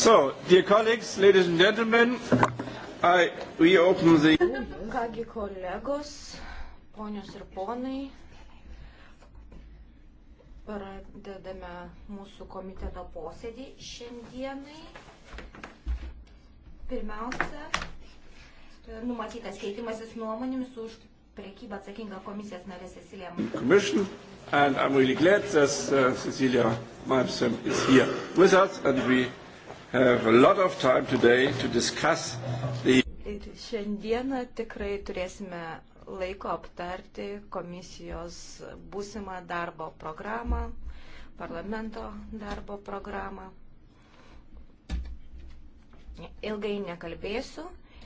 So, dear colleagues, ladies and gentlemen, I reopen the... Kągi kolegos, ponios ir ponai, pradedame mūsų komiteto posėdį šiandienai. Pirmiausia, numatytas keitimasis nuomonėmis už priekybą atsakinga komisijos narė Cecilija. Commission. And I'm really glad that uh, Cecilia Malmström is here with us and we have a lot of time today to discuss the... Ir šiandieną tikrai turėsime laiko aptarti komisijos būsimą darbo programą, parlamento darbo programą. Ilgai nekalbėsiu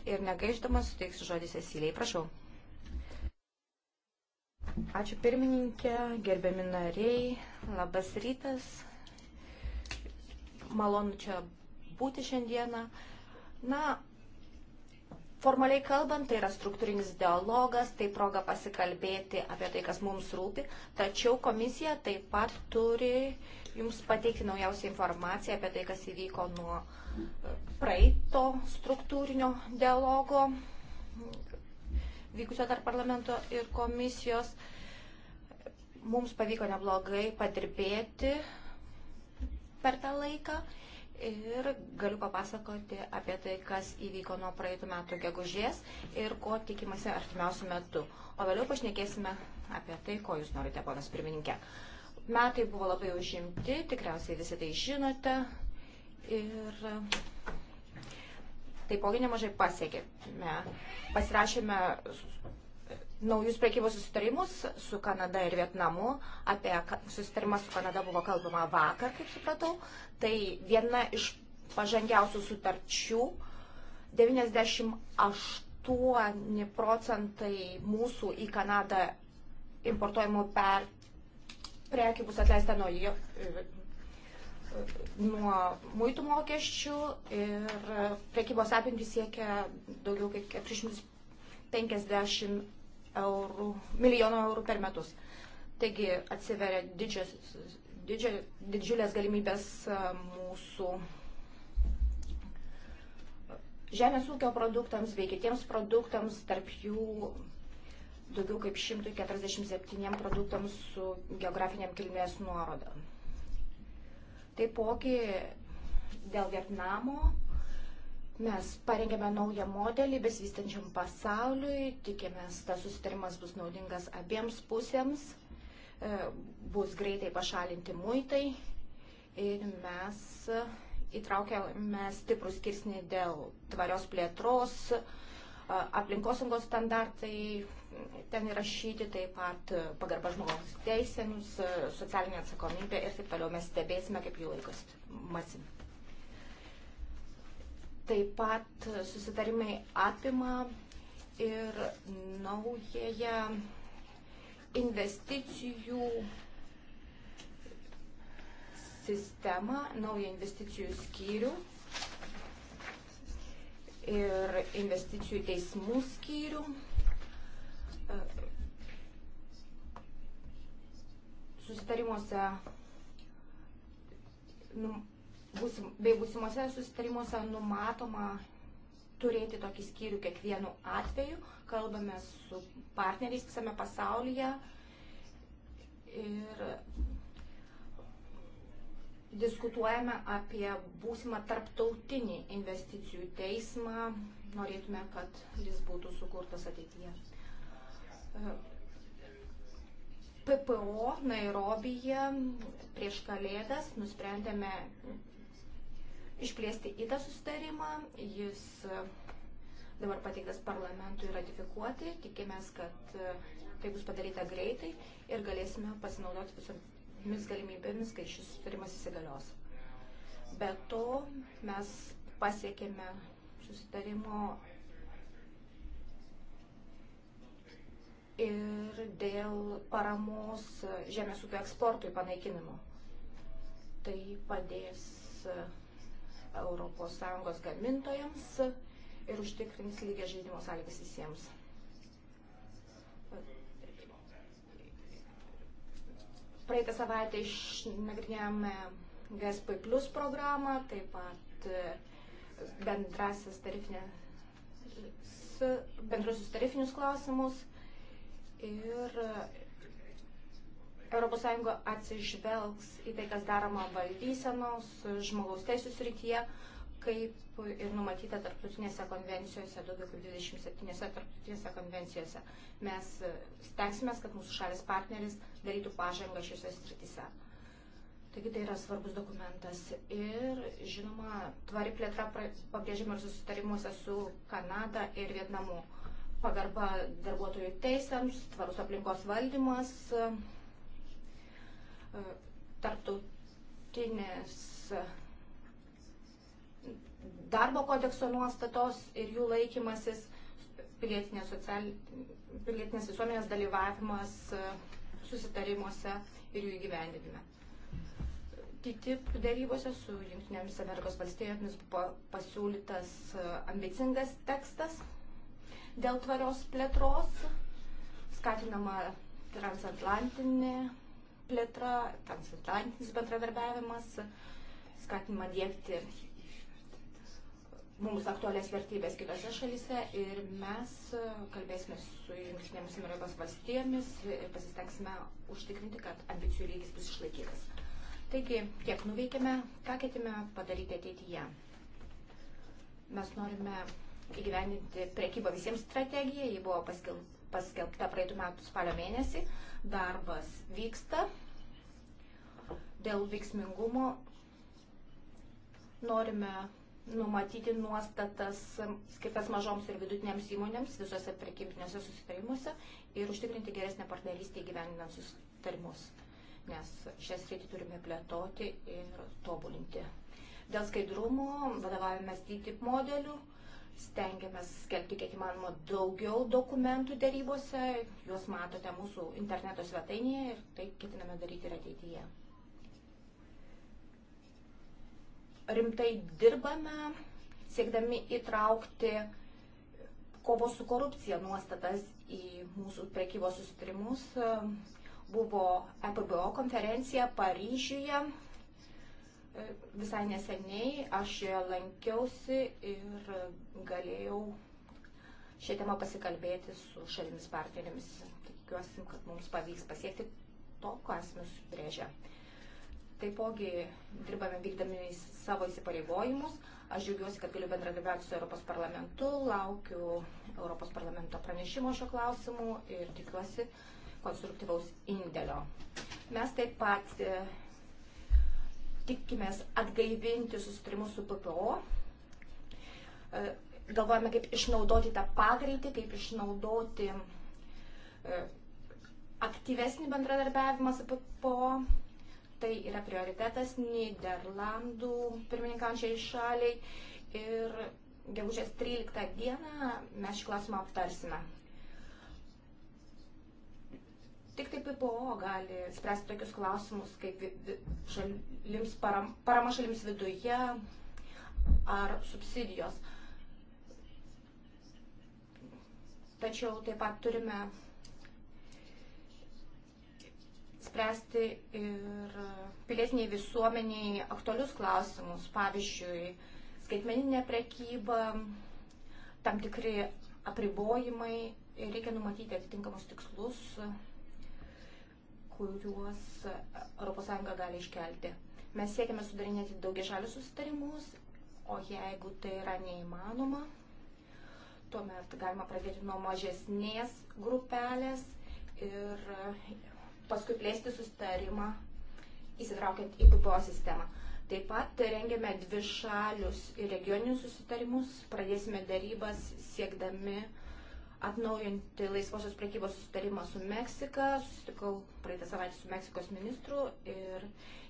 ir negaiždamas suteiksiu žodį Cecilijai. Prašau. Ačiū pirmininkė, gerbiami nariai, labas rytas. Malonu čia būti šiandieną. Na, formaliai kalbant, tai yra struktūrinis dialogas, tai proga pasikalbėti apie tai, kas mums rūpi, tačiau komisija taip pat turi jums pateikti naujausią informaciją apie tai, kas įvyko nuo e, praeito struktūrinio dialogo vykusio tarp parlamento ir komisijos. Mums pavyko neblogai padirbėti per tą laiką ir galiu papasakoti apie tai, kas įvyko nuo praeitų metų gegužės ir ko tikimasi artimiausių metų. O vėliau pašnekėsime apie tai, ko jūs norite, ponas pirmininkė. Metai buvo labai užimti, tikriausiai visi tai žinote ir taipogi nemažai pasiekėme. Pasirašėme naujus prekybos susitarimus su Kanada ir Vietnamu. Apie susitarimą su Kanada buvo kalbama vakar, kaip supratau. Tai viena iš pažangiausių sutarčių. 98 procentai mūsų į Kanadą importuojamų per prekių bus atleista nuo, nuo muitų mokesčių ir prekybos apimtis siekia daugiau kaip 450 eurų, milijono eurų per metus. Taigi atsiveria didžios, didžio, didžiulės galimybės mūsų žemės ūkio produktams bei kitiems produktams, tarp jų daugiau kaip 147 produktams su geografiniam kilmės nuoroda. Taipogi dėl Vietnamo Mes parengėme naują modelį besivystančiam pasauliui, tikimės, tas susitarimas bus naudingas abiems pusėms, e, bus greitai pašalinti muitai ir mes įtraukėme stiprų skirsnį dėl tvarios plėtros, e, aplinkosaugos standartai ten įrašyti, taip pat pagarba žmogaus teisėms, socialinė atsakomybė ir taip toliau mes stebėsime, kaip jų laikosi. Masim. Taip pat susitarimai apima ir naująją investicijų sistemą, naują investicijų skyrių ir investicijų teismų skyrių. Susitarimuose num, būsim, bei būsimuose susitarimuose numatoma turėti tokį skyrių kiekvienu atveju. Kalbame su partneriais visame pasaulyje ir diskutuojame apie būsimą tarptautinį investicijų teismą. Norėtume, kad jis būtų sukurtas ateityje. PPO Nairobyje prieš kalėdas nusprendėme išplėsti į tą susitarimą. Jis e, dabar pateiktas parlamentui ratifikuoti. Tikimės, kad e, tai bus padaryta greitai ir galėsime pasinaudoti visomis galimybėmis, kai šis susitarimas įsigalios. Be to mes pasiekėme susitarimo ir dėl paramos žemės ūkio eksportui panaikinimo. Tai padės e, ES gamintojams ir užtikrins lygią žaidimo sąlygas visiems. Praeitą savaitę išnagrinėjome GSP Plus programą, taip pat e, bendrasis tarifinės, bendrusius tarifinius klausimus ir ES atsižvelgs į tai, kas daroma valdysenos, žmogaus teisų srityje, kaip ir numatyta tarptautinėse konvencijose, daugiau kaip 27 tarptautinėse konvencijose. Mes stengsime, kad mūsų šalis partneris darytų pažangą šiuose srityse. Taigi tai yra svarbus dokumentas. Ir, žinoma, tvari plėtra pabrėžiama ir susitarimuose su Kanada ir Vietnamu. Pagarba darbuotojų teisėms, tvarus aplinkos valdymas, tarptautinės darbo kodekso nuostatos ir jų laikymasis, pilietinės, social... pilietinės visuomenės dalyvavimas e, susitarimuose ir jų įgyvendinime. TTIP dėrybose su Junktinėmis Amerikos valstybėmis buvo pasiūlytas e, ambicingas tekstas dėl tvarios plėtros, skatinama transatlantinė plėtra, transatlantinis bendradarbiavimas, skatinimą dėkti mums aktualias vertybės kitose šalyse ir mes kalbėsime su Junktinėmis Amerikos valstijomis ir pasistengsime užtikrinti, kad ambicijų lygis bus išlaikytas. Taigi, tiek nuveikėme, ką ketime padaryti ateityje. Mes norime įgyvendinti prekybą visiems strategiją, ji buvo paskelbta paskelbta praeitų metų spalio mėnesį. Darbas vyksta. Dėl veiksmingumo norime numatyti nuostatas skirtas mažoms ir vidutinėms įmonėms visuose prekybinėse susitarimuose ir užtikrinti geresnę partnerystę įgyvendinant susitarimus, nes šią sritį turime plėtoti ir tobulinti. Dėl skaidrumo vadovavimės DTIP modeliu, stengiamės skelbti kiek įmanoma daugiau dokumentų dėrybose, juos matote mūsų interneto svetainėje ir tai ketiname daryti ir ateityje. Rimtai dirbame, siekdami įtraukti kovos su korupcija nuostatas į mūsų prekybos susitarimus. Buvo EPBO konferencija Paryžiuje, visai neseniai aš joje lankiausi ir galėjau šią temą pasikalbėti su šalimis partnerėmis. Tikiuosi, kad mums pavyks pasiekti to, ką esame subrėžę. Taipogi dirbame vykdami savo įsipareigojimus. Aš džiaugiuosi, kad galiu bendradarbiauti su Europos parlamentu, laukiu Europos parlamento pranešimo šio klausimu ir tikiuosi konstruktyvaus indėlio. Mes taip pat tikimės atgaivinti susitarimus su PPO. E, galvojame, kaip išnaudoti tą pagreitį, kaip išnaudoti e, aktyvesnį bendradarbiavimą su PPO. Tai yra prioritetas Niderlandų pirmininkančiai šaliai. Ir gegužės 13 dieną mes šį klausimą aptarsime. Tik tai PPO gali spręsti tokius klausimus, kaip šalims param, parama šalims viduje ar subsidijos. Tačiau taip pat turime spręsti ir pilietiniai visuomeniai aktualius klausimus, pavyzdžiui, skaitmeninė prekyba, tam tikri apribojimai ir reikia numatyti atitinkamus tikslus kuriuos ES gali iškelti. Mes siekiame sudarinėti daugiašalius susitarimus, o jeigu tai yra neįmanoma, tuomet galima pradėti nuo mažesnės grupelės ir e, paskui plėsti susitarimą įsitraukiant į PPO sistemą. Taip pat rengiame dvi šalius ir regioninius susitarimus, pradėsime darybas siekdami uh, atnaujinti laisvosios priekybos susitarimą su Meksika. Susitikau praeitą savaitę su Meksikos ministru ir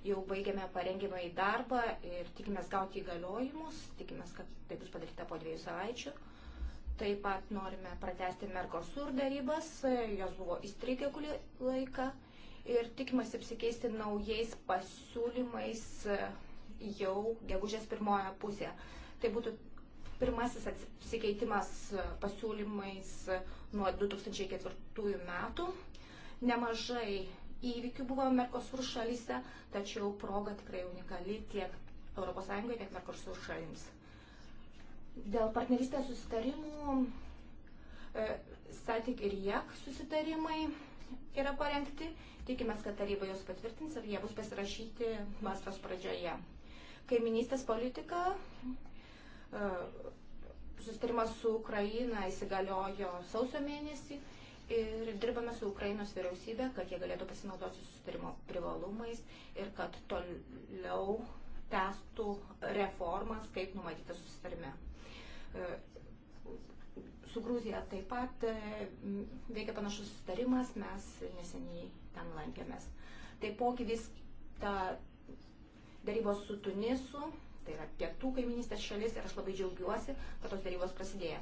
jau baigėme parengimą į darbą ir tikimės gauti įgaliojimus, tikimės, kad tai bus padaryta po dviejų savaičių. Taip pat norime pratesti Mercosur darybas, jos buvo įstrigę kurį laiką ir tikimasi apsikeisti naujais pasiūlymais jau gegužės pirmoje pusėje. Tai būtų Pirmasis apsikeitimas e, pasiūlymais e, nuo 2004 metų. Nemažai įvykių buvo Merkosur šalyse, tačiau proga tikrai unikali tiek ES, tiek Merkosur šalims. Dėl partnerystės susitarimų, e, SATIK ir JAK susitarimai yra parengti. Tikimės, kad taryba juos patvirtins ir jie bus pasirašyti vasaros pradžioje. Kaiminystės politika E, sustarimas su Ukraina įsigaliojo sausio mėnesį ir dirbame su Ukrainos vyriausybė, kad jie galėtų pasinaudoti sustarimo privalumais ir kad toliau testų reformas, kaip numatyta sustarime. E, su Gruzija taip pat e, veikia panašus sustarimas, mes neseniai ten lankėmės. Taipogi vis ta darybos su Tunisu tai yra pietų kaiminystės šalis ir aš labai džiaugiuosi, kad tos darybos prasidėjo.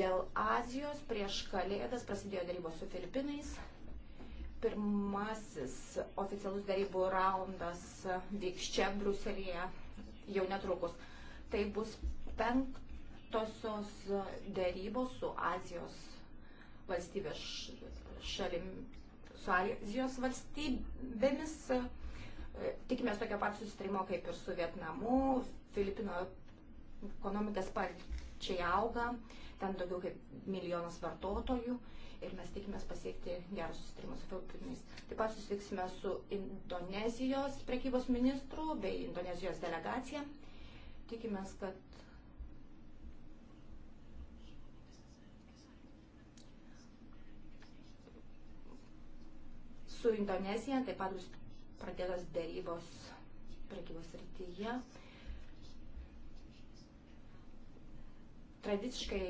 Dėl Azijos prieš Kalėdas prasidėjo darybos su Filipinais. Pirmasis oficialus darybų raundas vyks čia, Bruselėje, jau netrukus. Tai bus penktosios darybos su Azijos valstybės šalim, su Azijos valstybėmis E, tikimės tokio pat susitarimo kaip ir su Vietnamu. Filipino ekonomika sparčiai auga, ten daugiau kaip milijonas vartotojų ir mes tikimės pasiekti gerą susitarimą su Filipinais. Taip pat susitiksime su Indonezijos prekybos ministru bei Indonezijos delegacija. Tikimės, kad su Indonezija taip pat bus pradėtos dėrybos prekybos rytyje. Tradiciškai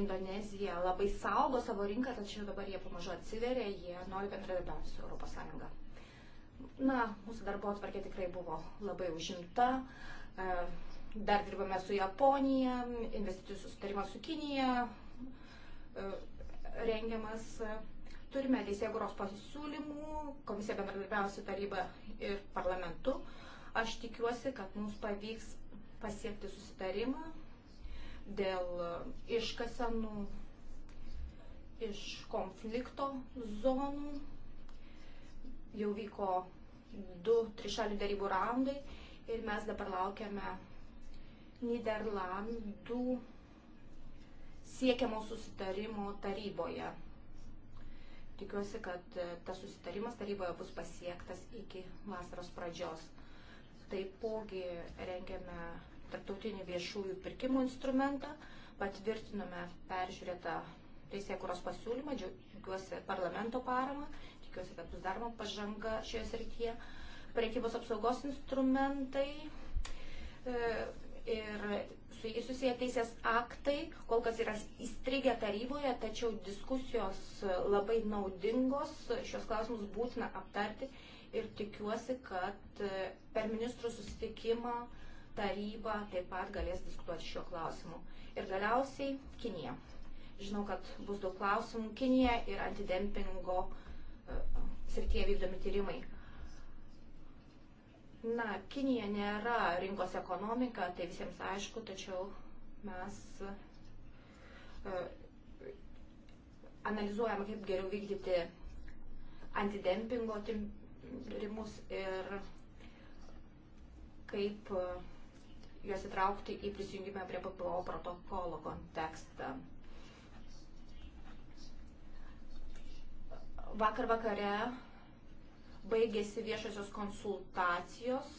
Indonezija labai saugo savo rinką, tačiau dabar jie pamažu atsiveria, jie nori bendradarbiauti su ES. Na, mūsų darbo atvarkė tikrai buvo labai užimta. E, dar dirbame su Japonija, investicijų susitarimas su Kinija e, rengiamas turime teisėguros pasiūlymų, komisija bendradarbiausia taryba ir parlamentu. Aš tikiuosi, kad mums pavyks pasiekti susitarimą dėl iškasenų iš konflikto zonų. Jau vyko du trišalių darybų raundai ir mes dabar laukiame Niderlandų siekiamo susitarimo taryboje. Tikiuosi, kad e, tas susitarimas taryboje bus pasiektas iki vasaros pradžios. Taipogi rengiame tarptautinį viešųjų pirkimų instrumentą, patvirtinome peržiūrėtą teisėkuros pasiūlymą, džiaugiuosi parlamento paramą, tikiuosi, kad bus daroma pažanga šioje srityje. Prekybos apsaugos instrumentai. E, ir su jais susiję teisės aktai kol kas yra įstrigę taryboje, tačiau diskusijos labai naudingos, šios klausimus būtina aptarti ir tikiuosi, kad e, per ministrų susitikimą taryba taip pat galės diskutuoti šiuo klausimu. Ir galiausiai Kinija. Žinau, kad bus daug klausimų. Kinija ir antidempingo e, srityje vykdomi tyrimai. Na, Kinija nėra rinkos ekonomika, tai visiems aišku, tačiau mes e, analizuojam, kaip geriau vykdyti antidempingo tyrimus ir kaip e, juos įtraukti į prisijungimą prie PPO protokolo kontekstą. Vakar vakare baigėsi viešosios konsultacijos,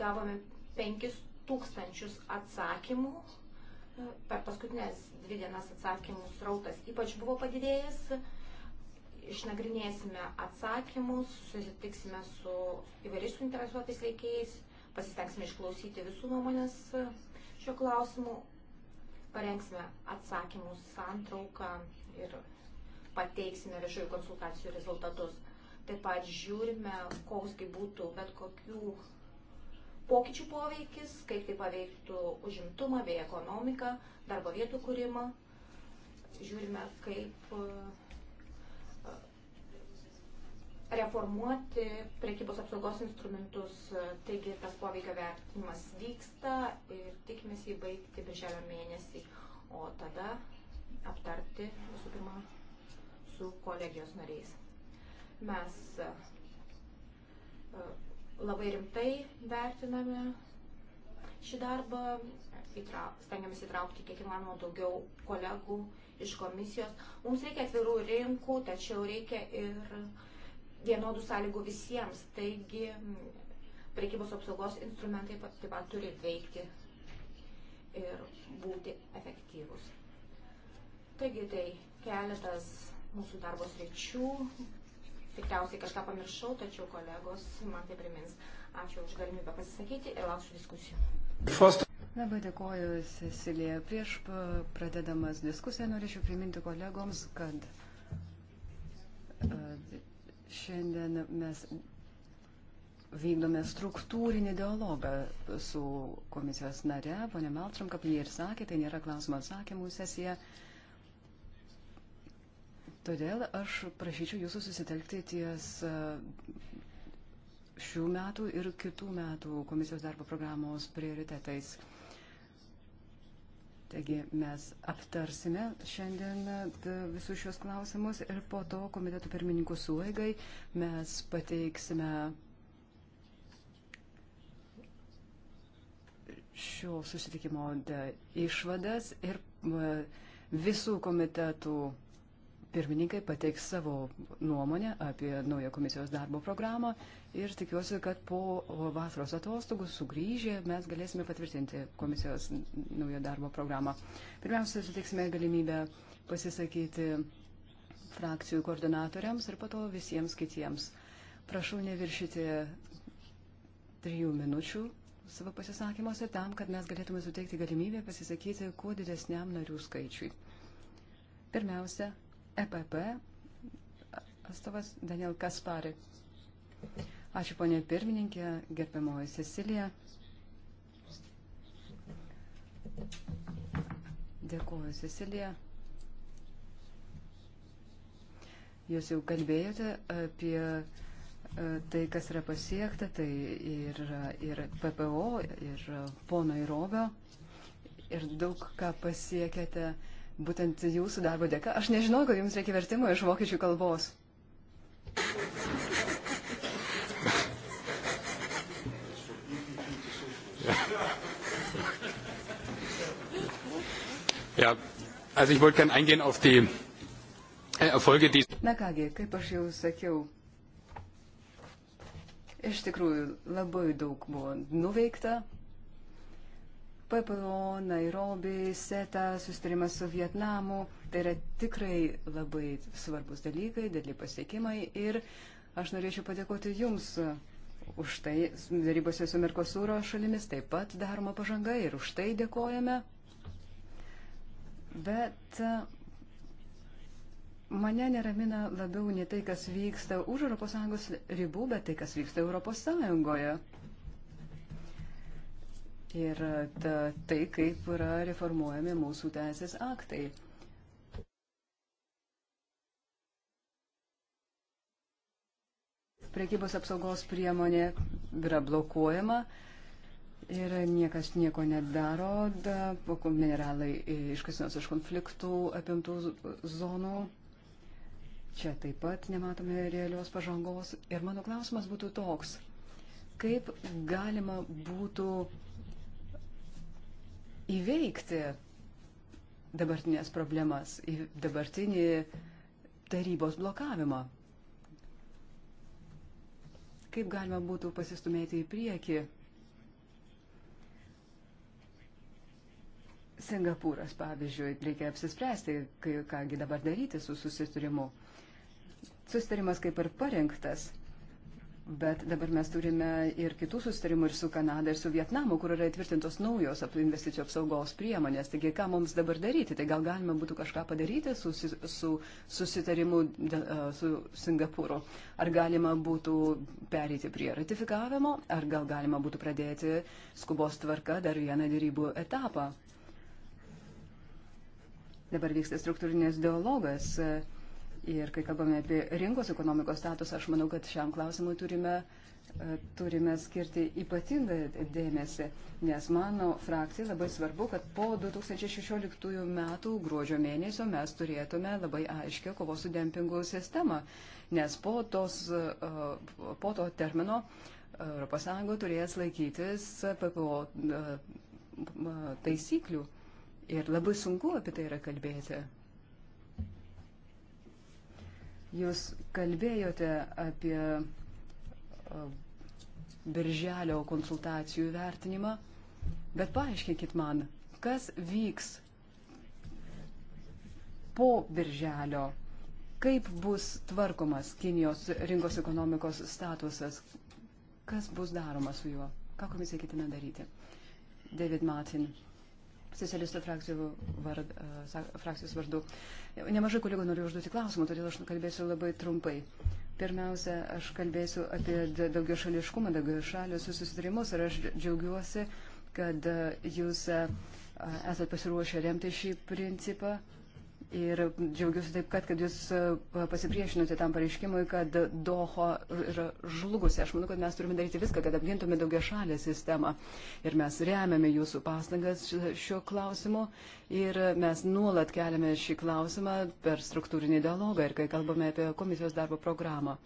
gavome 5000 atsakymų. Per paskutinės dvi dienas atsakymų srautas ypač buvo padidėjęs. Išnagrinėsime atsakymus, susitiksime su įvairiais suinteresuotais veikėjais, pasistengsime išklausyti visų nuomonės šio klausimu, parengsime atsakymų santrauką ir pateiksime viešųjų konsultacijų rezultatus. Taip pat žiūrime, koksgi būtų bet kokių pokyčių poveikis, kaip tai paveiktų užimtumą bei ekonomiką, darbo vietų kūrimą. Žiūrime, kaip e, reformuoti prekybos apsaugos instrumentus. Taigi tas poveikio vertinimas vyksta ir tikimės jį baigti birželio mėnesį, o tada aptarti visų pirma su kolegijos nariais. Mes e, labai rimtai vertiname šį darbą, stengiamės įtraukti kiek įmanoma daugiau kolegų iš komisijos. Mums reikia atvirų rinkų, tačiau reikia ir vienodų sąlygų visiems. Taigi prekybos apsaugos instrumentai taip pat turi veikti ir būti efektyvus. Taigi tai keletas mūsų darbo sričių, tikriausiai kažką pamiršau, tačiau kolegos man tai primins. Ačiū už galimybę pasisakyti ir lauksiu diskusijų. Labai dėkoju, Cecilija. Prieš pradedamas diskusiją norėčiau priminti kolegoms, kad e, šiandien mes vykdome struktūrinį dialogą su komisijos nare, ponė Maltram, kaip jie ir sakė, tai nėra klausimų atsakymų sesija. Todėl aš prašyčiau jūsų susitelkti ties e, šių metų ir kitų metų komisijos darbo programos prioritetais. Taigi mes aptarsime šiandien e, visus šios klausimus ir po to komitetų pirmininkų suvaigai mes pateiksime šio susitikimo išvadas ir visų komitetų Pirmininkai pateiks savo nuomonę apie naują komisijos darbo programą ir tikiuosi, kad po vasaros atostogų sugrįžę mes galėsime patvirtinti komisijos naują darbo programą. Pirmiausia, suteiksime galimybę pasisakyti frakcijų koordinatoriams ir pato visiems kitiems. Prašau neviršyti trijų minučių savo pasisakymuose tam, kad mes galėtume suteikti galimybę pasisakyti kuo didesniam narių skaičiui. Pirmiausia, EPP atstovas Daniel Kaspari. Ačiū ponė pirmininkė, gerbiamoji Cecilija. Dėkuoju, Cecilija. Jūs jau kalbėjote apie e, tai, kas yra pasiekta, tai ir, ir PPO, ir pono Įrobio, ir daug ką pasiekėte uh, Būtent jūsų darbo dėka. Aš nežinau, kad jums reikia vertimo iš vokiečių kalbos. Ja, also ich wollte gerne eingehen auf die äh, Erfolge, die. Na kągi, kaip aš jau sakiau, iš tikrųjų labai daug buvo nuveikta, PPO, Nairobi, SETA, sustarimas su Vietnamu. Tai yra tikrai labai svarbus dalykai, dideli pasiekimai ir aš norėčiau padėkoti Jums už tai. Darybose su Merkosūro šalimis taip pat daroma pažanga ir už tai dėkojame. Bet mane neramina labiau ne tai, kas vyksta už ES ribų, bet tai, kas vyksta ES ir ta, tai, kaip yra reformuojami mūsų teisės aktai. Prekybos apsaugos priemonė yra blokuojama ir niekas nieko nedaro, da, mineralai iškasinos iš konfliktų apimtų zonų. Čia taip pat nematome realios pažangos. Ir mano klausimas būtų toks, kaip galima būtų uh, įveikti dabartinės problemas, dabartinį tarybos blokavimą. Kaip galima būtų pasistumėti į priekį? Singapūras, pavyzdžiui, reikia apsispręsti, kai, kągi dabar daryti su susitarimu. Susitarimas kaip ir parengtas, Bet dabar mes turime ir kitų sustarimų ir su Kanada, ir su Vietnamu, kur yra įtvirtintos naujos investicijų apsaugos priemonės. Taigi, ką mums dabar daryti? Tai gal galima būtų kažką padaryti su, su susitarimu su Singapūru? Ar galima būtų perėti prie ratifikavimo, ar gal galima būtų pradėti skubos tvarka dar vieną dėrybų etapą? Dabar vyksta struktūrinės dialogas. Uh, Ir kai kalbame apie rinkos ekonomikos statusą, aš manau, kad šiam klausimui turime, e, turime skirti ypatingą dėmesį, nes mano frakcijai labai svarbu, kad po 2016 metų gruodžio mėnesio mes turėtume labai aiškę kovos su dempingu sistemą, nes po, tos, e, po to termino ES turės laikytis PPO e, taisyklių. Ir labai sunku apie tai yra kalbėti. Jūs kalbėjote apie birželio konsultacijų vertinimą, bet paaiškinkit man, kas vyks po birželio, kaip bus tvarkomas Kinijos rinkos ekonomikos statusas, kas bus daroma su juo, ką komisija ketina daryti. David Martin socialistų vard, frakcijos vardu. Nemažai kolegų noriu užduoti klausimų, todėl aš kalbėsiu labai trumpai. Pirmiausia, aš kalbėsiu apie daugio šališkumą, daugio šalių susitarimus ir aš džiaugiuosi, kad jūs esat pasiruošę remti šį principą. Ir džiaugiuosi taip, kad, kad jūs e, pasipriešinote tam pareiškimui, kad Doho yra žlugusi. Aš manau, kad mes turime daryti viską, kad apgintume daugia šalę sistemą. Ir mes remiame jūsų pastangas šiuo klausimu. Ir mes nuolat keliame šį klausimą per struktūrinį dialogą ir kai kalbame apie komisijos darbo programą.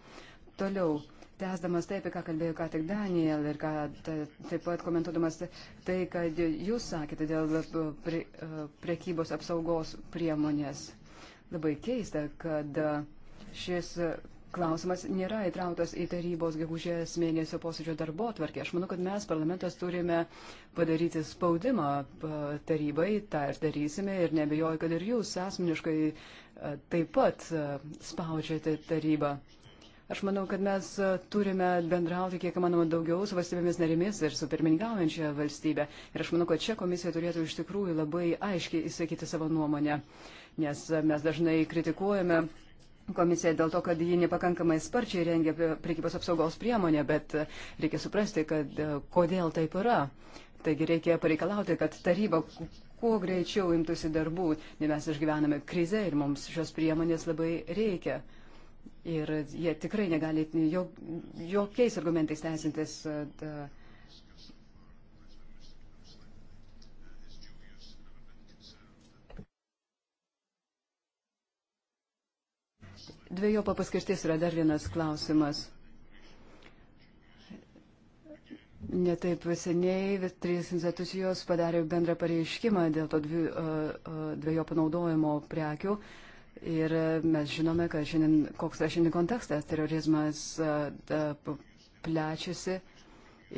Toliau. Tęsdamas tai, apie ką kalbėjo ką tik Daniel ir ką taip pat komentuodamas tai, kad jūs sakėte dėl e, pre, e, prekybos apsaugos priemonės. Labai keista, kad e, šis klausimas nėra įtrautas į tarybos gegužės mėnesio posėdžio darbo tvarkį. Aš manau, kad mes parlamentas turime padaryti spaudimą tarybai, tą ir darysime ir nebejoju, kad ir jūs asmeniškai taip pat spaudžiate tarybą. Aš manau, kad mes e, turime bendrauti kiek įmanoma daugiau su valstybėmis narimis ir su pirmininkaujančia valstybė. Ir aš manau, kad čia komisija turėtų iš tikrųjų labai aiškiai įsakyti savo nuomonę, nes e, mes dažnai kritikuojame komisija dėl to, kad ji nepakankamai sparčiai rengia priekybos apsaugos priemonę, bet e, reikia suprasti, kad kodėl taip yra. Taigi reikia pareikalauti, kad taryba kuo greičiau imtųsi darbų, nes mes išgyvename krizę ir mums šios priemonės labai reikia. Ir jie tikrai negali jok, jokiais argumentais teisintis. E, da, Dviejopa paskirtis yra dar vienas klausimas. Netaip seniai trys institucijos padarė bendrą pareiškimą dėl to dvi, e, e, dviejo panaudojimo prekių. Uh, Ir e, mes žinome, kad šiandien, koks yra šiandien kontekstas, terorizmas e, plečiasi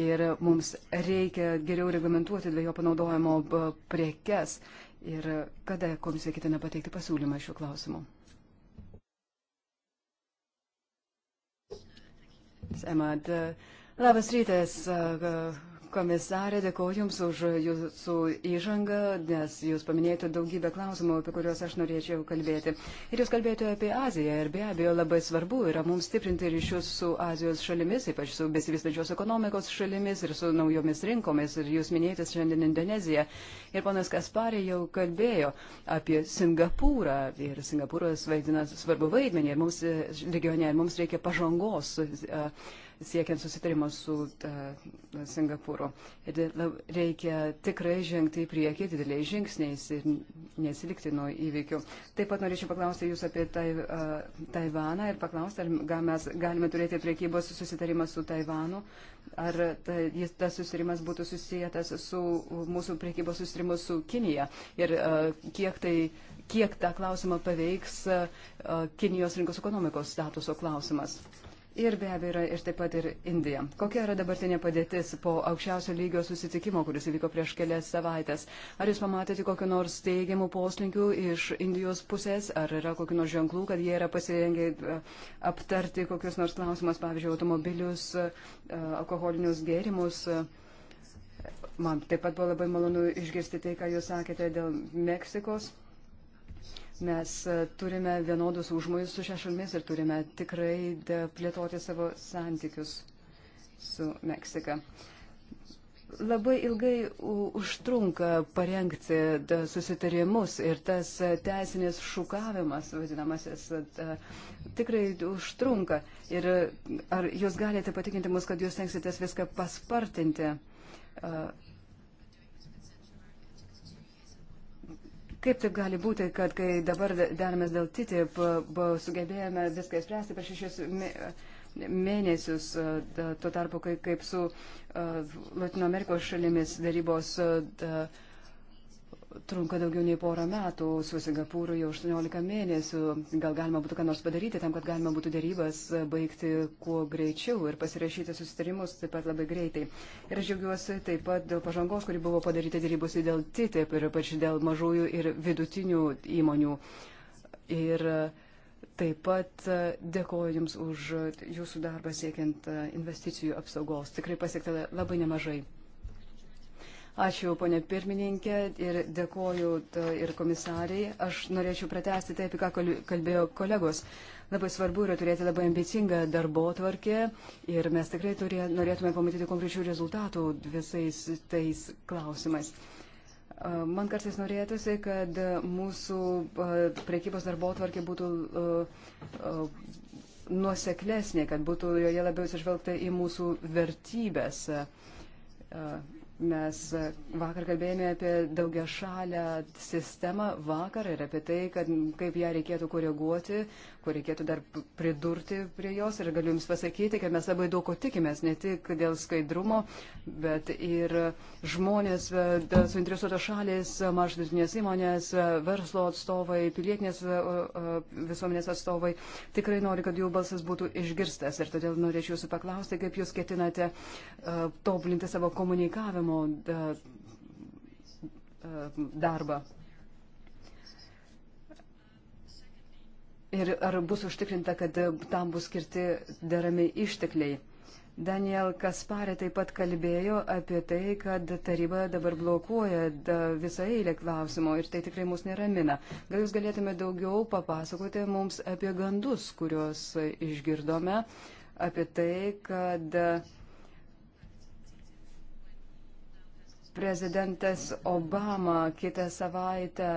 ir mums reikia geriau reglamentuoti dviejų panaudojimo e, priekes. Ir kada komisija ketina pateikti pasiūlymą šiuo klausimu? Emad, labas rytas, Komisarė, dėkoju Jums už Jūsų įžangą, nes Jūs paminėjote daugybę klausimų, apie kuriuos aš norėčiau kalbėti. Ir Jūs kalbėjote apie Aziją ir be abejo labai svarbu yra mums stiprinti ryšius su Azijos šalimis, ypač su besivystančios ekonomikos šalimis ir su naujomis rinkomis. Ir Jūs minėjote šiandien Indoneziją. Ir ponas Kasparė jau kalbėjo apie Singapūrą ir Singapūras vaidina svarbu vaidmenį ir mums regione ir mums reikia pažangos. Uh, siekiant susitarimą su uh, Singapūru. Ir reikia tikrai žengti į priekį dideliais žingsniais ir nesilikti nuo įvykių. Taip pat norėčiau paklausti Jūs apie tai, uh, Taivaną ir paklausti, ar gal mes galime turėti priekybos susitarimą su Taivanu, ar ta, jis, tas susitarimas būtų susijęs su mūsų priekybos susitarimu su Kinija ir uh, kiek tai kiek tą klausimą paveiks Kinijos rinkos ekonomikos statuso klausimas ir be abejo yra ir taip pat ir Indija. Kokia yra dabartinė padėtis po aukščiausio lygio susitikimo, kuris įvyko prieš kelias savaitės? Ar jūs pamatėte kokiu nors teigiamu poslinkiu iš Indijos pusės, ar yra kokiu nors ženklų, kad jie yra pasirengę e, aptarti kokius nors klausimus, pavyzdžiui, automobilius, e, alkoholinius gėrimus? Man taip pat buvo labai malonu išgirsti tai, ką jūs sakėte dėl Meksikos. Mes e, turime vienodus užmojus su šia šalmis ir turime tikrai e, plėtoti savo santykius su Meksika. Labai ilgai užtrunka parengti e, susitarimus ir tas teisinės šukavimas, vadinamasis, tikrai užtrunka. Ir ar jūs galite patikinti mus, kad jūs tenksitės viską paspartinti? Kaip taip gali būti, kad kai dabar daromės dėl TTIP, sugebėjome viską įspręsti per šešis mėnesius, tuo tarpu, kai kaip su Latino Amerikos šalimis darybos. Da, trunka daugiau nei porą metų, su Singapūru jau 18 mėnesių. Gal galima būtų ką nors padaryti tam, kad galima būtų darybas baigti kuo greičiau ir pasirašyti susitarimus taip pat labai greitai. Ir aš džiaugiuosi taip pat dėl pažangos, kuri buvo padaryta darybose dėl TTIP ir ypač dėl mažųjų ir vidutinių įmonių. Ir taip pat dėkoju Jums už Jūsų darbą siekiant investicijų apsaugos. Tikrai pasiekta labai nemažai. Ačiū, ponė pirmininkė, ir dėkoju ir komisariai. Aš norėčiau pratesti tai, apie ką kalbėjo kolegos. Labai svarbu yra turėti labai ambicingą darbo tvarkę ir mes tikrai turė, norėtume pamatyti konkrečių rezultatų visais tais klausimais. Man kartais norėtųsi, kad mūsų prekybos darbo tvarkė būtų nuoseklesnė, kad būtų joje labiau atsižvelgta į mūsų vertybės Mes e, vakar kalbėjome apie daugia šalę sistemą vakar ir apie tai, kad, kaip ją reikėtų koreguoti, kur reikėtų dar pridurti prie jos. Ir galiu Jums pasakyti, kad mes labai daug ko tikimės, ne tik dėl skaidrumo, bet ir žmonės, e, suinteresuotos šalės, maždutinės įmonės, e, verslo atstovai, pilietinės visuomenės atstovai tikrai nori, kad jų balsas būtų išgirstas. Ir todėl norėčiau Jūsų paklausti, kaip Jūs ketinate tobulinti savo komunikavimą įgyvendinimo e, darbą. Ir ar bus užtikrinta, kad tam bus skirti derami ištekliai. Daniel Kasparė taip pat kalbėjo apie tai, kad taryba dabar blokuoja da e, visą eilę klausimų ir tai tikrai mus neramina. Gal jūs galėtume daugiau papasakoti mums apie gandus, kuriuos išgirdome, apie tai, kad uh, Prezidentas Obama kitą savaitę,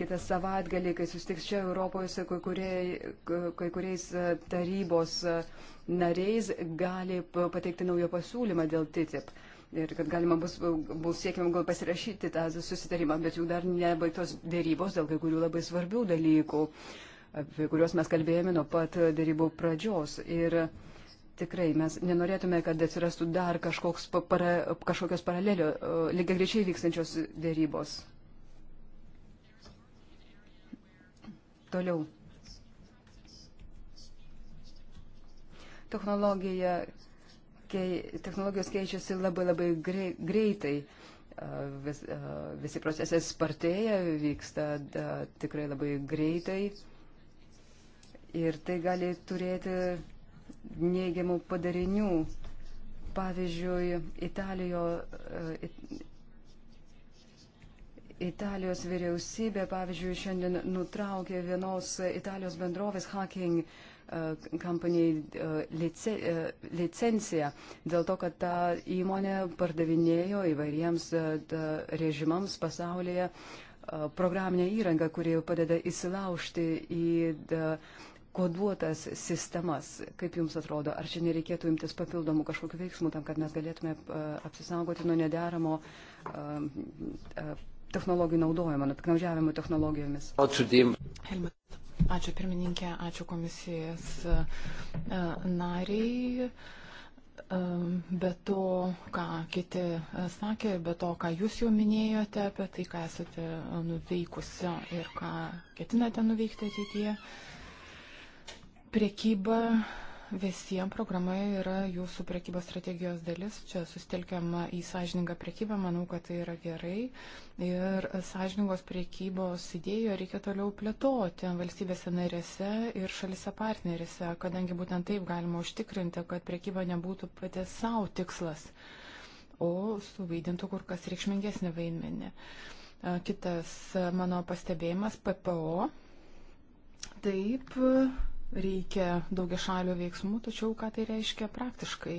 kitą savaitgalį, kai sustiks čia Europoje su kai, kurie, kai kuriais e, tarybos e, nariais, gali pateikti naują pasiūlymą dėl TTIP. Ir kad galima bus, bus siekiama gal pasirašyti tą susitarimą, bet jų dar nebaigtos dėrybos dėl kai kurių labai svarbių dalykų, apie kuriuos mes kalbėjome nuo pat dėrybų pradžios. Ir, uh, Tikrai mes nenorėtume, kad atsirastų dar kažkoks, para, kažkokios paralelio, lygiai greičiai vykstančios dėrybos. Toliau. Technologija, kei, technologijos keičiasi labai labai grei, greitai. Vis, visi procesai spartėja, vyksta da, tikrai labai greitai. Ir tai gali turėti neigiamų padarinių. Pavyzdžiui, Italijo, e, Italijos vyriausybė, pavyzdžiui, šiandien nutraukė vienos Italijos bendrovės hacking kampanijai e, e, lice, licenciją dėl to, kad ta įmonė pardavinėjo įvairiems režimams pasaulyje programinę įrangą, kuri padeda įsilaužti į koduotas sistemas. Kaip Jums atrodo, ar čia nereikėtų imtis papildomų kažkokių veiksmų tam, kad mes galėtume e, apsisaugoti nuo nederamo e, e, technologijų naudojimo, nuo piknaudžiavimo technologijomis? Ačiū pirmininkė, ačiū komisijas nariai. Be to, ką kiti sakė, be to, ką jūs jau minėjote apie tai, ką esate nuveikusi ir ką ketinate nuveikti ateityje. Tai Priekyba visiems programoje yra jūsų priekybos strategijos dalis. Čia sustelkiama į sąžiningą priekybą, manau, kad tai yra gerai. Ir sąžiningos priekybos idėją reikia toliau plėtoti valstybėse narėse ir šalise partnerėse, kadangi būtent taip galima užtikrinti, kad priekyba nebūtų pati savo tikslas, o suvaidintų kur kas reikšmingesnį vaidmenį. Kitas mano pastebėjimas - PPO. Taip, reikia daugia šalių veiksmų, tačiau ką tai reiškia praktiškai.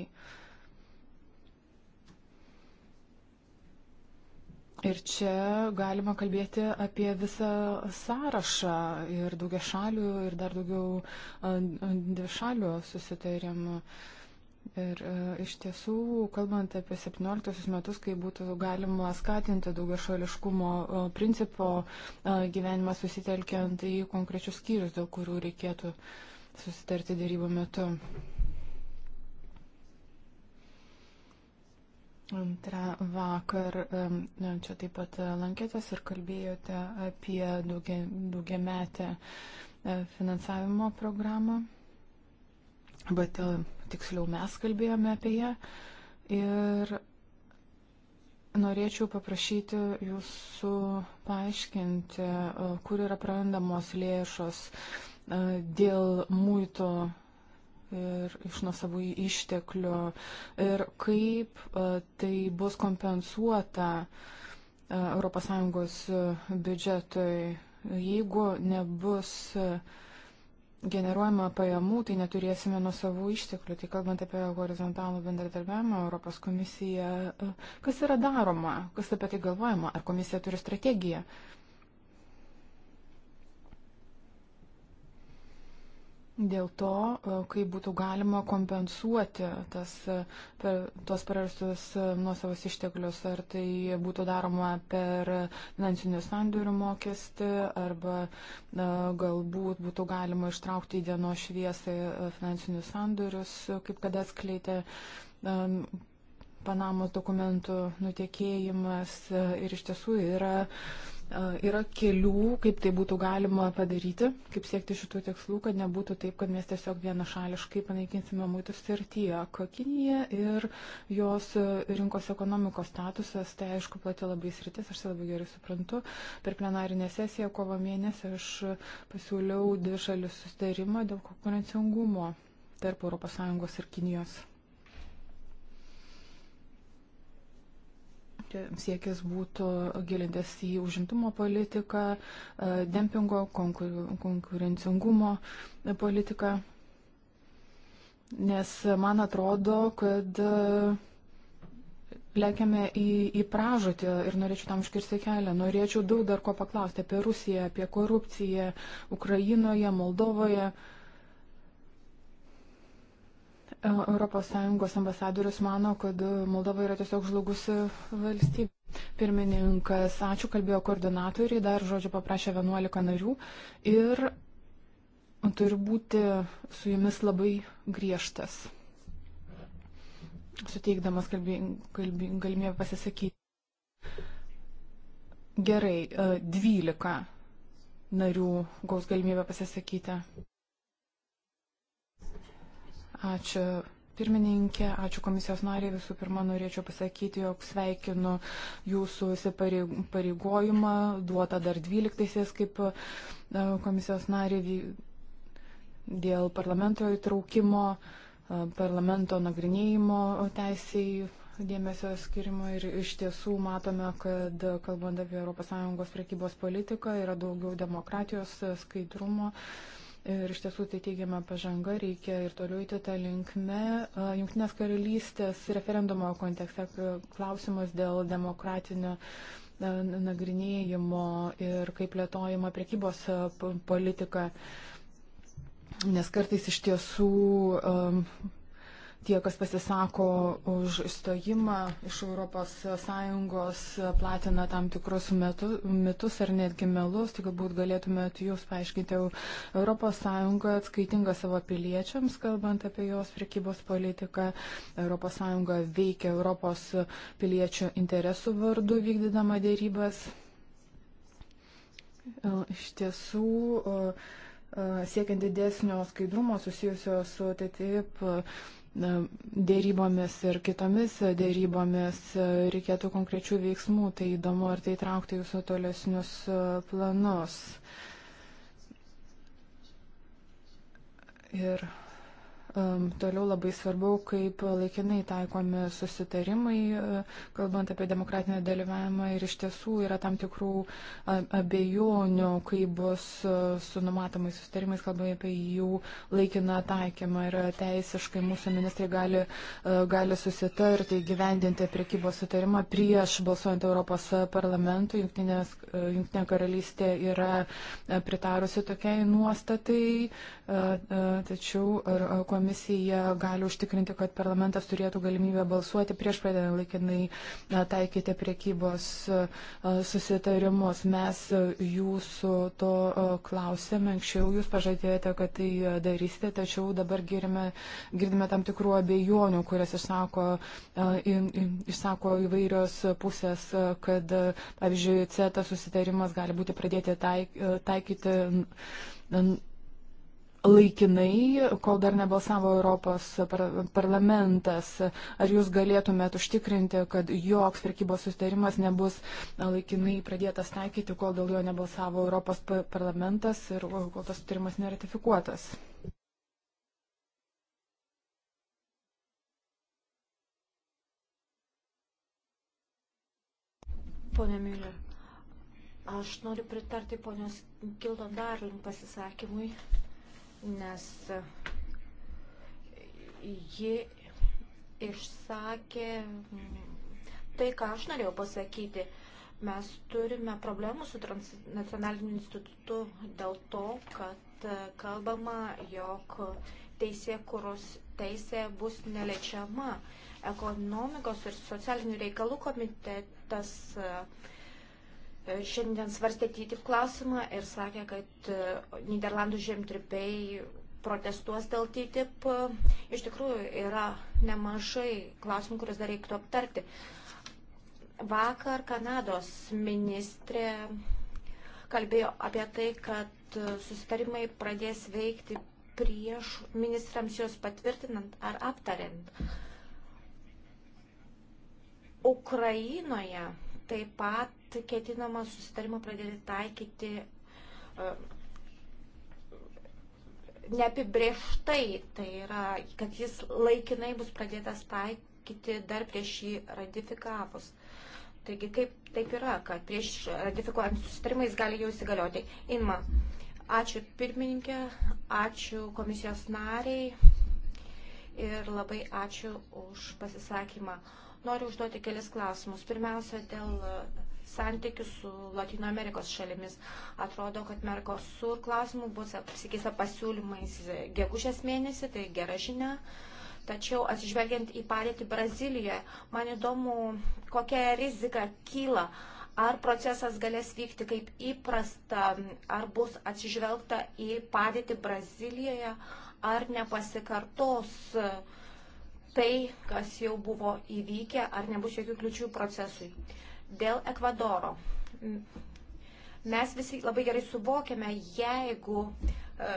Ir čia galima kalbėti apie visą sąrašą ir daugia šalių, ir dar daugiau dvišalių susitarimų. Uh, Ir e, iš tiesų, kalbant apie 17 metus, kai būtų galima skatinti daugiašališkumo e, principo e, gyvenimą susitelkiant į konkrečius skyrius, dėl kurių reikėtų susitarti dėrybų metu. Antra, vakar e, čia taip pat lankėtės ir kalbėjote apie daugia, daugiametę e, finansavimo programą bet e, tiksliau mes kalbėjome apie ją. Ir norėčiau paprašyti jūsų paaiškinti, e, kur yra prarandamos lėšos e, dėl muito ir iš nusavų išteklių ir kaip tai bus kompensuota ES biudžetui, jeigu nebus uh, generuojama pajamų, tai neturėsime nuo savų išteklių. Tai kalbant apie horizontalų bendradarbiavimą Europos komisija, e, kas yra daroma, kas apie tai galvojama, ar komisija turi strategiją? Uh, dėl to, e, kaip būtų galima kompensuoti tas, e, per, tos prarastus e, nuosavus išteklius, ar tai būtų daroma per finansinių sandorių mokestį, arba galbūt būtų galima ištraukti į dienos šviesą finansinius sandorius, kaip kada atskleidė Panamos dokumentų nutekėjimas ir iš tiesų yra yra kelių, kaip tai būtų galima padaryti, kaip siekti šitų tikslų, kad nebūtų taip, kad mes tiesiog vienašališkai panaikinsime muitus ir tiek. Kinija ir jos rinkos ekonomikos statusas, tai aišku, plati labai sritis, aš tai labai gerai suprantu. Per plenarinę sesiją kovo mėnesį aš pasiūliau dvišalį sustarimą dėl konkurencingumo tarp ES ir Kinijos. siekis būtų gilintis į užimtumo politiką, e, dempingo, konkurencingumo politiką. Nes man atrodo, kad e, Lėkiame į, į pražutį ir norėčiau tam iškirsti kelią. Norėčiau daug dar ko paklausti apie Rusiją, apie korupciją Ukrainoje, Moldovoje. Uh, ES ambasadorius mano, kad Moldova yra tiesiog žlugusi valstybė. Pirmininkas, ačiū, kalbėjo koordinatoriai, dar žodžio paprašė 11 narių ir turi būti su jumis labai griežtas, suteikdamas galimybę pasisakyti. Gerai, 12 e, narių gaus galimybę pasisakyti. Ačiū pirmininkė, ačiū komisijos nariai. Visų pirma, norėčiau pasakyti, jog sveikinu jūsų įsipareigojimą, duotą dar 12-aisiais kaip e, komisijos nariai dėl parlamento įtraukimo, e, parlamento nagrinėjimo teisėjai dėmesio skirimo ir iš tiesų matome, kad kalbant apie ES prekybos politiką yra daugiau demokratijos, skaidrumo. Uh, Ir iš tiesų tai teigiama pažanga, reikia ir toliau įti tą linkmę. Junktinės karalystės referendumo kontekste klausimas dėl demokratinio nagrinėjimo ir kaip plėtojama prekybos politika. Nes kartais iš tiesų tie, kas pasisako už įstojimą iš ES, platina tam tikrus metu, mitus ar netgi melus, tai galbūt galėtumėt jūs paaiškinti ES atskaitinga savo piliečiams, kalbant apie jos prekybos politiką. ES veikia Europos piliečių interesų vardu vykdydama dėrybas. Iš tiesų. O, siekiant didesnio skaidrumo susijusio su TTIP dėrybomis ir kitomis dėrybomis e, reikėtų konkrečių veiksmų, tai įdomu, ar tai traukti jūsų tolesnius e, planus. Ir Toliau labai svarbu, kaip laikinai taikomi susitarimai, e, kalbant apie demokratinį dalyvavimą ir iš tiesų yra tam tikrų abejonių, kaip bus e, su numatomais susitarimais, kalbant apie jų laikiną taikymą ir teisiškai mūsų ministrai gali, e, gali susitarti gyvendinti priekybos sutarimą prieš balsuojant Europos parlamentui. Junktinė karalystė yra pritarusi tokiai nuostatai, tačiau ar, ar, komisija gali užtikrinti, kad parlamentas turėtų galimybę balsuoti prieš pradedant laikinai taikyti priekybos susitarimus. Mes jūsų to klausėme, anksčiau jūs pažadėjote, kad tai darysite, tačiau dabar girime, girdime tam tikrų abejonių, kurias išsako, išsako įvairios pusės, kad, pavyzdžiui, CETA susitarimas gali būti pradėti taikyti laikinai, kol dar nebalsavo Europos par parlamentas. Ar jūs galėtumėt užtikrinti, kad joks prekybos sustarimas nebus laikinai pradėtas taikyti, kol dėl jo nebalsavo Europos parlamentas ir kol tas sustarimas neratifikuotas? Pone Miller, aš noriu pritarti ponios Gildo Darling pasisakymui nes ji išsakė tai, ką aš norėjau pasakyti. Mes turime problemų su transnacionaliniu institutu dėl to, kad kalbama, jog teisė, kuros teisė bus neliečiama. Ekonomikos ir socialinių reikalų komitetas uh, šiandien svarstė TTIP klausimą ir sakė, kad e, Niderlandų žemdirbiai protestuos dėl TTIP. Iš tikrųjų yra nemažai klausimų, kuriuos dar reiktų aptarti. Vakar Kanados ministrė kalbėjo apie tai, kad susitarimai pradės veikti prieš ministrams juos patvirtinant ar aptariant. Ukrainoje taip pat kad ketinama susitarimą pradėti taikyti e, neapibrieštai, tai yra, kad jis laikinai bus pradėtas taikyti dar prieš jį ratifikavus. Taigi kaip taip yra, kad prieš ratifikuojant susitarimą jis gali jau įsigalioti. Inma, ačiū pirmininkė, ačiū komisijos nariai ir labai ačiū už pasisakymą. Noriu užduoti kelis klausimus. Pirmiausia, dėl santykius su Latino Amerikos šalimis. Atrodo, kad Merkosur klausimų bus apsikeista pasiūlymais gegužės mėnesį, tai gera žinia. Tačiau atsižvelgiant į padėtį Brazilijoje, man įdomu, kokia rizika kyla. Ar procesas galės vykti kaip įprasta, ar bus atsižvelgta į padėtį Brazilijoje, ar nepasikartos tai, kas jau buvo įvykę, ar nebus jokių kliučių procesui. Dėl Ekvadoro. Mes visi labai gerai suvokiame, jeigu, e,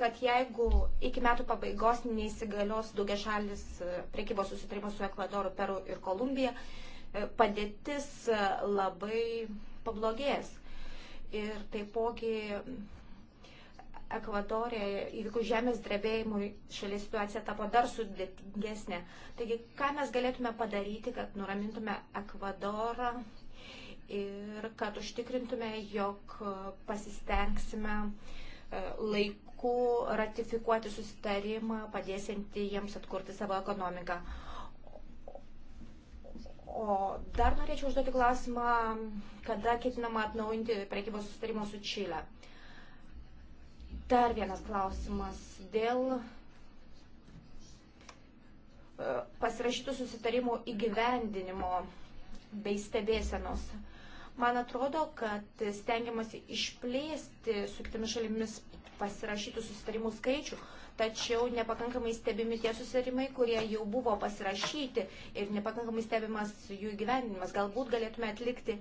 kad jeigu iki metų pabaigos neįsigalios daugiašalis e, priekybos susitarimas su Ekvadoru, Peru ir Kolumbija, e, padėtis labai pablogės. Ir taipogi Ekvadorė įvykus žemės drebėjimui šalies situacija tapo dar sudėtingesnė. Taigi, ką mes galėtume padaryti, kad nuramintume Ekvadorą ir kad užtikrintume, jog pasistengsime e, laiku ratifikuoti susitarimą, padėsinti jiems atkurti savo ekonomiką. O dar norėčiau užduoti klausimą, kada ketinama atnaujinti prekybos susitarimą su Čilė. Uh, Dar vienas klausimas dėl e, pasirašytų susitarimų įgyvendinimo bei stebėsenos. Man atrodo, kad stengiamasi išplėsti su kitomis šalimis pasirašytų susitarimų skaičių, tačiau nepakankamai stebimi tie susitarimai, kurie jau buvo pasirašyti ir nepakankamai stebimas jų įgyvendinimas. Galbūt galėtume atlikti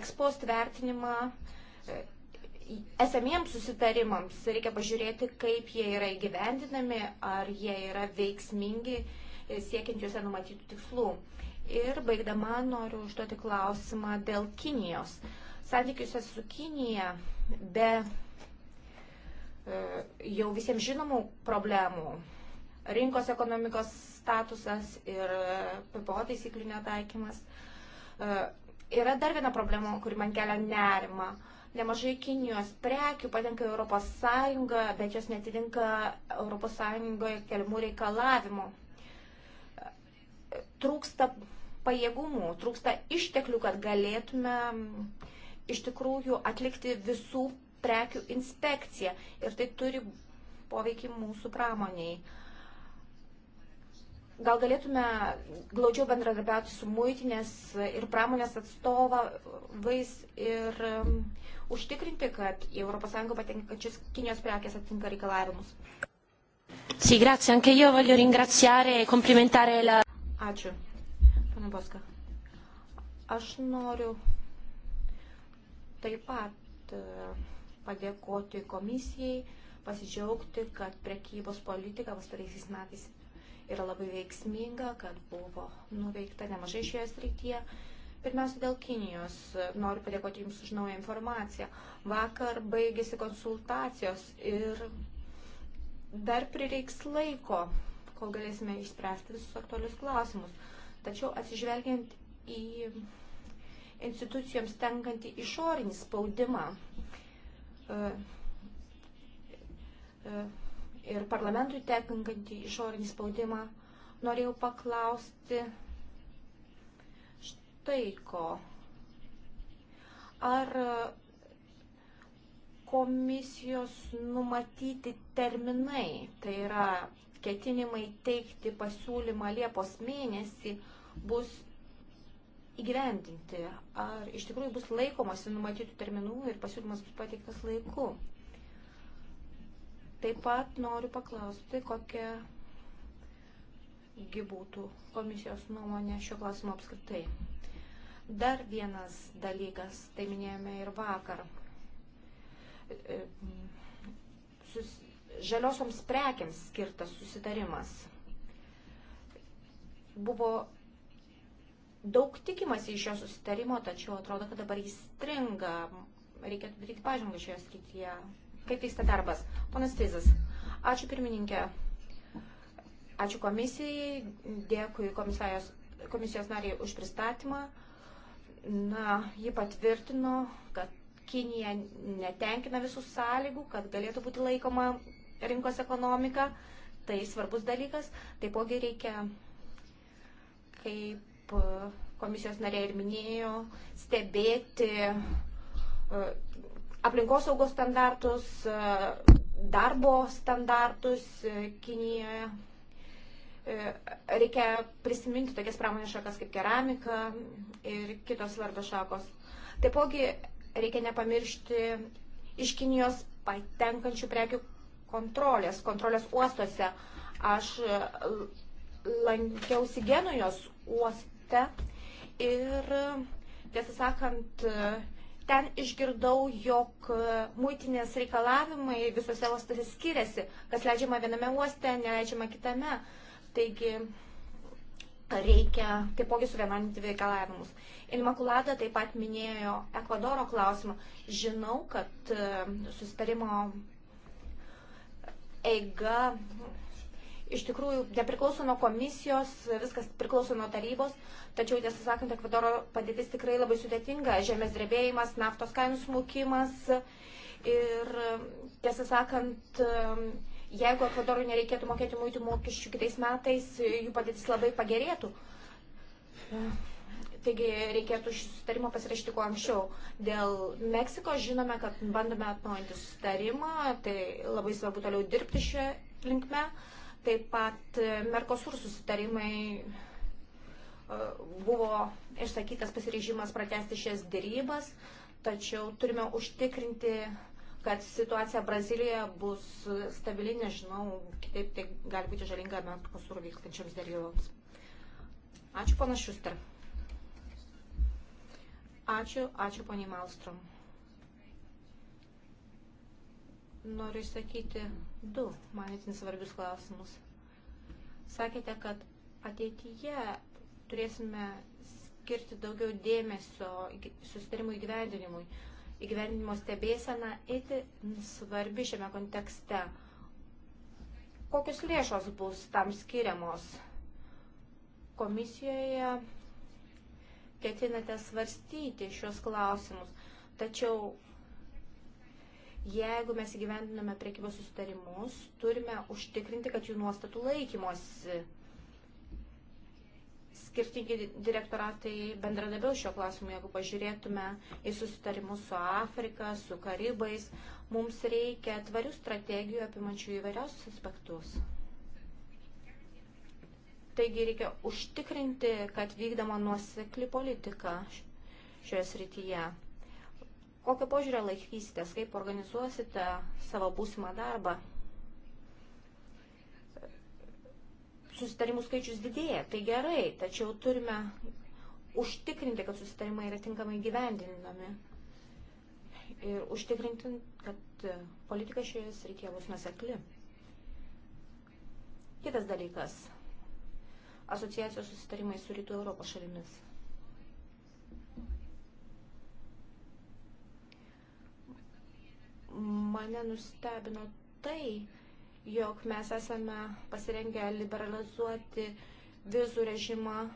ekspost vertinimą e, esamiems susitarimams reikia pažiūrėti, kaip jie yra įgyvendinami, ar jie yra veiksmingi e, siekiant juose numatytų tikslų. Ir baigdama noriu užduoti klausimą dėl Kinijos. Santykiuose su Kinija be e, jau visiems žinomų problemų - rinkos ekonomikos statusas ir e, PPO taisyklių netaikymas. Yra dar viena problema, kuri man kelia nerima. Nemažai Kinijos prekių patenka į Europos Sąjungą, bet jos netitinka Europos Sąjungoje keliamų reikalavimų. Trūksta pajėgumų, trūksta išteklių, kad galėtume iš tikrųjų atlikti visų prekių inspekciją. Ir tai turi poveikį mūsų pramoniai. Gal galėtume glaudžiau bendradarbiauti su muitinės ir pramonės atstovais ir užtikrinti, kad į ES patenkančius Kinijos prekės atitinka reikalavimus. Sì, grazie, anche io voglio ringraziare e complimentare la... Ačiū, pana Boska. Aš noriu taip pat e, padėkoti komisijai, pasidžiaugti, kad prekybos politika pastaraisiais metais yra labai veiksminga, kad buvo nuveikta nemažai šioje srityje. Pirmiausia, dėl Kinijos. Noriu padėkoti Jums už naują informaciją. Vakar baigėsi konsultacijos ir dar prireiks laiko, kol galėsime išspręsti visus aktualius klausimus. Tačiau atsižvelgiant į institucijoms tenkantį išorinį spaudimą e, e, ir parlamentui tenkantį išorinį spaudimą, norėjau paklausti, štai ko. Ar komisijos numatyti terminai, tai yra ketinimai teikti pasiūlymą Liepos mėnesį, bus įgyvendinti? Ar iš tikrųjų bus laikomasi numatytų terminų ir pasiūlymas bus pateiktas laiku? Taip pat noriu paklausti, kokia gi būtų komisijos nuomonė šio klausimo apskritai. Dar vienas dalykas, tai minėjome ir vakar. E, sus, žaliosioms prekiams skirtas susitarimas. Buvo daug tikimasi iš šio susitarimo, tačiau atrodo, kad dabar jis stringa. Reikėtų daryti pažangą šioje srityje. Kaip vyksta darbas? Ponas Fizas. Ačiū pirmininkė. Ačiū komisijai. Dėkui komisijos, komisijos nariai už pristatymą na, ji patvirtino, kad Kinija netenkina visų sąlygų, kad galėtų būti laikoma rinkos ekonomika. Tai svarbus dalykas. Taipogi reikia, kaip e, komisijos narė ir minėjo, stebėti e, aplinkosaugos standartus, e, darbo standartus Kinijoje E, reikia prisiminti tokias pramonės šakas kaip keramika ir kitos svarbios šakos. Taipogi reikia nepamiršti iš Kinijos patenkančių prekių kontrolės, kontrolės uostuose. Aš e, lankiausi Genujos uoste ir e, tiesą sakant, ten išgirdau, jog muitinės reikalavimai visose uostose skiriasi, kas leidžiama viename uoste, neleidžiama kitame. Uh, Taigi reikia taipogi suvieninti reikalavimus. Inmakulada taip pat minėjo Ekvadoro klausimą. Žinau, kad e, susitarimo eiga iš tikrųjų nepriklauso nuo komisijos, viskas priklauso nuo tarybos, tačiau tiesą sakant, Ekvadoro padėtis tikrai labai sudėtinga. Žemės drebėjimas, naftos kainų smukimas ir tiesą sakant, Jeigu Ekvadorui nereikėtų mokėti muitų mokesčių kitais metais, jų padėtis labai pagerėtų. Taigi reikėtų šį sustarimą pasirašyti kuo anksčiau. Dėl Meksiko žinome, kad bandome atnaujinti sustarimą, tai labai svarbu toliau dirbti šią linkmę. Taip pat Merkosur susitarimai e, buvo išsakytas pasiryžimas pratesti šias dėrybas, tačiau turime užtikrinti kad situacija Brazilijoje bus stabili, nežinau, kitaip tai gali būti žalinga Merkosur vykstančiams dėryboms. Ačiū, pana Šuster. Ačiū, ačiū, poniai Malstrom. Noriu išsakyti du man itin svarbius klausimus. Sakėte, kad ateityje turėsime skirti daugiau dėmesio susitarimų įgyvendinimui įgyvendinimo stebėsena itin svarbi šiame kontekste. Kokios lėšos bus tam skiriamos? Komisijoje ketinate svarstyti šios klausimus, tačiau jeigu mes įgyvendiname priekybos susitarimus, turime užtikrinti, kad jų nuostatų laikymosi skirtingi direktoratai bendradabiau šio klausimu, jeigu pažiūrėtume į susitarimus su Afrika, su Karibais, mums reikia tvarių strategijų apimančių įvairiausius aspektus. Taigi reikia užtikrinti, kad vykdama nuosekli politika šioje srityje. Kokio požiūrio laikysitės, kaip organizuosite savo būsimą darbą, susitarimų skaičius didėja, tai gerai, tačiau turime užtikrinti, kad susitarimai yra tinkamai gyvendinami ir užtikrinti, kad politika šioje srityje bus nusekli. Kitas dalykas – asociacijos susitarimai su Rytų Europos šalimis. Mane nustebino tai, kad jog mes esame pasirengę liberalizuoti vizų režimą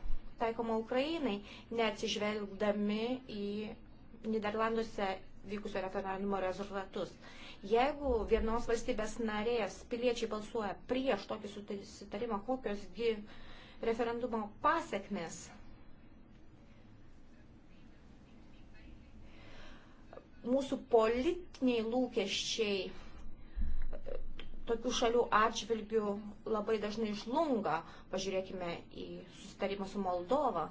taikomą Ukrainai, neatsižvelgdami į Niderlanduose vykusio referendumo rezultatus. Jeigu vienos valstybės narės piliečiai balsuoja prieš tokį susitarimą, kokiosgi referendumo pasiekmes, mūsų politiniai lūkesčiai tokių šalių atžvilgių labai dažnai žlunga. Pažiūrėkime į susitarimą su Moldova.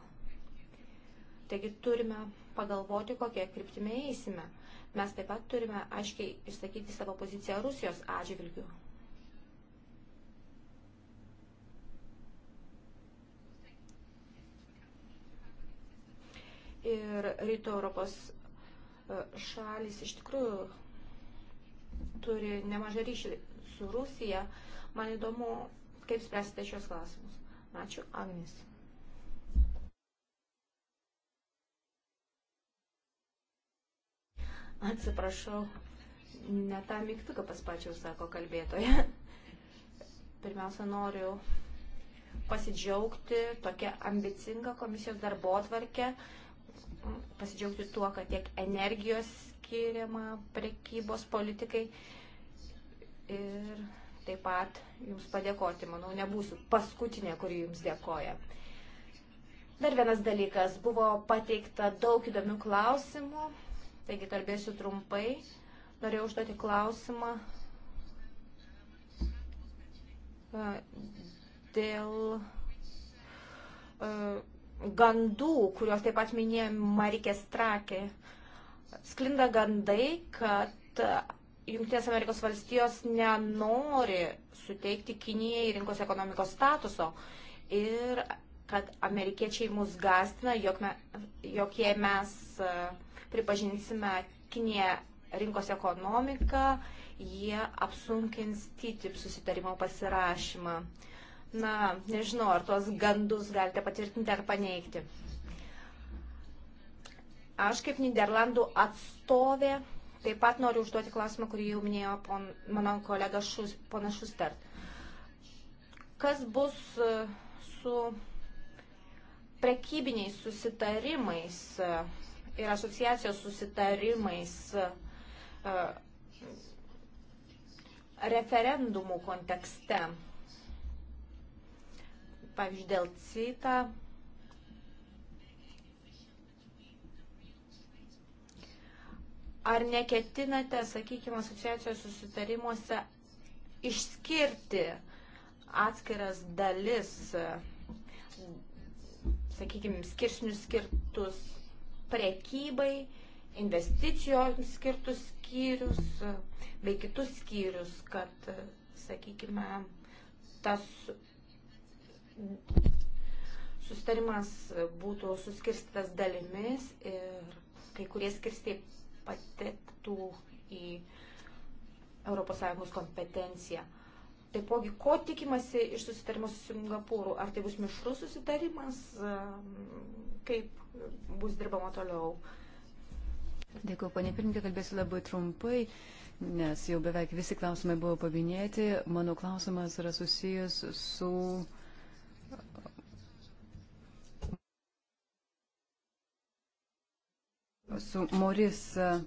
Taigi turime pagalvoti, kokie kryptimi eisime. Mes taip pat turime aiškiai išsakyti savo poziciją Rusijos atžvilgių. Ir rytų Europos e, šalis iš tikrųjų turi nemažą ryšį su Rusija. Man įdomu, kaip spręsite šios klausimus. Ačiū, Agnes. Atsiprašau, ne tą mygtuką paspačiau, sako kalbėtoja. Pirmiausia, noriu pasidžiaugti tokia ambicinga komisijos darbo atvarkė, pasidžiaugti tuo, kad tiek energijos skiriama prekybos politikai, ir taip pat Jums padėkoti. Manau, nebūsiu paskutinė, kuri Jums dėkoja. Dar vienas dalykas. Buvo pateikta daug įdomių klausimų, taigi kalbėsiu trumpai. Norėjau užduoti klausimą e, dėl e, gandų, kuriuos taip pat minėjo Marikė Strakė. Sklinda gandai, kad Junktinės Amerikos valstijos nenori suteikti Kinijai rinkos ekonomikos statuso ir kad amerikiečiai mus gastina, jog, me, jog jei mes e, pripažinsime Kiniją rinkos ekonomiką, jie apsunkins TTIP susitarimo pasirašymą. Na, nežinau, ar tuos gandus galite patvirtinti ar paneigti. Aš kaip Niderlandų atstovė Taip pat noriu užduoti klausimą, kurį jau minėjo pon, mano kolega šus, ponas Šustert. Kas bus e, su prekybiniais susitarimais e, ir asociacijos susitarimais e, referendumų kontekste? Pavyzdžiui, dėl CITA Ar neketinate, sakykime, asociacijos susitarimuose išskirti atskiras dalis, sakykime, skiršnius skirtus prekybai, investicijoms skirtus skyrius bei kitus skyrius, kad, sakykime, tas sustarimas būtų suskirstytas dalimis ir kai kurie skirstiai patektų į ES kompetenciją. Taipogi, ko tikimasi iš susitarimo su Singapūru? Ar tai bus mišrus susitarimas? Um, kaip bus dirbama toliau? Dėkau, panė pirmininkė, kalbėsiu labai trumpai, nes jau beveik visi klausimai buvo paminėti. Mano klausimas yra susijęs su su Moris, e,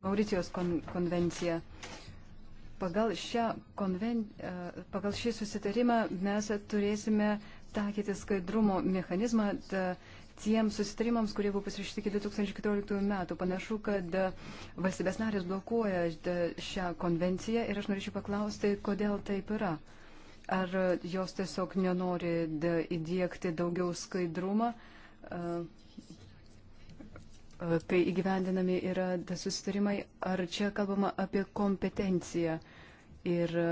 Mauricijos kon, konvencija. Pagal, šią konven, e, pagal šį susitarimą mes turėsime taikyti skaidrumo mechanizmą tiems susitarimams, kurie buvo pasirašyti iki 2014 metų. Panašu, kad e, valstybės narės blokuoja šią konvenciją ir aš norėčiau paklausti, kodėl taip yra. Ar jos tiesiog nenori įdėkti daugiau skaidrumą? Uh, kai įgyvendinami yra tas susitarimai, ar čia kalbama apie kompetenciją ir e,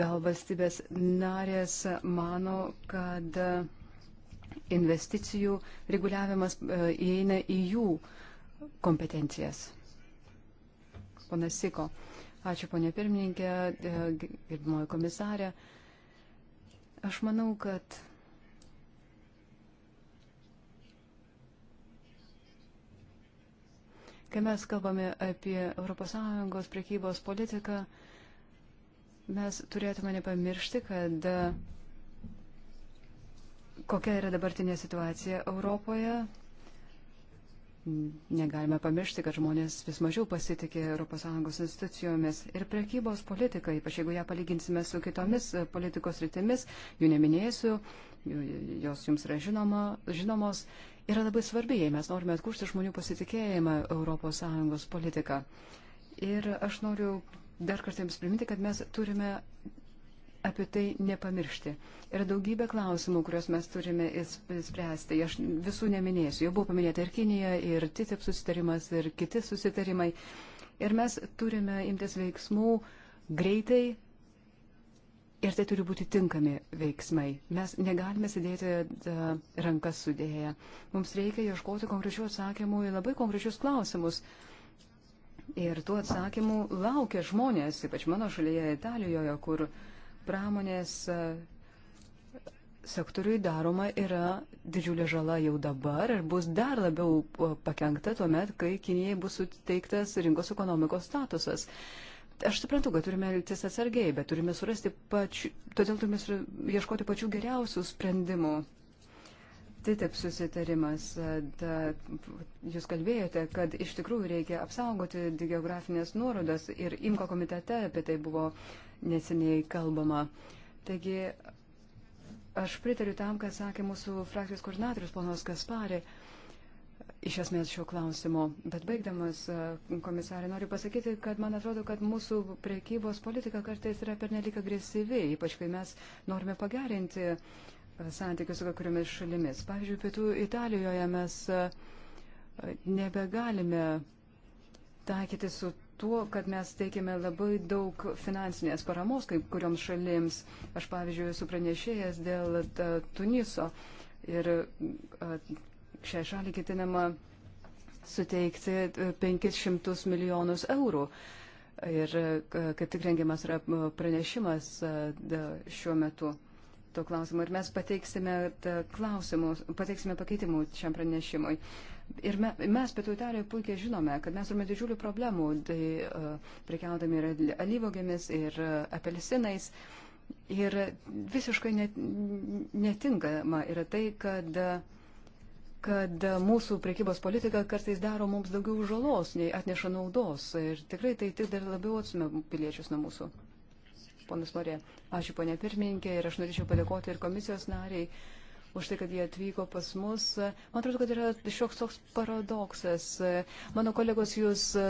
gal valstybės narės mano, kad e, investicijų reguliavimas e, įeina į jų kompetencijas. Pana Siko, ačiū ponė pirmininkė, gerbimoji komisarė. Aš manau, kad Kai mes kalbame apie ES priekybos politiką, mes turėtume nepamiršti, kad e, kokia yra dabartinė situacija Europoje. Negalime pamiršti, kad žmonės vis mažiau pasitikė ES institucijomis ir prekybos politika, ypač jeigu ją palyginsime su kitomis e, politikos rytimis, jų neminėsiu, jos jums yra žinoma, žinomos, yra labai svarbi, jei mes norime atkurti žmonių pasitikėjimą ES politiką. Ir aš noriu dar kartą jums priminti, kad mes turime apie tai nepamiršti. Yra daugybė klausimų, kuriuos mes turime spręsti. Aš visų neminėsiu. Jau buvo paminėta ir Kinija, ir TTIP susitarimas, ir kiti susitarimai. Ir mes turime imtis veiksmų greitai Ir tai turi būti tinkami veiksmai. Mes negalime sėdėti e, rankas sudėję. Mums reikia ieškoti konkrečių atsakymų į labai konkrečius klausimus. Ir tų atsakymų laukia žmonės, ypač mano šalyje Italijoje, kur pramonės e, sektoriui daroma yra didžiulė žala jau dabar ir bus dar labiau e, pakengta tuomet, kai Kinijai bus suteiktas rinkos ekonomikos statusas. Aš suprantu, kad turime elgtis atsargiai, bet turime surasti pačių, todėl turime ieškoti pačių geriausių sprendimų. Tai taip susitarimas. Da, jūs kalbėjote, kad iš tikrųjų reikia apsaugoti geografinės nuorodas ir imko komitete apie tai buvo neseniai kalbama. Taigi aš pritariu tam, ką sakė mūsų frakcijos koordinatorius ponas Kasparė. Uh, iš esmės šio klausimo. Bet baigdamas, e, komisarė, noriu pasakyti, kad man atrodo, kad mūsų priekybos politika kartais yra pernelik agresyvi, ypač kai mes norime pagerinti e, santykius su kai kuriomis šalimis. Pavyzdžiui, pietų Italijoje mes e, nebegalime taikyti su tuo, kad mes teikiame labai daug finansinės paramos kai kurioms šalims. Aš, pavyzdžiui, esu pranešėjęs dėl Tuniso ir šią šalį ketinama suteikti 500 e, milijonus eurų. Ir e, kaip tik rengiamas yra pranešimas e, šiuo metu to klausimo. Ir mes pateiksime klausimus, pateiksime pakeitimų šiam pranešimui. Ir me, mes, pietų Italijoje, puikiai žinome, kad mes turime didžiulių problemų, tai uh, prekiaudami ir alyvogėmis, ir uh, apelsinais. Ir visiškai net, netinkama yra tai, kad uh, kad mūsų priekybos politika kartais daro mums daugiau žalos, nei atneša naudos. Ir tikrai tai tik dar labiau atsumė piliečius nuo mūsų. Ponas Morė, ačiū ponė pirmininkė ir aš norėčiau padėkoti ir komisijos nariai už tai, kad jie atvyko pas mus. Man atrodo, kad yra šioks toks paradoksas. Mano kolegos jūs e,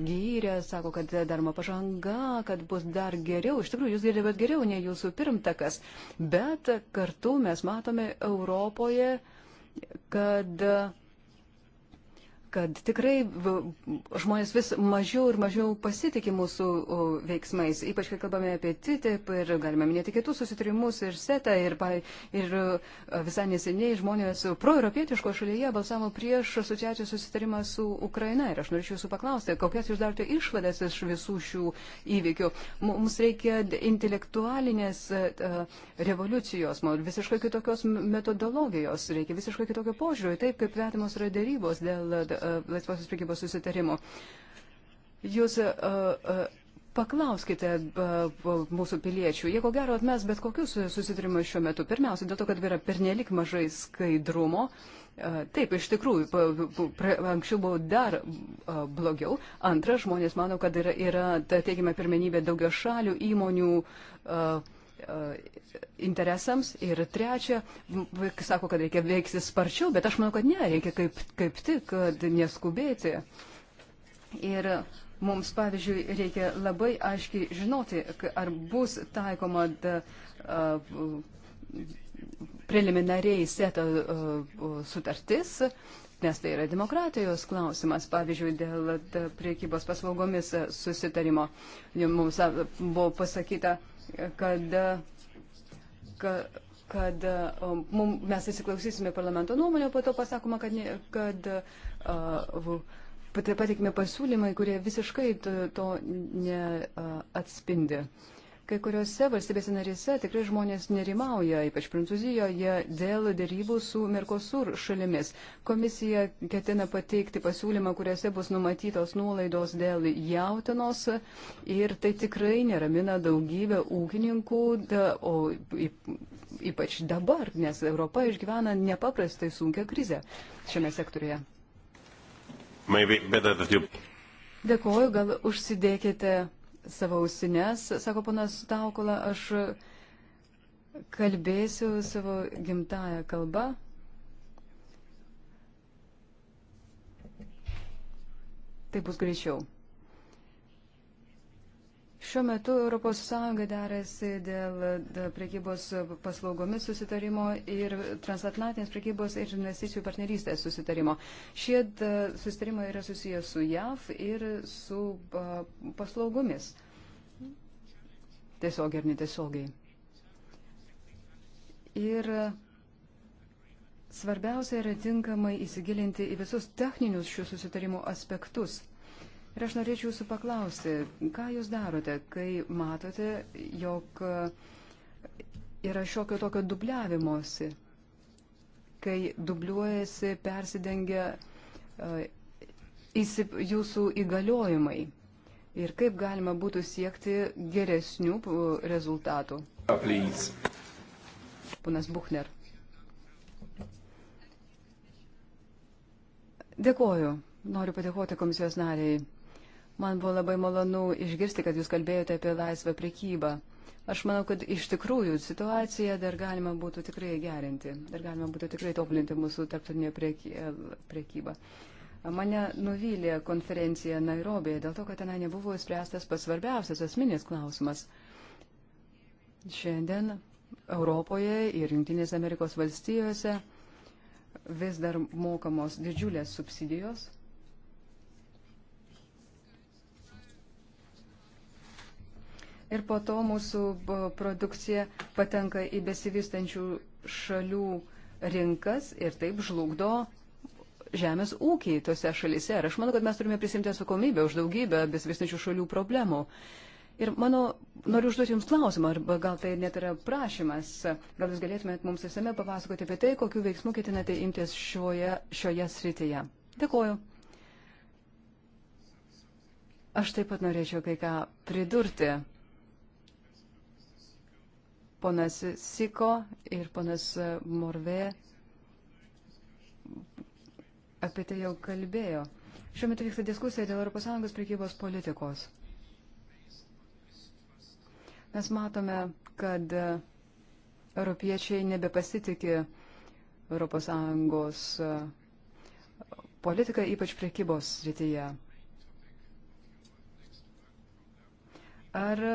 gyrė, sako, kad daroma pažanga, kad bus dar geriau. Iš tikrųjų, jūs dirbėt geriau nei jūsų pirmtakas. Bet kartu mes matome Europoje kad kad tikrai žmonės vis mažiau ir mažiau pasitikė mūsų veiksmais, ypač kai kalbame apie TTIP ir galime minėti kitus susitarimus ir SETA ir, ir visai neseniai žmonės proeuropietiško šalyje balsavo prieš asociacijos susitarimą su Ukraina ir aš norėčiau jūsų paklausti, kokias jūs darote išvadas iš visų šių įvykių. Mums reikia intelektualinės revoliucijos, visiškai kitokios metodologijos, reikia visiškai kitokio požiūrio, taip kaip vertimos yra dėrybos dėl E, laisvosios prekybos susitarimų. Jūs e, e, Paklauskite mūsų piliečių, jie ko gero atmes bet kokius susitarimus šiuo metu. Pirmiausia, dėl to, kad yra pernelik mažai skaidrumo. Taip, iš tikrųjų, anksčiau buvo dar blogiau. Antra, žmonės mano, kad yra, yra teigiama pirmenybė daugia šalių įmonių. Uh, E, interesams. Ir trečia, sako, kad reikia veikti sparčiau, bet aš manau, kad ne, reikia kaip, kaip tik, kad neskubėti. Ir mums, pavyzdžiui, reikia labai aiškiai žinoti, ar bus taikoma da, preliminariai seta sutartis, nes tai yra demokratijos klausimas, pavyzdžiui, dėl priekybos paslaugomis susitarimo. Mums buvo pasakyta, kad, kad, kad mum, mes įsiklausysime parlamento nuomonę, po to pasakoma, kad, ne, kad uh, pateikime pasiūlymai, kurie visiškai to, to neatspindi. Uh, Kai kuriuose valstybėse narėse tikrai žmonės nerimauja, ypač Prancūzijoje, dėl dėrybų su Merkosur šalimis. Komisija ketina pateikti pasiūlymą, kuriuose bus numatytos nuolaidos dėl jautinos ir tai tikrai neramina daugybę ūkininkų, da, o ypač dabar, nes Europa išgyvena nepaprastai sunkia krizė šiame sektoriuje. Dėkuoju, gal užsidėkite savo ausines, sako ponas Taukola, aš kalbėsiu savo gimtają kalbą. Tai bus greičiau. Šiuo metu ES darasi dėl prekybos paslaugomis susitarimo ir transatlantinės prekybos ir investicijų partnerystės susitarimo. Šie susitarimai yra susijęs su JAV ir su paslaugomis. Tiesiog ir netiesiogiai. Ir svarbiausia yra tinkamai įsigilinti į visus techninius šių susitarimų aspektus. Ir aš norėčiau jūsų paklausti, ką jūs darote, kai matote, jog yra šiokio tokio dubliavimosi, kai dubliuojasi, persidengia e, jūsų įgaliojimai ir kaip galima būtų siekti geresnių e, rezultatų. Uh, please. Ponas Buchner. Dėkoju. Noriu padėkoti komisijos nariai Man buvo labai malonu išgirsti, kad jūs kalbėjote apie laisvą prekybą. Aš manau, kad iš tikrųjų situaciją dar galima būtų tikrai gerinti, dar galima būtų tikrai tobulinti mūsų tarptautinę prekybą. Mane nuvylė konferencija Nairobėje dėl to, kad tenai nebuvo įspręstas pats svarbiausias asmenis klausimas. Šiandien Europoje ir Junktinės Amerikos valstijose vis dar mokamos didžiulės subsidijos ir po to mūsų produkcija patenka į besivystančių šalių rinkas ir taip žlugdo žemės ūkiai tose šalise. Ir aš manau, kad mes turime prisimti atsakomybę už daugybę besivystančių šalių problemų. Ir mano, noriu užduoti Jums klausimą, arba gal tai net yra prašymas, gal Jūs galėtumėt mums visame papasakoti apie tai, kokiu veiksmu ketinate imtis šioje, šioje srityje. Dėkuoju. Aš taip pat norėčiau kai ką pridurti. Ponas Siko ir ponas Morvė apie tai jau kalbėjo. Šiuo metu vyksta diskusija dėl ES prekybos politikos. Mes matome, kad europiečiai nebepasitikė ES e, politiką, ypač prekybos srityje. Ar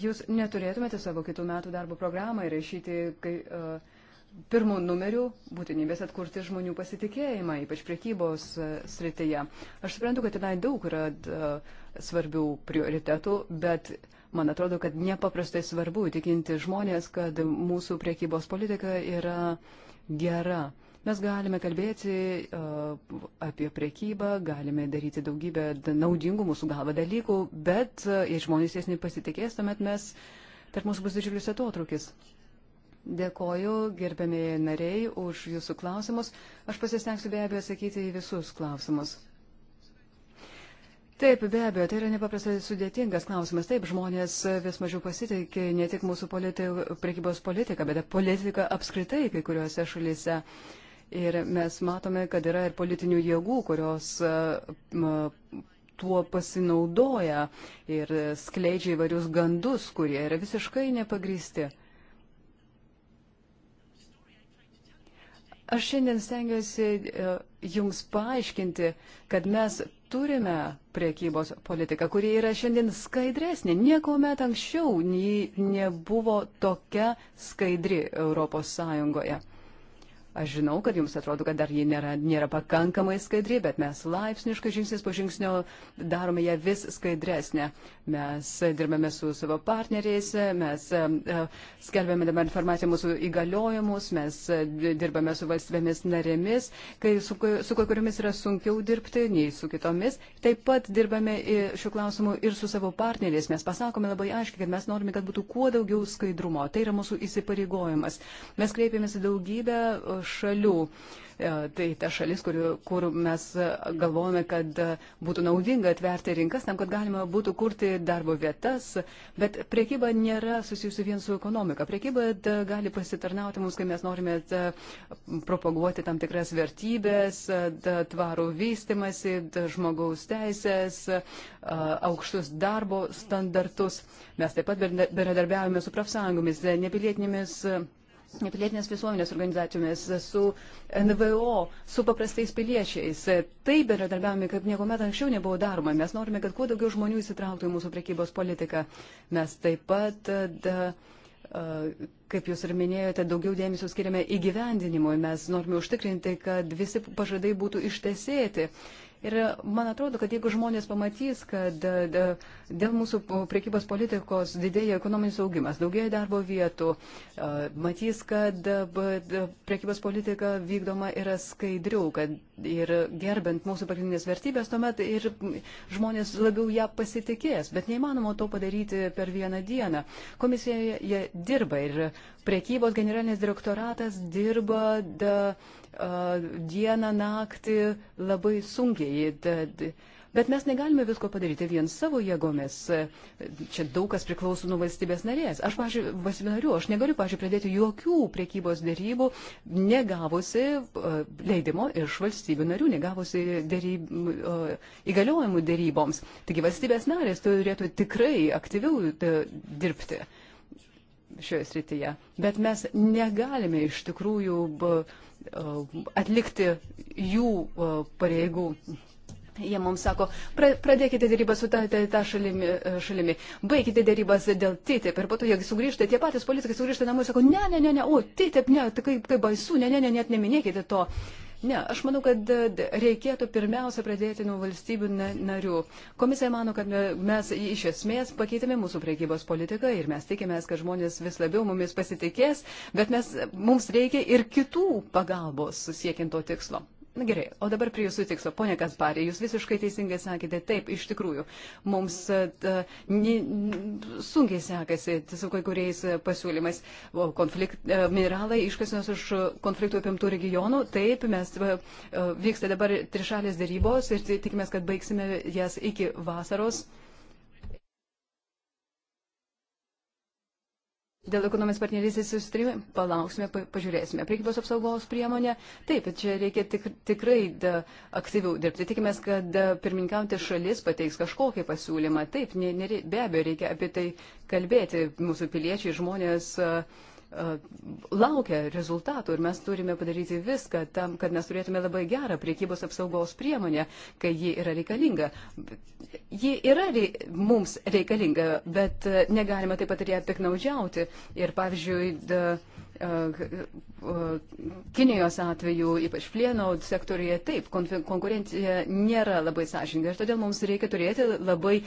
jūs neturėtumėte savo kitų metų darbo programą įrašyti kai, uh, pirmų numerių būtinybės atkurti žmonių pasitikėjimą, ypač priekybos uh, e, srityje. Aš suprantu, kad tenai daug yra uh, svarbių prioritetų, bet man atrodo, kad nepaprastai svarbu įtikinti žmonės, kad mūsų priekybos politika yra gera. Uh, Mes galime kalbėti uh, apie priekybą, galime daryti daugybę naudingų mūsų galva dalykų, bet uh, jei žmonės jas nepasitikės, tuomet mes, tarp mūsų bus didžiulis atotrukis. Dėkoju, gerbėmėjai nariai, už jūsų klausimus. Aš pasistengsiu be abejo atsakyti į visus klausimus. Taip, be abejo, tai yra nepaprastai sudėtingas klausimas. Taip, žmonės vis mažiau pasitikė ne tik mūsų politi prekybos politiką, bet politika apskritai kai kuriuose šalyse. Uh, Ir mes matome, kad yra ir politinių jėgų, kurios e, tuo pasinaudoja ir skleidžia įvairius gandus, kurie yra visiškai nepagristi. Aš šiandien stengiuosi e, jums paaiškinti, kad mes turime priekybos politiką, kuri yra šiandien skaidresnė. Nieko met anksčiau ji nebuvo tokia skaidri Europos Sąjungoje. Aš žinau, kad jums atrodo, kad dar ji nėra, nėra pakankamai skaidri, bet mes laipsniškai žingsnis po žingsnio darome ją vis skaidresnę. Mes dirbame su savo partneriais, mes e, e, skelbėme dabar informaciją mūsų įgaliojimus, mes e, dirbame su valstybėmis narėmis, kai su, su kai kuriomis yra sunkiau dirbti nei su kitomis. Taip pat dirbame šiuo klausimu ir su savo partneriais. Mes pasakome labai aiškiai, kad mes norime, kad būtų kuo daugiau skaidrumo. Tai yra mūsų įsipareigojimas. Mes kreipėmės daugybę šalių. E, tai ta šalis, kur, kur mes galvojame, kad būtų naudinga atverti rinkas tam, kad galima būtų kurti darbo vietas, bet priekyba nėra susijusi vien su ekonomika. Priekyba e, gali pasitarnauti mums, kai mes norime e, propaguoti tam tikras vertybės, tvarų vystimasi, žmogaus teisės, aukštus darbo standartus. Mes taip pat bendradarbiavome su profsąjungomis, nepilietinėmis pilietinės visuomenės organizacijomis, su NVO, su paprastais piliečiais. Taip bendradarbiavame, kaip niekuomet anksčiau nebuvo daroma. Mes norime, kad kuo daugiau žmonių įsitrauktų į mūsų prekybos politiką. Mes taip pat, da, kaip jūs ir minėjote, daugiau dėmesio skiriame įgyvendinimui. Mes norime užtikrinti, kad visi pažadai būtų ištesėti Ir man atrodo, kad jeigu žmonės pamatys, kad e, dėl mūsų priekybos politikos didėja ekonominis augimas, daugėja darbo vietų, e, matys, kad e, priekybos politika vykdoma yra skaidriau, kad ir gerbent mūsų pagrindinės vertybės, tuomet ir žmonės labiau ją pasitikės. Bet neįmanoma to padaryti per vieną dieną. Komisijoje jie dirba ir priekybos generalinis direktoratas dirba. Da, de dieną, naktį labai sunkiai. Bet mes negalime visko padaryti vien savo jėgomis. Čia daug kas priklauso nuo valstybės narės. Aš, pažiūrėjau, valstybė nariu, aš negaliu, pažiūrėjau, pradėti jokių priekybos dėrybų, negavusi leidimo iš valstybių narių, negavusi dėryb, įgaliojimų dėryboms. Taigi valstybės narės turėtų tikrai aktyviau dirbti šioje srityje. Bet mes negalime iš tikrųjų atlikti jų pareigų. Jie mums sako, pra, pradėkite dėrybas su ta, ta, ta šalimi, šalimi, baikite dėrybas dėl TTIP ir po to jie sugrįžta, tie patys politikai sugrįžta namo ir sako, ne, ne, ne, ne, o TTIP, ne, tai kaip, kaip baisu, ne, ne, ne, net neminėkite to. Uh, Ne, aš manau, kad e, reikėtų pirmiausia pradėti nuo valstybių narių. Komisija mano, kad mes iš esmės pakeitėme mūsų priekybos politiką ir mes tikimės, kad žmonės vis labiau mumis pasitikės, bet mes, mums reikia ir kitų pagalbos siekiant to tikslo. Na gerai, o dabar prie jūsų tikslo. Pone Kasparė, jūs visiškai teisingai sakėte, taip, iš tikrųjų, mums uh, ni, sunkiai sekasi su kai kuriais pasiūlymais. Konflikt, uh, mineralai iškasinos iš konfliktų apimtų regionų, taip, mes uh, vyksta dabar trišalės darybos ir tikimės, kad baigsime jas iki vasaros. Uh, Dėl ekonomės partnerystės susitarimų palauksime, pažiūrėsime. Priekybos apsaugos priemonė, taip, čia reikia tik, tikrai da, aktyviau dirbti. Tikimės, kad pirmininkaujantė šalis pateiks kažkokį pasiūlymą. Taip, nere, be abejo, reikia apie tai kalbėti. Mūsų piliečiai, žmonės. Uh, E, laukia rezultatų ir mes turime padaryti viską tam, kad mes turėtume labai gerą priekybos apsaugos priemonę, kai ji yra reikalinga. Ji yra rei, mums reikalinga, bet e, negalime taip pat ir ją piknaudžiauti. Ir pavyzdžiui, da, e, Kinijos atveju, ypač plieno sektorija, taip, konkurencija nėra labai sąžininga ir todėl mums reikia turėti labai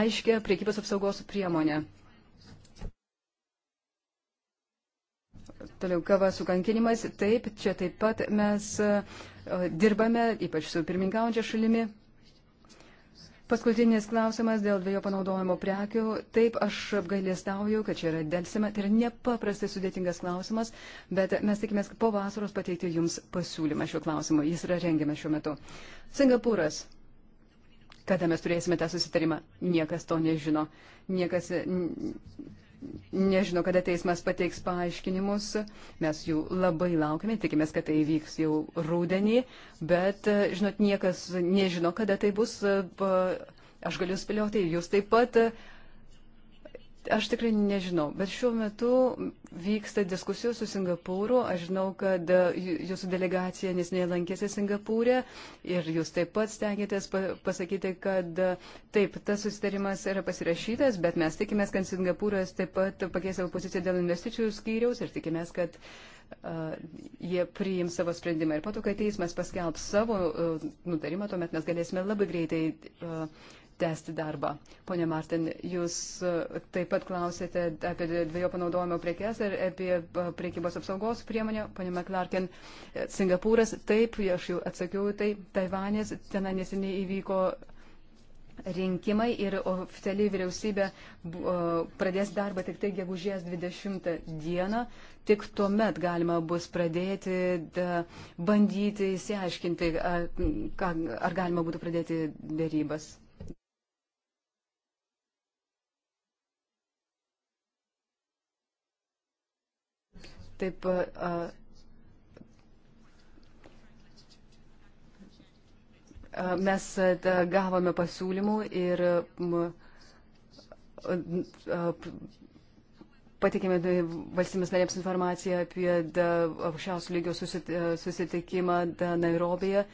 aiškę priekybos apsaugos priemonę. Toliau kava su kankinimas. Taip, čia taip pat mes e, dirbame, ypač su pirmininkaujančia šalimi. Paskutinis klausimas dėl dviejų panaudojimo prekių. Taip, aš apgailėstauju, kad čia yra dėlsime. Tai yra nepaprastai sudėtingas klausimas, bet mes tikimės po vasaros pateikti Jums pasiūlymą šiuo klausimu. Jis yra rengiamas šiuo metu. Singapūras. Kada mes turėsime tą susitarimą? Niekas to nežino. Niekas nežino, kada teismas pateiks paaiškinimus. Mes jų labai laukime, tikimės, kad tai vyks jau rūdienį, bet, e, žinot, niekas nežino, kada tai bus. E, aš galiu spėlioti, jūs taip pat. Uh, Aš tikrai nežinau, bet šiuo metu vyksta diskusijos su Singapūru. Aš žinau, kad e, jūsų delegacija nesnei lankėsi Singapūrė ir jūs taip pat stengiatės pasakyti, kad e, taip, tas susitarimas yra pasirašytas, bet mes tikimės, kad Singapūras taip pat pakeis savo poziciją dėl investicijų skyriaus ir tikimės, kad uh, jie priims savo sprendimą. Ir po to, kai teismas paskelbs savo uh, nutarimą, tuomet mes galėsime labai greitai. Uh, tęsti darbą. Pone Martin, jūs e, taip pat klausėte apie dviejų panaudojimo prekes ir apie e, priekybos apsaugos priemonę. Pone McLarkin, e, Singapūras, taip, aš jau atsakiau, tai Taivanės, ten neseniai įvyko rinkimai ir oficialiai vyriausybė pradės darbą tik tai gegužės 20 dieną. Tik tuomet galima bus pradėti da, bandyti įsiaiškinti, ar, ar galima būtų pradėti dėrybas. taip mes gavome pasiūlymų ir patikėme valstybės narėms informaciją apie aukščiausių lygio susitikimą Nairobėje.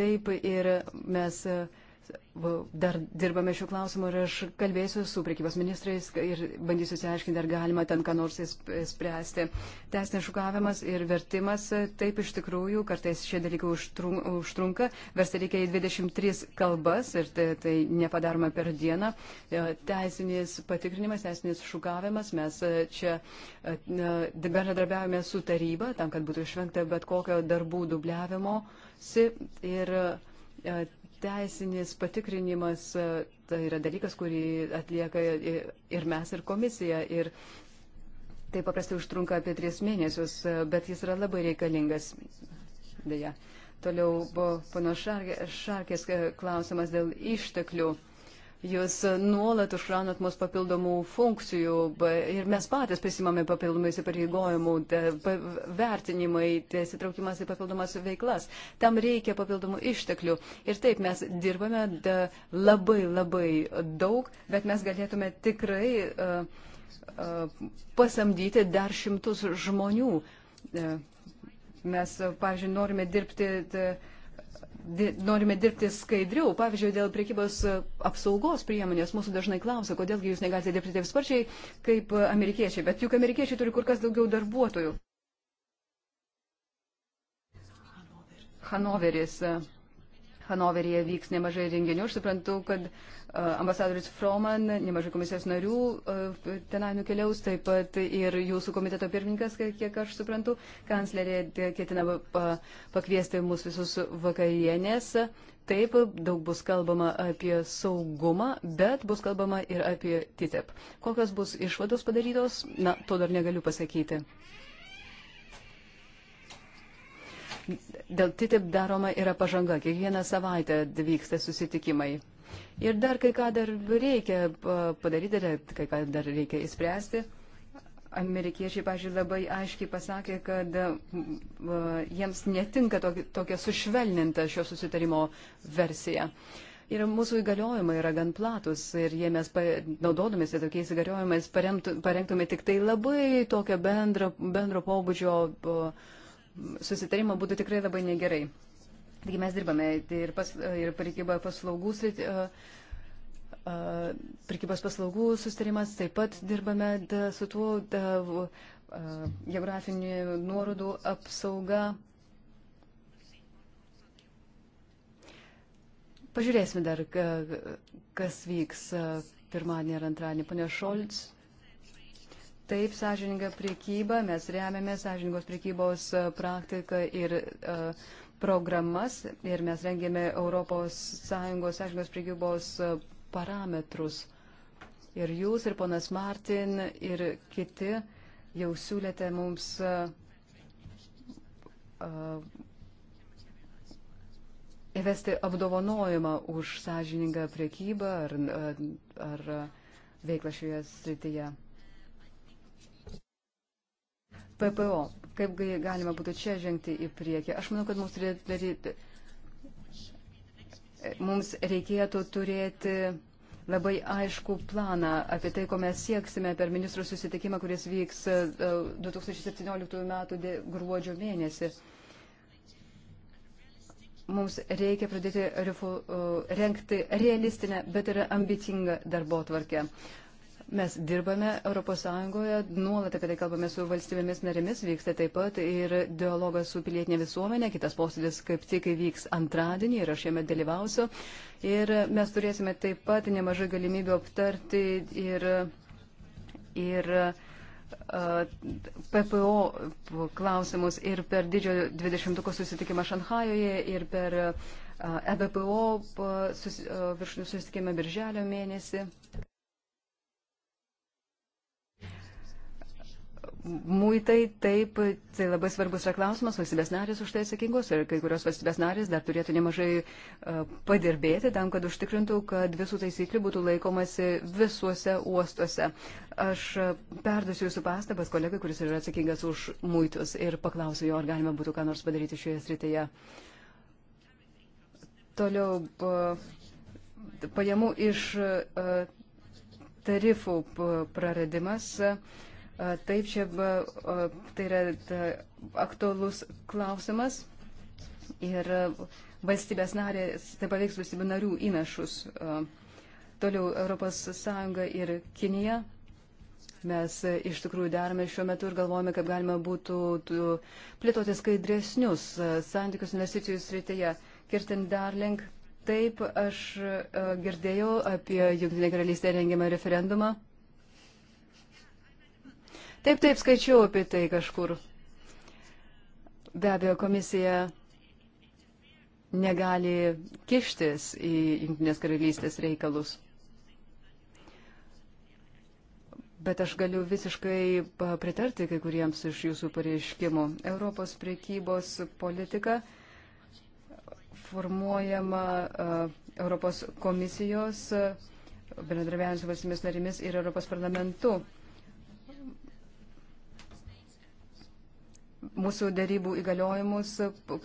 Taip ir mes. Uh, dar dirbame šių klausimų ir aš kalbėsiu su priekybos ministrais ir bandysiu įsiaiškinti, ar galima ten ką nors spręsti. Tesnė šukavimas ir vertimas, taip iš tikrųjų, kartais šie dalykai užtrunka, versti reikia į 23 kalbas ir tai, tai nepadaroma per dieną. E, teisinis patikrinimas, teisinis šukavimas, mes e, čia e, bendradarbiavome su taryba, tam, kad būtų išvengta bet kokio darbų dubliavimo. Ir teisinis patikrinimas e, tai yra dalykas, kurį atlieka ir mes, ir komisija. Ir tai paprastai užtrunka apie tris mėnesius, e, bet jis yra labai reikalingas. Deja. Toliau buvo pano Šarkės e, klausimas dėl išteklių. Jūs nuolat užkraunat mus papildomų funkcijų ir mes patys prisimame papildomų įsipareigojimų, vertinimai, įsitraukimas į papildomas veiklas. Tam reikia papildomų išteklių. Ir taip mes dirbame labai labai daug, bet mes galėtume tikrai uh, uh, pasamdyti dar šimtus žmonių. Uh, mes, pavyzdžiui, norime dirbti. Uh, norime dirbti skaidriau. Pavyzdžiui, dėl priekybos apsaugos priemonės mūsų dažnai klausia, kodėlgi jūs negalite dirbti taip sparčiai kaip amerikiečiai. Bet juk amerikiečiai turi kur kas daugiau darbuotojų. Hanoveris. Hanoveryje vyks nemažai renginių. Aš suprantu, kad ambasadorius Froman, nemažai komisijos narių tenai nukeliaus, taip pat ir jūsų komiteto pirmininkas, kiek aš suprantu, kanclerė ketina pakviesti mūsų visus vakarienės. Taip, daug bus kalbama apie saugumą, bet bus kalbama ir apie TTIP. E Kokios bus išvados padarytos, na, to dar negaliu pasakyti. Dėl TTIP e daroma yra pažanga. Kiekvieną savaitę vyksta susitikimai. Ir dar kai ką dar reikia padaryti, kai ką dar reikia įspręsti. Amerikiečiai, pažiūrėjau, labai aiškiai pasakė, kad jiems netinka tokia sušvelninta šio susitarimo versija. Ir mūsų įgaliojimai yra gan platus ir jie mes, naudodomės tokiais įgaliojimais, parengtume tik tai labai tokio bendro, bendro pobūdžio susitarimą būtų tikrai labai negerai. Taigi mes dirbame tai ir, pas, ir prekyba paslaugų, prekybos paslaugų sustarimas, taip pat dirbame da, su tuo da, geografinių nuorodų apsauga. Pažiūrėsime dar, kas vyks pirmadienį ar antradienį. Pane Šolts. Taip, sąžininga priekyba, mes remiame sąžiningos priekybos praktiką ir uh, programas ir mes rengėme ES sąžingos prigybos e, parametrus. Ir jūs, ir ponas Martin, ir kiti jau siūlėte mums e, e, įvesti apdovanojimą už sąžiningą priekybą ar, ar veiklą šioje srityje. PPO kaip galima būtų čia žengti į priekį. Aš manau, kad mums, daryti, mums reikėtų turėti labai aišku planą apie tai, ko mes sieksime per ministrų susitikimą, kuris vyks 2017 e, m. gruodžio mėnesį. Mums reikia pradėti renkti realistinę, bet ir ambicingą darbo tvarkę. Mes dirbame ES, nuolat apie tai kalbame su valstybėmis narėmis, vyksta taip pat ir dialogas su pilietinė visuomenė, kitas posėdis kaip tik vyks antradienį ir aš jame dalyvausiu. Ir mes turėsime taip pat nemažai galimybių aptarti ir, ir PPO klausimus ir per didžiojo 20-ko susitikimą Šanhajoje ir per EBPO susitikimą Birželio mėnesį. muitai, taip, tai labai svarbus yra klausimas, valstybės narės už tai atsakingos ir kai kurios valstybės narės dar turėtų nemažai e, padirbėti tam, kad užtikrintų, kad visų taisyklių būtų laikomasi visuose uostuose. Aš perdusiu jūsų pastabas kolegai, kuris yra atsakingas už muitus ir paklausiu jo, ar galima būtų ką nors padaryti šioje srityje. Toliau e, pajamų iš e, tarifų praradimas. Uh, Taip, čia tai yra aktualus klausimas ir valstybės narės, tai paveiks valstybių narių įnašus. Toliau ES ir Kinija. Mes iš tikrųjų darome šiuo metu ir galvojame, kaip galima būtų plėtoti skaidresnius santykius investicijų srityje. Kirtin Darling, taip aš girdėjau apie Junktinę karalystę rengiamą referendumą. Taip, taip, skaičiau apie tai kažkur. Be abejo, komisija negali kištis į Junktinės karalystės reikalus. Bet aš galiu visiškai pritarti kai kuriems iš jūsų pareiškimų. Europos priekybos politika formuojama Europos komisijos bendradarbiavimus valstybės narimis ir Europos parlamentu. mūsų darybų įgaliojimus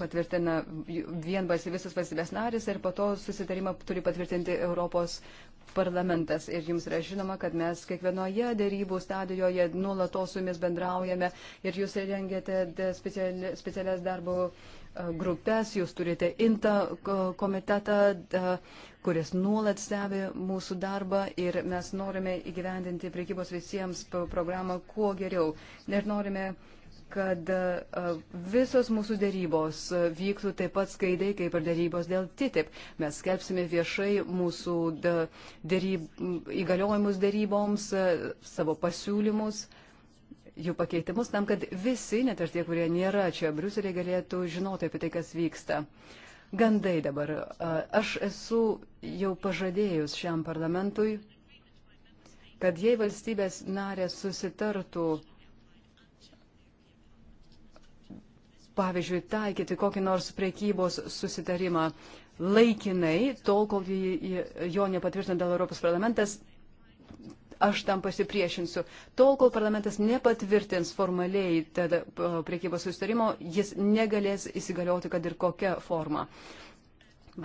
patvirtina vienbalsiai visas valstybės narės ir po to susitarimą turi patvirtinti Europos parlamentas. Ir jums yra žinoma, kad mes kiekvienoje darybų stadijoje nuolatos su jumis bendraujame ir jūs rengiate specialias darbo e, grupės, jūs turite INTA komitetą, e, kuris nuolat stebi mūsų darbą ir mes norime įgyvendinti priekybos visiems programą kuo geriau. Ir norime kad e, visos mūsų dėrybos e, vyktų taip pat skaidai, kaip ir dėrybos dėl TTIP. Mes skelbsime viešai mūsų dėryb, įgaliojimus dėryboms, e, savo pasiūlymus, jų pakeitimus, tam, kad visi, net ir tie, kurie nėra čia Briuselėje, galėtų žinoti apie tai, kas vyksta. Gandai dabar. Aš esu jau pažadėjus šiam parlamentui, kad jei valstybės narės susitartų, pavyzdžiui, taikyti kokį nors priekybos susitarimą laikinai, tol, kol jo nepatvirtina dėl Europos parlamentas, aš tam pasipriešinsiu. Tol, kol parlamentas nepatvirtins formaliai tada priekybos susitarimo, jis negalės įsigalioti, kad ir kokią formą.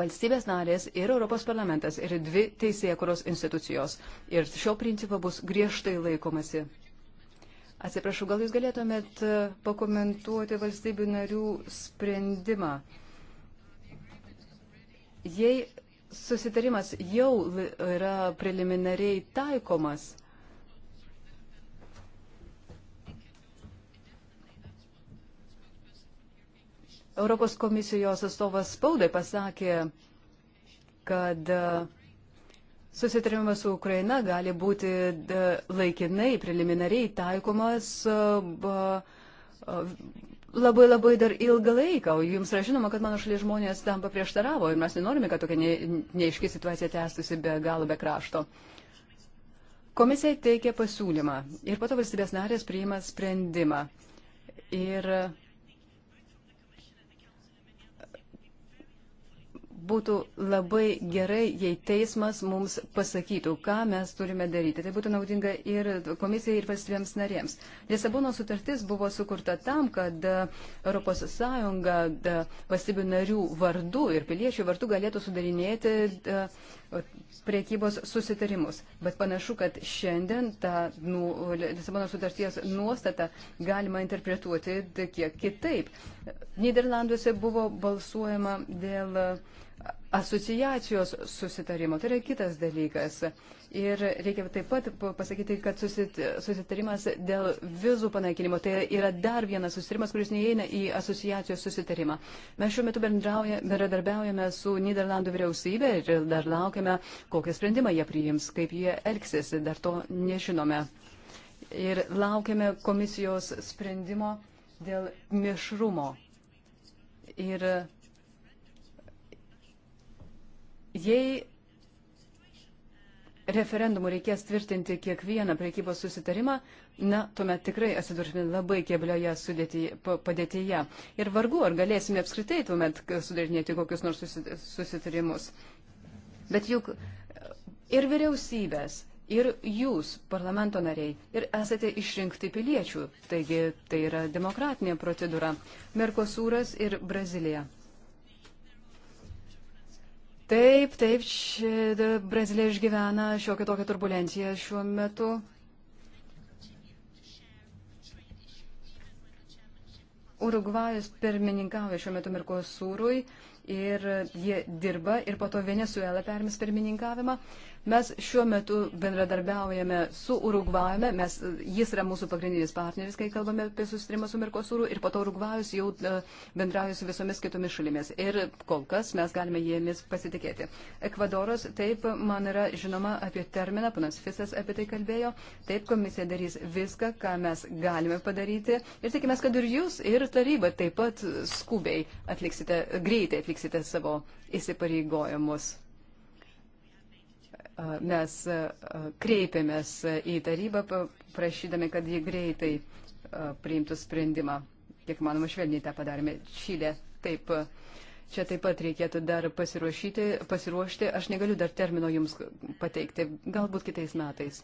Valstybės narės ir Europos parlamentas yra dvi teisėkuros institucijos. Ir šio principo bus griežtai laikomasi. Atsiprašau, gal jūs galėtumėt e, pakomentuoti valstybių narių sprendimą. Jei susitarimas jau yra preliminariai taikomas, Europos komisijos atstovas spaudai pasakė, kad uh, Susitarimas su Ukraina gali būti e, laikinai, preliminariai taikomas e, e, labai labai dar ilgą laiką. O jums yra žinoma, kad mano šalies žmonės tam paprieštaravo ir mes nenorime, kad tokia neaiški situacija tęstųsi be galo be krašto. Komisija teikia pasiūlymą ir po to valstybės narės priima sprendimą. Ir būtų labai gerai, jei teismas mums pasakytų, ką mes turime daryti. Tai būtų naudinga ir komisijai, ir valstybėms narėms. Lisabono sutartis buvo sukurta tam, kad ES valstybių narių vardu ir piliečių vardu galėtų sudarinėti priekybos susitarimus. Bet panašu, kad šiandien tą nu, Lisabono sutarties nuostatą galima interpretuoti kiek kitaip. Niderlanduose buvo balsuojama dėl asociacijos susitarimo. Tai yra kitas dalykas. Ir reikia taip pat pasakyti, kad susitarimas dėl vizų panaikinimo tai yra dar vienas susitarimas, kuris neįeina į asociacijos susitarimą. Mes šiuo metu bendradarbiaujame su Niderlandų vyriausybė ir dar laukiame, kokią sprendimą jie priims, kaip jie elgsis, dar to nežinome. Ir laukiame komisijos sprendimo dėl mišrumo. Ir jei referendumu reikės tvirtinti kiekvieną priekybos susitarimą, na, tuomet tikrai atsidursime labai keblioje padėtyje. Ir vargu, ar galėsime apskritai tuomet sudarinėti kokius nors susitarimus. Bet juk ir vyriausybės, ir jūs, parlamento nariai, ir esate išrinkti piliečių, taigi tai yra demokratinė procedūra. Merkosūras ir Brazilija. Taip, taip, ši, Brazilija išgyvena šiokią tokią turbulenciją šiuo metu. Urugvajus pirmininkauja šiuo metu Mirkosūrui ir jie dirba ir po to Venezuela perims pirmininkavimą. Mes šiuo metu bendradarbiaujame su Urugvajame, mes, jis yra mūsų pagrindinis partneris, kai kalbame apie susitrimą su Merkosūru ir po to Urugvajus jau e, bendrauja su visomis kitomis šalimis. Ir kol kas mes galime jėmis pasitikėti. Ekvadoras, taip, man yra žinoma apie terminą, panas Fisas apie tai kalbėjo, taip komisija darys viską, ką mes galime padaryti ir tikimės, kad ir jūs, ir taryba taip pat skubiai atliksite, greitai atliksite savo įsipareigojimus mes kreipėmės į tarybą, prašydami, kad jie greitai priimtų sprendimą. Kiek manoma, švelniai tą padarėme. Čilė, taip. Čia taip pat reikėtų dar pasiruošti. Aš negaliu dar termino jums pateikti. Galbūt kitais metais.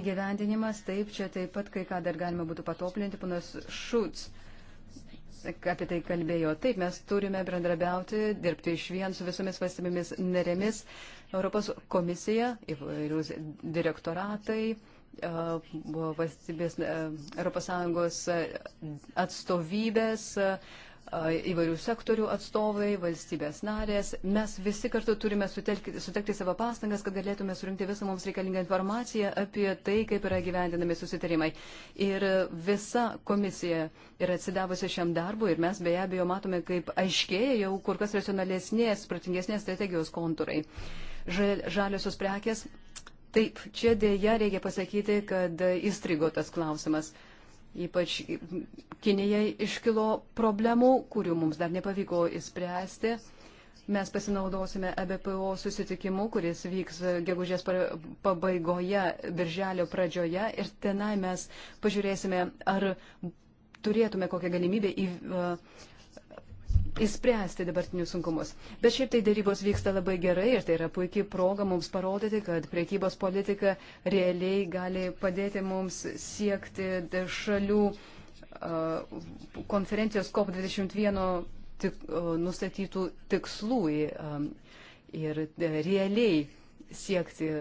Įgyvendinimas, taip, čia taip pat kai ką dar galima būtų patoplinti, panas Šūts. Uh, apie tai kalbėjo. Taip, mes turime bendrabiauti, dirbti iš vien su visomis valstybėmis narėmis. Europos komisija, įvairūs direktoratai, valstybės, ES atstovybės, įvairių sektorių atstovai, valstybės narės. Mes visi kartu turime sutelkti, sutelkti savo pastangas, kad galėtume surinkti visą mums reikalingą informaciją apie tai, kaip yra gyvendinami susitarimai. Ir visa komisija yra atsidavusi šiam darbui ir mes be abejo matome, kaip aiškėja jau kur kas racionalesnės, pratingesnės strategijos kontūrai. Žaliosios prekės. Taip, čia dėja reikia pasakyti, kad įstrigo tas klausimas. Ypač Kinijai iškilo problemų, kurių mums dar nepavyko įspręsti. Mes pasinaudosime ABPO e susitikimu, kuris vyks gegužės pabaigoje, birželio pradžioje ir tenai mes pažiūrėsime, ar turėtume kokią galimybę į, uh, įspręsti dabartinius sunkumus. Bet šiaip tai dėrybos vyksta labai gerai ir tai yra puikiai proga mums parodyti, kad priekybos politika realiai gali padėti mums siekti šalių uh, konferencijos COP21 tik, uh, nustatytų tikslų um, ir uh, realiai siekti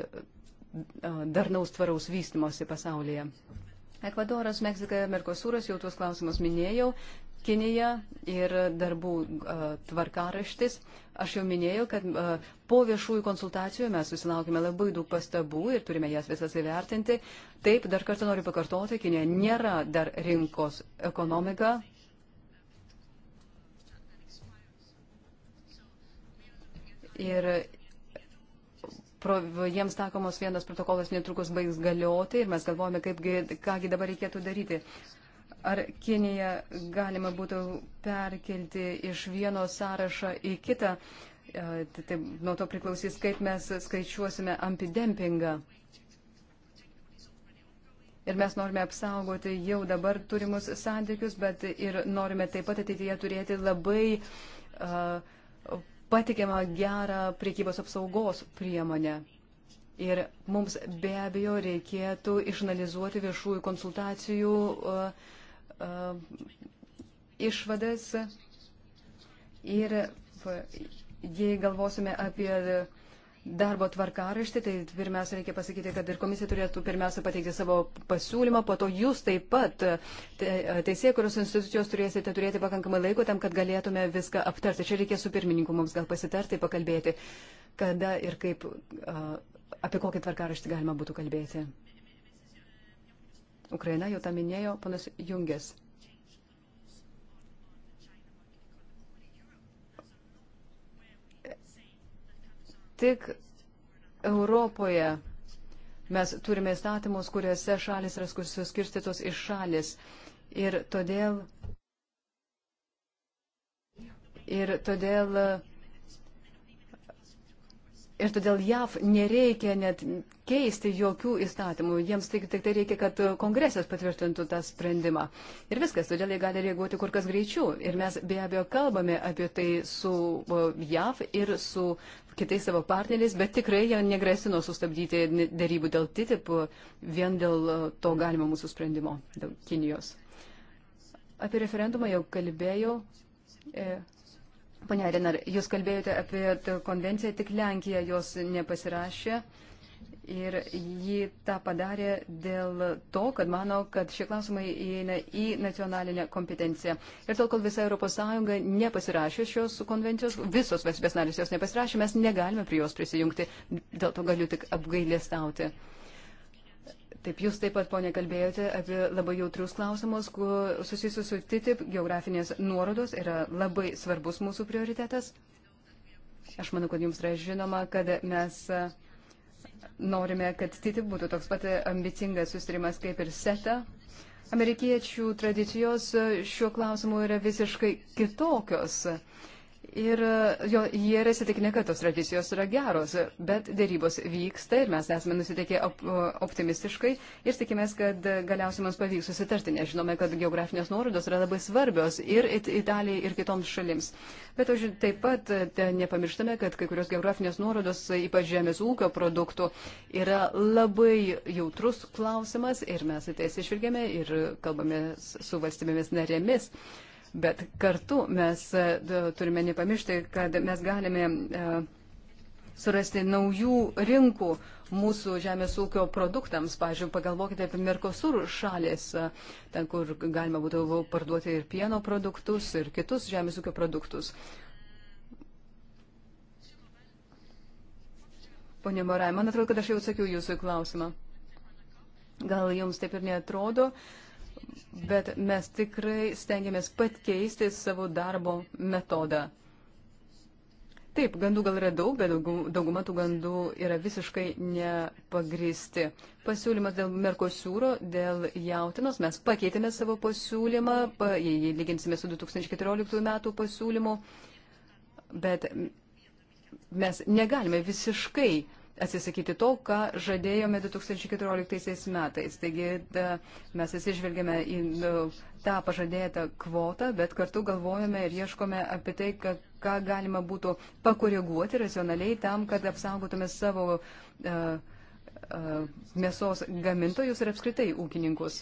darnaus tvaraus vystimosi pasaulyje. Ekvadoras, Meksika, Merkosūras, jau tuos klausimus minėjau, Kinija ir darbų tvarkaraštis. Aš jau minėjau, kad po viešųjų konsultacijų mes susilaukime labai daug pastabų ir turime jas visas įvertinti. Taip, dar kartą noriu pakartoti, Kinija nėra dar rinkos ekonomika. Ir pro, jiems takomos vienas protokolas netrukus baigs galioti ir mes galvojame, kaip, kągi dabar reikėtų daryti. Uh, ar Kiniją galima būtų perkelti iš vieno sąrašo į kitą. E, tai, tai nuo to priklausys, kaip mes skaičiuosime antidempingą. Ir mes norime apsaugoti jau dabar turimus santykius, bet ir norime taip pat ateityje turėti labai uh, patikimą gerą priekybos apsaugos priemonę. Ir mums be abejo reikėtų išanalizuoti viešųjų konsultacijų uh, Uh, išvadas ir jei galvosime apie darbo tvarkaraštį, tai pirmiausia reikia pasakyti, kad ir komisija turėtų pirmiausia pateikti savo pasiūlymą, po to jūs taip pat teisė, kurios institucijos turėsite turėti pakankamai laiko tam, kad galėtume viską aptarti. Čia reikia su pirmininku mums gal pasitarti, pakalbėti, kada ir kaip, uh, apie kokį tvarkaraštį galima būtų kalbėti. Ukraina, jau tą minėjo panas Jungės. Tik Europoje mes turime įstatymus, kuriuose šalis yra suskirstytos iš šalis. Ir todėl, ir todėl Ir todėl JAV nereikia net keisti jokių įstatymų. Jiems tik, tik tai reikia, kad kongresas patvirtintų tą sprendimą. Ir viskas, todėl jie gali reaguoti kur kas greičiau. Ir mes be abejo kalbame apie tai su JAV ir su kitais savo partneriais, bet tikrai jie negrasino sustabdyti darybų dėl TTIP vien dėl to galimo mūsų sprendimo dėl Kinijos. Apie referendumą jau kalbėjau. E, Pane Renar, jūs kalbėjote apie konvenciją, tik Lenkija jos nepasirašė. Ir ji tą padarė dėl to, kad mano, kad šie klausimai įeina į nacionalinę kompetenciją. Ir tol, kol visa ES nepasirašė šios konvencijos, visos valstybės narės jos nepasirašė, mes negalime prie jos prisijungti. Dėl to galiu tik apgailėstauti. stauti. Taip, jūs taip pat, ponė, kalbėjote apie labai jautrius klausimus, susijusius su TTIP, geografinės nuorodos yra labai svarbus mūsų prioritetas. Aš manau, kad jums yra žinoma, kad mes e, norime, kad TTIP būtų toks pat ambicingas sustarimas kaip ir SETA. Amerikiečių tradicijos e, šiuo klausimu yra visiškai kitokios. Uh, Ir e, jo, jie yra įsitikinę, kad tos tradicijos yra geros, bet dėrybos vyksta ir mes esame nusiteikę op, optimistiškai ir tikimės, kad galiausiai mums pavyks susitarti, nes žinome, kad geografinės nuorodos yra labai svarbios ir it, Italijai, ir kitoms šalims. Bet už, taip pat e, nepamirštame, kad kai kurios geografinės nuorodos, ypač žemės ūkio produktų, yra labai jautrus klausimas ir mes į tai atsižvelgėme ir kalbame su valstybėmis narėmis. Bet kartu mes e, turime nepamiršti, kad mes galime e, surasti naujų rinkų mūsų žemės ūkio produktams. Pavyzdžiui, pagalvokite apie Merkosur šalės, e, ten, kur galima būtų parduoti ir pieno produktus, ir kitus žemės ūkio produktus. Pone Morai, man atrodo, kad aš jau atsakiau jūsų klausimą. Gal jums taip ir netrodo, uh, bet mes tikrai stengiamės pat keisti savo darbo metodą. Taip, gandų gal yra daug, bet dauguma tų gandų yra visiškai nepagristi. Pasiūlymas dėl Merkosiūro, dėl jautinos, mes pakeitėme savo pasiūlymą, pa, jei lyginsime su 2014 metų pasiūlymu, bet mes negalime visiškai uh, atsisakyti to, ką žadėjome 2014 metais. Taigi da, mes atsižvelgėme į da, nu, tą pažadėtą kvotą, bet kartu galvojame ir ieškome apie tai, ka, ką galima būtų pakoreguoti racionaliai tam, kad apsaugotume savo da, mėsos gamintojus ir apskritai ūkininkus.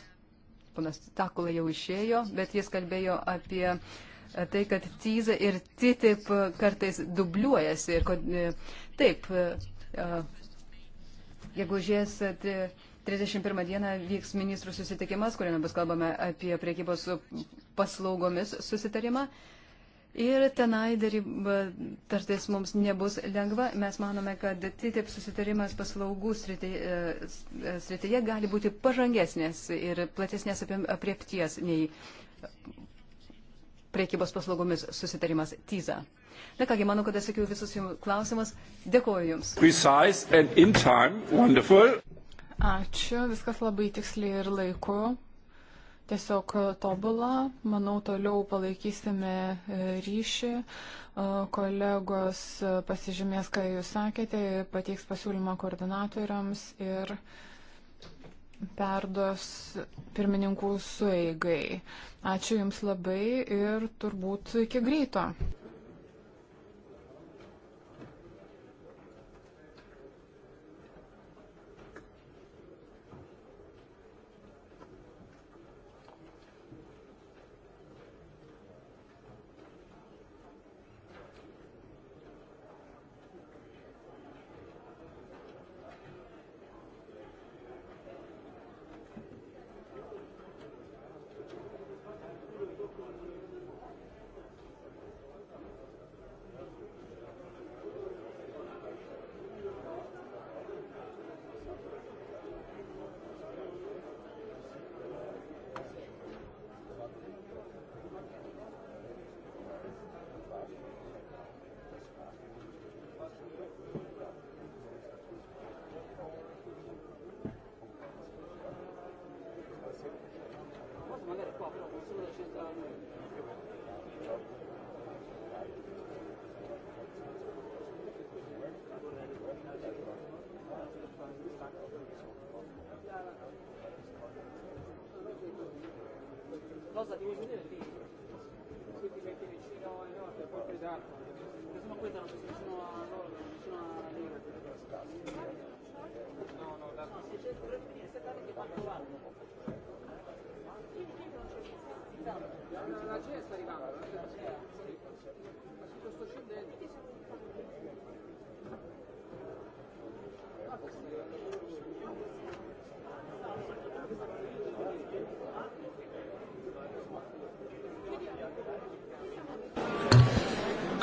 Ponas Takula jau išėjo, bet jis kalbėjo apie uh, tai, kad tyza ir titip kartais dubliuojasi. Ir kod, e, taip, E, gegužės 31 dieną vyks ministrų susitikimas, kuriame bus kalbame apie priekybos paslaugomis susitarimą. Ir tenai daryba tartis mums nebus lengva. Mes manome, kad TTIP susitarimas paslaugų srityje, srityje gali būti pažangesnės ir platesnės apriepties nei priekybos paslaugomis susitarimas TISA. Na kągi, manau, kad atsakiau visus jums klausimus. Dėkuoju Jums. Precise and in time. Wonderful. Ačiū, viskas labai tiksliai ir laiku. Tiesiog e, tobulą, manau, toliau palaikysime e, ryšį, e, kolegos pasižymės, ką jūs sakėte, pateiks pasiūlymą koordinatoriams ir perduos pirmininkų sueigai. Ačiū Jums labai ir turbūt iki greito.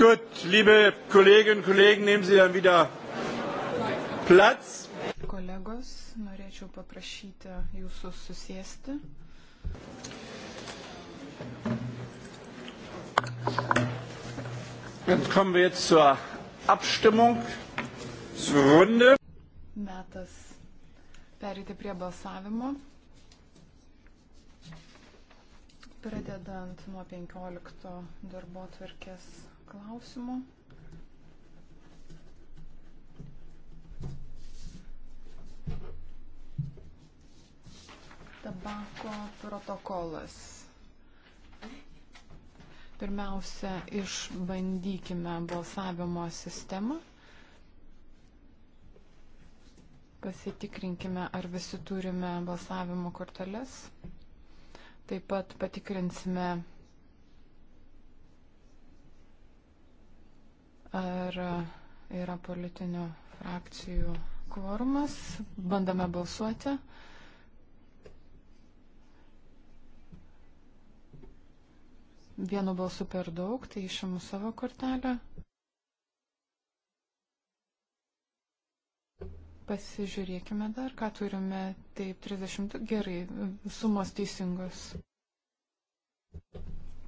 Gut, liebe Kolleginnen und Kollegen, nehmen Sie dann wieder Platz. Kolegos, norėčiau paprašyti jūsų susėsti. Dann kommen wir jetzt zur Abstimmungsrunde. Metas pereiti prie balsavimo. Pradedant nuo 15 darbo tvarkės klausimų. Tabako protokolas. Pirmiausia, išbandykime balsavimo sistemą. Pasitikrinkime, ar visi turime balsavimo korteles. Taip pat patikrinsime ar yra politinių frakcijų kvorumas. Bandame balsuoti. Vienu balsu per daug, tai išimu savo kortelę. Pasižiūrėkime dar, ką turime. Taip, 30. Gerai, sumos teisingos.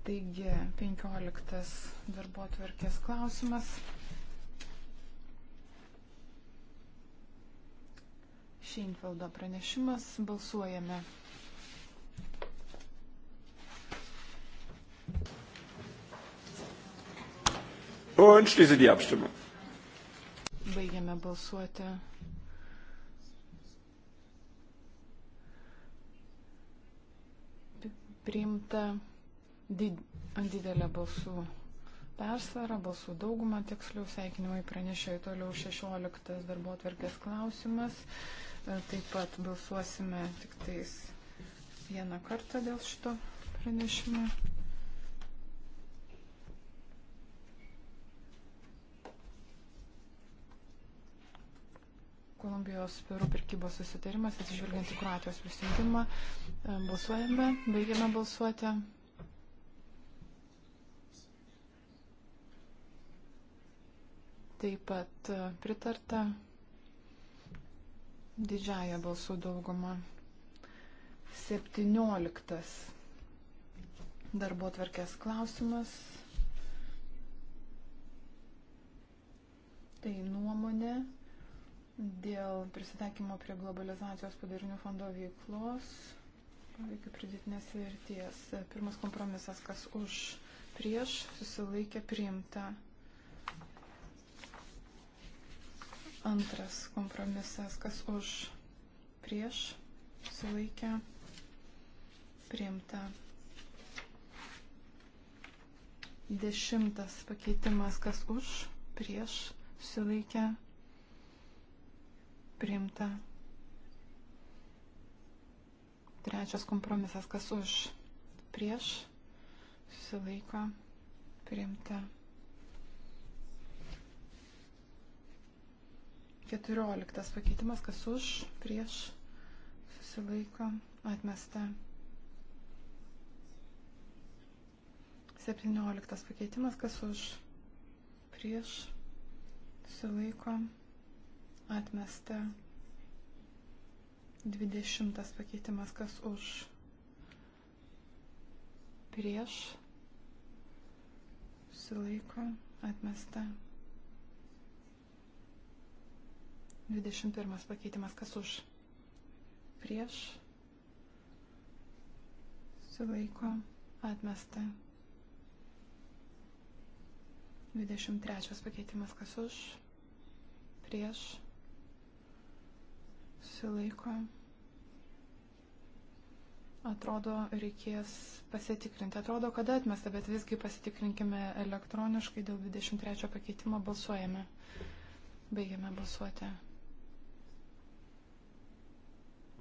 Taigi, 15 darbo tvarkės klausimas. Šeinfeldo pranešimas. Balsuojame. Und schließe die Abstimmung. Baigiame balsuoti. Priimta didelė balsų persvara, balsų dauguma tiksliau, sveikinimai pranešė toliau 16 darbo atverkės klausimas. E, taip pat balsuosime tik tais vieną kartą dėl šito pranešimo. Kolumbijos Peru pirkybos susitarimas, atsižvelgiant į Kroatijos prisijungimą. E, balsuojame, baigiame balsuoti. taip pat e, pritarta didžiaja balsų dauguma. 17 darbo tvarkės klausimas. Tai nuomonė dėl prisitaikymo prie globalizacijos padarinių fondo veiklos, poveikių pridėtinės verties. Pirmas kompromisas, kas už prieš susilaikė priimta. Antras kompromisas, kas už prieš sulaikę priimta. Dešimtas pakeitimas, kas už prieš sulaikę priimta. Trečias kompromisas, kas už prieš susilaiko priimta. 14 pakeitimas, kas už, prieš, susilaiko, atmesta. 17 pakeitimas, kas už, prieš, susilaiko, atmesta. 20 pakeitimas, kas už, prieš, susilaiko, atmesta. 21 pakeitimas, kas už, prieš, sulaiko, atmesta. 23 pakeitimas, kas už, prieš, sulaiko. Atrodo, reikės pasitikrinti. Atrodo, kada atmesta, bet visgi pasitikrinkime elektroniškai dėl 23 pakeitimo balsuojame. Baigiame balsuoti.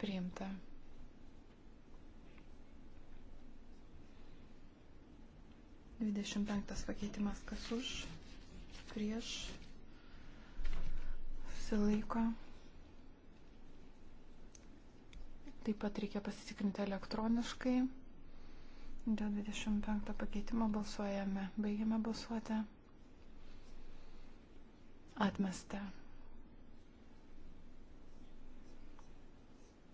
Priimta. Dvidešimt penktas pakeitimas kas už, prieš, susilaiko. Taip pat reikia pasitikrinti elektroniškai. Dėl 25 pakeitimo balsuojame. Baigiame balsuoti. Atmestę.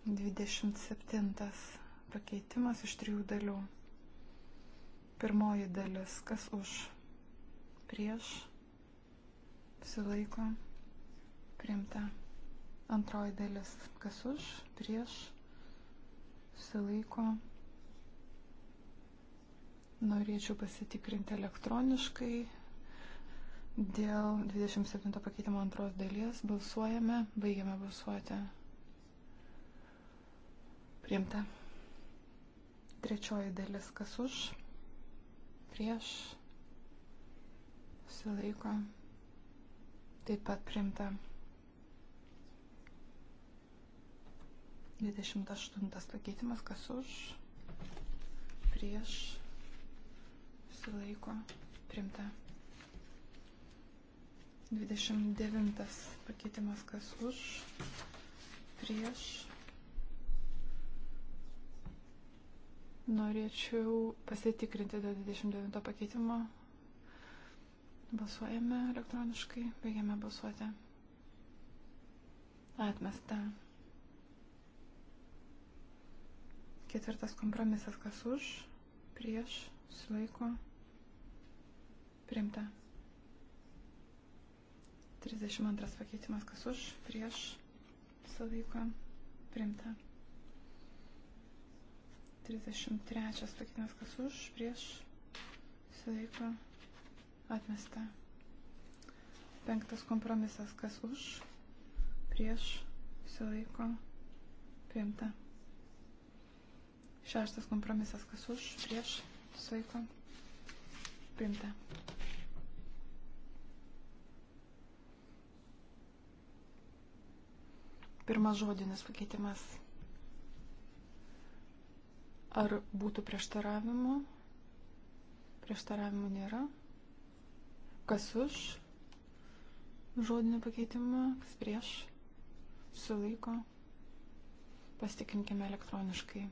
27 pakeitimas iš trijų dalių. Pirmoji dalis, kas už, prieš, susilaiko, priimta. Antroji dalis, kas už, prieš, susilaiko. Norėčiau pasitikrinti elektroniškai. Dėl 27 pakeitimo antros dalies balsuojame, baigiame balsuoti. Priimta. Trečioji dalis, kas už, prieš, susilaiko, taip pat priimta. 28 pakeitimas, kas už, prieš, susilaiko, priimta. 29 pakeitimas, kas už, prieš, Norėčiau pasitikrinti dėl 29 pakeitimo. Balsuojame elektroniškai, baigiame balsuoti. Atmesta. Ketvirtas kompromisas, kas už, prieš, sulaiko, primta. 32 pakeitimas, kas už, prieš, sulaiko, primta. 33 pakeitimas kas už, prieš, sveiko, atmesta. Penktas kompromisas kas už, prieš, sveiko, priimta. Šeštas kompromisas kas už, prieš, sveiko, priimta. Pirmas žodinis pakeitimas Ar būtų prieštaravimų? Prieštaravimų nėra. Kas už žodinį pakeitimą, kas prieš, sulaiko. Pasitikinkime elektroniškai.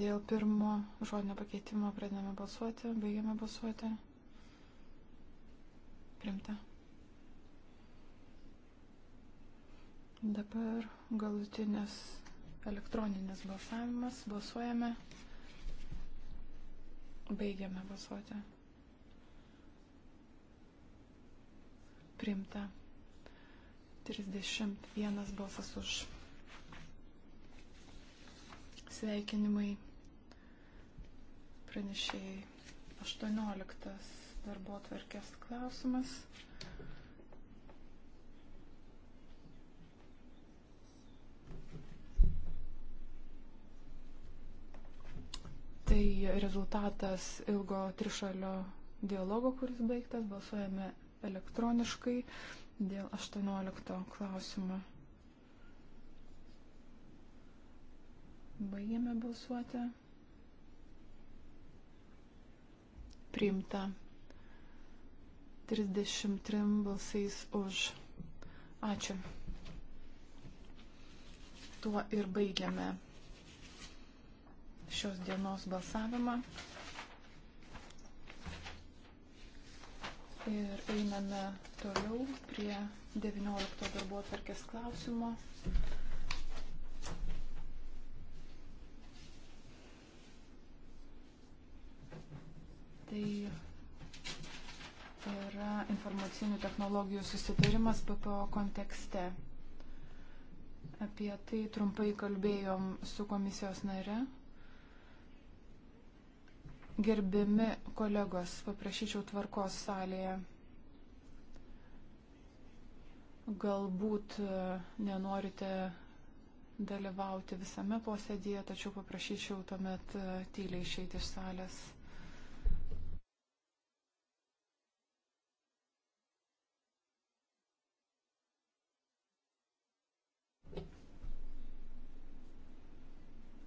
Dėl pirmo žodinio pakeitimo pradėjome balsuoti, baigėme balsuoti. Primta. Dabar galutinės Elektroninis balsavimas. Balsuojame. Baigiame balsuoti. Primta. 31 balsas už. Sveikinimai pranešėjai. 18 darbo atverkės klausimas. Tai rezultatas ilgo trišalio dialogo, kuris baigtas, balsuojame elektroniškai dėl 18 klausimo. Baigėme balsuoti. Priimta 33 balsais už. Ačiū. Tuo ir baigiame šios dienos balsavimą. Ir einame toliau prie 19 darbo atvarkės klausimo. Tai yra informacinių technologijų susitarimas PPO kontekste. Apie tai trumpai kalbėjom su komisijos nare Gerbiami kolegos, paprašyčiau tvarkos salėje. Galbūt e, nenorite dalyvauti visame posėdėje, tačiau paprašyčiau tuomet e, tyliai išeiti iš salės.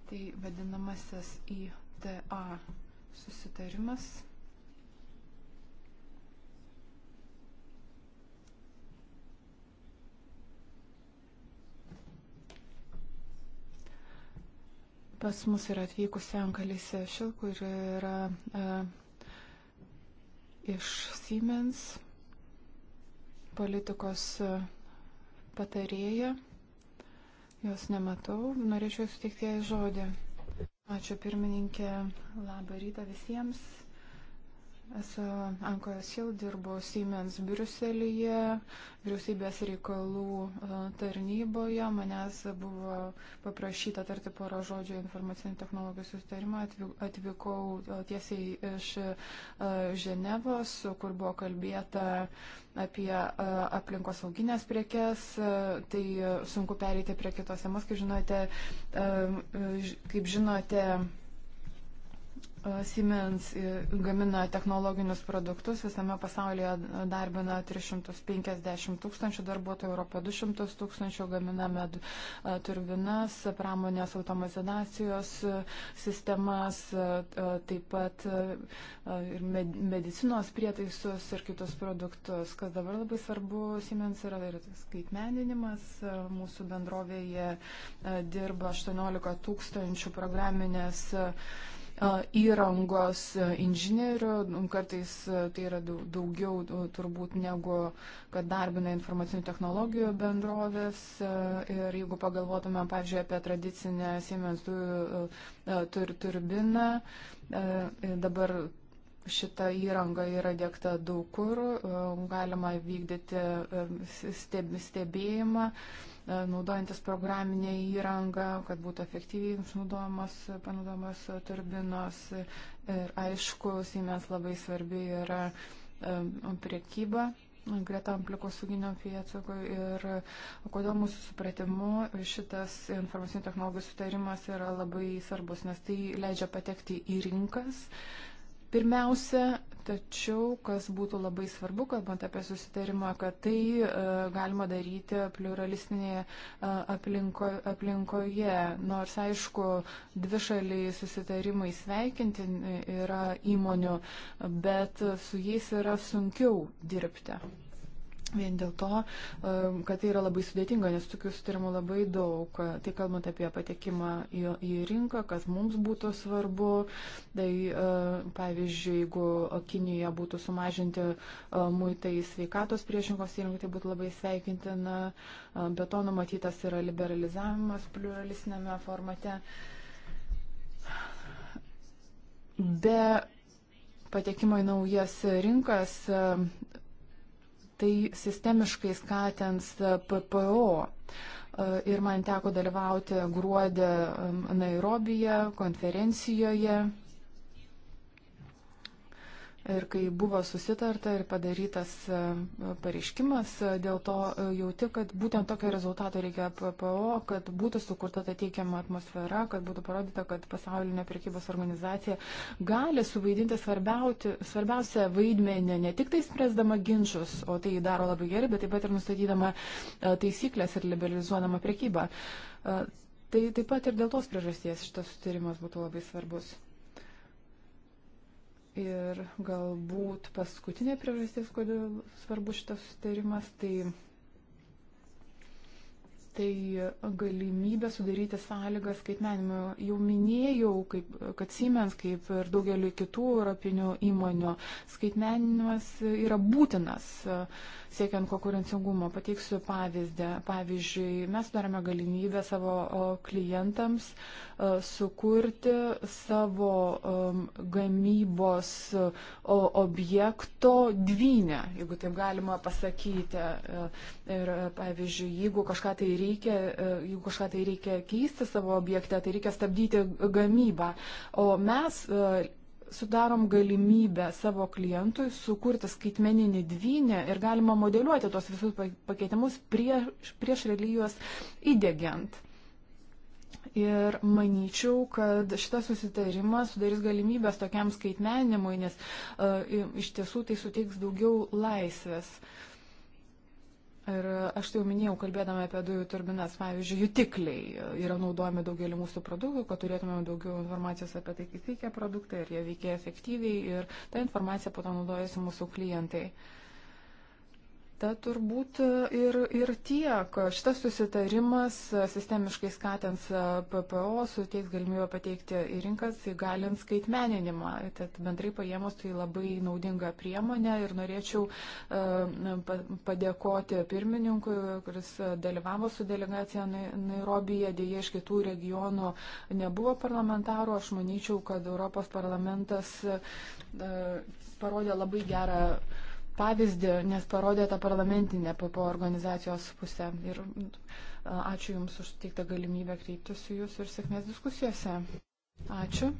Tai vadinamasis ITA susitarimas. Pas mus yra atvykusi Ankalysė Šil, kur yra e, iš Siemens politikos e, patarėja. Jos nematau, norėčiau suteikti jai žodį. Ačiū pirmininkė, labą rytą visiems. Esu Ankojos Hill, dirbu Siemens Briuselyje, vyriausybės reikalų e, tarnyboje. Manęs buvo paprašyta tarti porą žodžių informacinių technologijų sustarimą. Atvykau e, tiesiai iš e, Ženevos, kur buvo kalbėta apie aplinkosauginės priekes. Tai sunku pereiti prie kitos temos, kaip žinote. Kaip žinote E, Siemens gamina technologinius produktus, visame pasaulyje darbina 350 tūkstančių darbuotojų, Europoje 200 tūkstančių, gaminame e, turbinas, pramonės automatizacijos e, sistemas, taip pat ir medicinos prietaisus ir kitus produktus. Kas dabar labai svarbu Siemens yra ir tai skaitmeninimas. Mūsų bendrovėje dirba 18 tūkstančių programinės įrangos inžinierių, nu, kartais tai yra daugiau turbūt negu kad darbina informacinių technologijų bendrovės. Ir jeigu pagalvotume, pavyzdžiui, apie tradicinę Siemens dujų tur, turbiną, dabar šita įranga yra dėkta daug kur, galima vykdyti stebėjimą. Steb, E, naudojantis programinę įrangą, kad būtų efektyviai išnaudojamas, panaudojamas turbinos. Ir aišku, Siemens labai svarbi yra e, priekyba greta amplikosauginio pėdsako ir kodėl mūsų supratimu šitas informacinių technologijų sutarimas yra labai svarbus, nes tai leidžia patekti į rinkas. Pirmiausia, Tačiau, kas būtų labai svarbu, kalbant apie susitarimą, kad tai e, galima daryti pluralistinėje e, aplinko, aplinkoje. Nors, aišku, dvi šaliai susitarimai sveikinti yra įmonių, bet su jais yra sunkiau dirbti. Vien dėl to, e, kad tai yra labai sudėtinga, nes tokių sutarimų labai daug. Tai kalbant apie patekimą į, į rinką, kas mums būtų svarbu, tai e, pavyzdžiui, jeigu Kinija būtų sumažinti e, muitai sveikatos priešinkos įrinkai, tai būtų labai sveikintina. Be to numatytas yra liberalizavimas pluralistinėme formate. Be patekimo į naujas rinkas tai sistemiškai skatins PPO. E, ir man teko dalyvauti gruodį Nairobije konferencijoje Ir kai buvo susitarta ir padarytas e, pareiškimas, e, dėl to e, jauti, kad būtent tokio rezultato reikia PPO, kad būtų sukurta ta teikiama atmosfera, kad būtų parodyta, kad pasaulinė prekybos organizacija gali suvaidinti svarbiausią vaidmenį, ne tik tai spręsdama ginčius, o tai daro labai gerai, bet taip pat ir nustatydama taisyklės ir liberalizuodama prekybą. Tai taip pat ir dėl tos priežasties šitas sutarimas būtų labai svarbus. Ir galbūt paskutinė priežastis, kodėl svarbu šitas sutarimas, tai, tai galimybė sudaryti sąlygas skaitmenimu. Jau minėjau, kaip, kad Siemens, kaip ir daugeliu kitų europinių įmonių, skaitmenimas yra būtinas siekiant konkurencingumo. Pateiksiu pavyzdį. Pavyzdžiui, mes darome galimybę savo klientams sukurti savo gamybos objekto dvynę, jeigu taip galima pasakyti. Ir, pavyzdžiui, jeigu kažką tai reikia, e, jeigu kažką tai reikia keisti savo objekte, tai reikia stabdyti gamybą. O mes e, sudarom galimybę savo klientui sukurti skaitmeninį dvynę ir galima modeliuoti tos visus pakeitimus prieš, prieš realiai juos įdėgiant. Ir manyčiau, kad šitas susitarimas sudarys galimybės tokiam skaitmeninimui, nes uh, iš tiesų tai suteiks daugiau laisvės. Uh, Ir aš tai jau minėjau, kalbėdama apie dujų turbinas, pavyzdžiui, jutikliai yra naudojami daugelį mūsų produktų, kad turėtumėm daugiau informacijos apie tai, kaip veikia produktai, ar jie veikia efektyviai ir tą informaciją po to naudojasi mūsų klientai. Uh, Ta turbūt e, ir, ir tiek. Šitas susitarimas e, sistemiškai skatins e, PPO, suteiks galimybę pateikti į rinkas, įgalins skaitmeninimą. Tad bendrai paėmus tai labai naudinga priemonė ir norėčiau padėkoti pirmininkui, kuris dalyvavo su delegacija Nairobije, dėje iš kitų regionų nebuvo parlamentarų. Aš manyčiau, kad Europos parlamentas parodė labai gerą pavyzdį, nes parodėte parlamentinę PPO organizacijos pusę. Ir ačiū Jums už teiktą galimybę kreiptis į Jūs ir sėkmės diskusijose. Ačiū.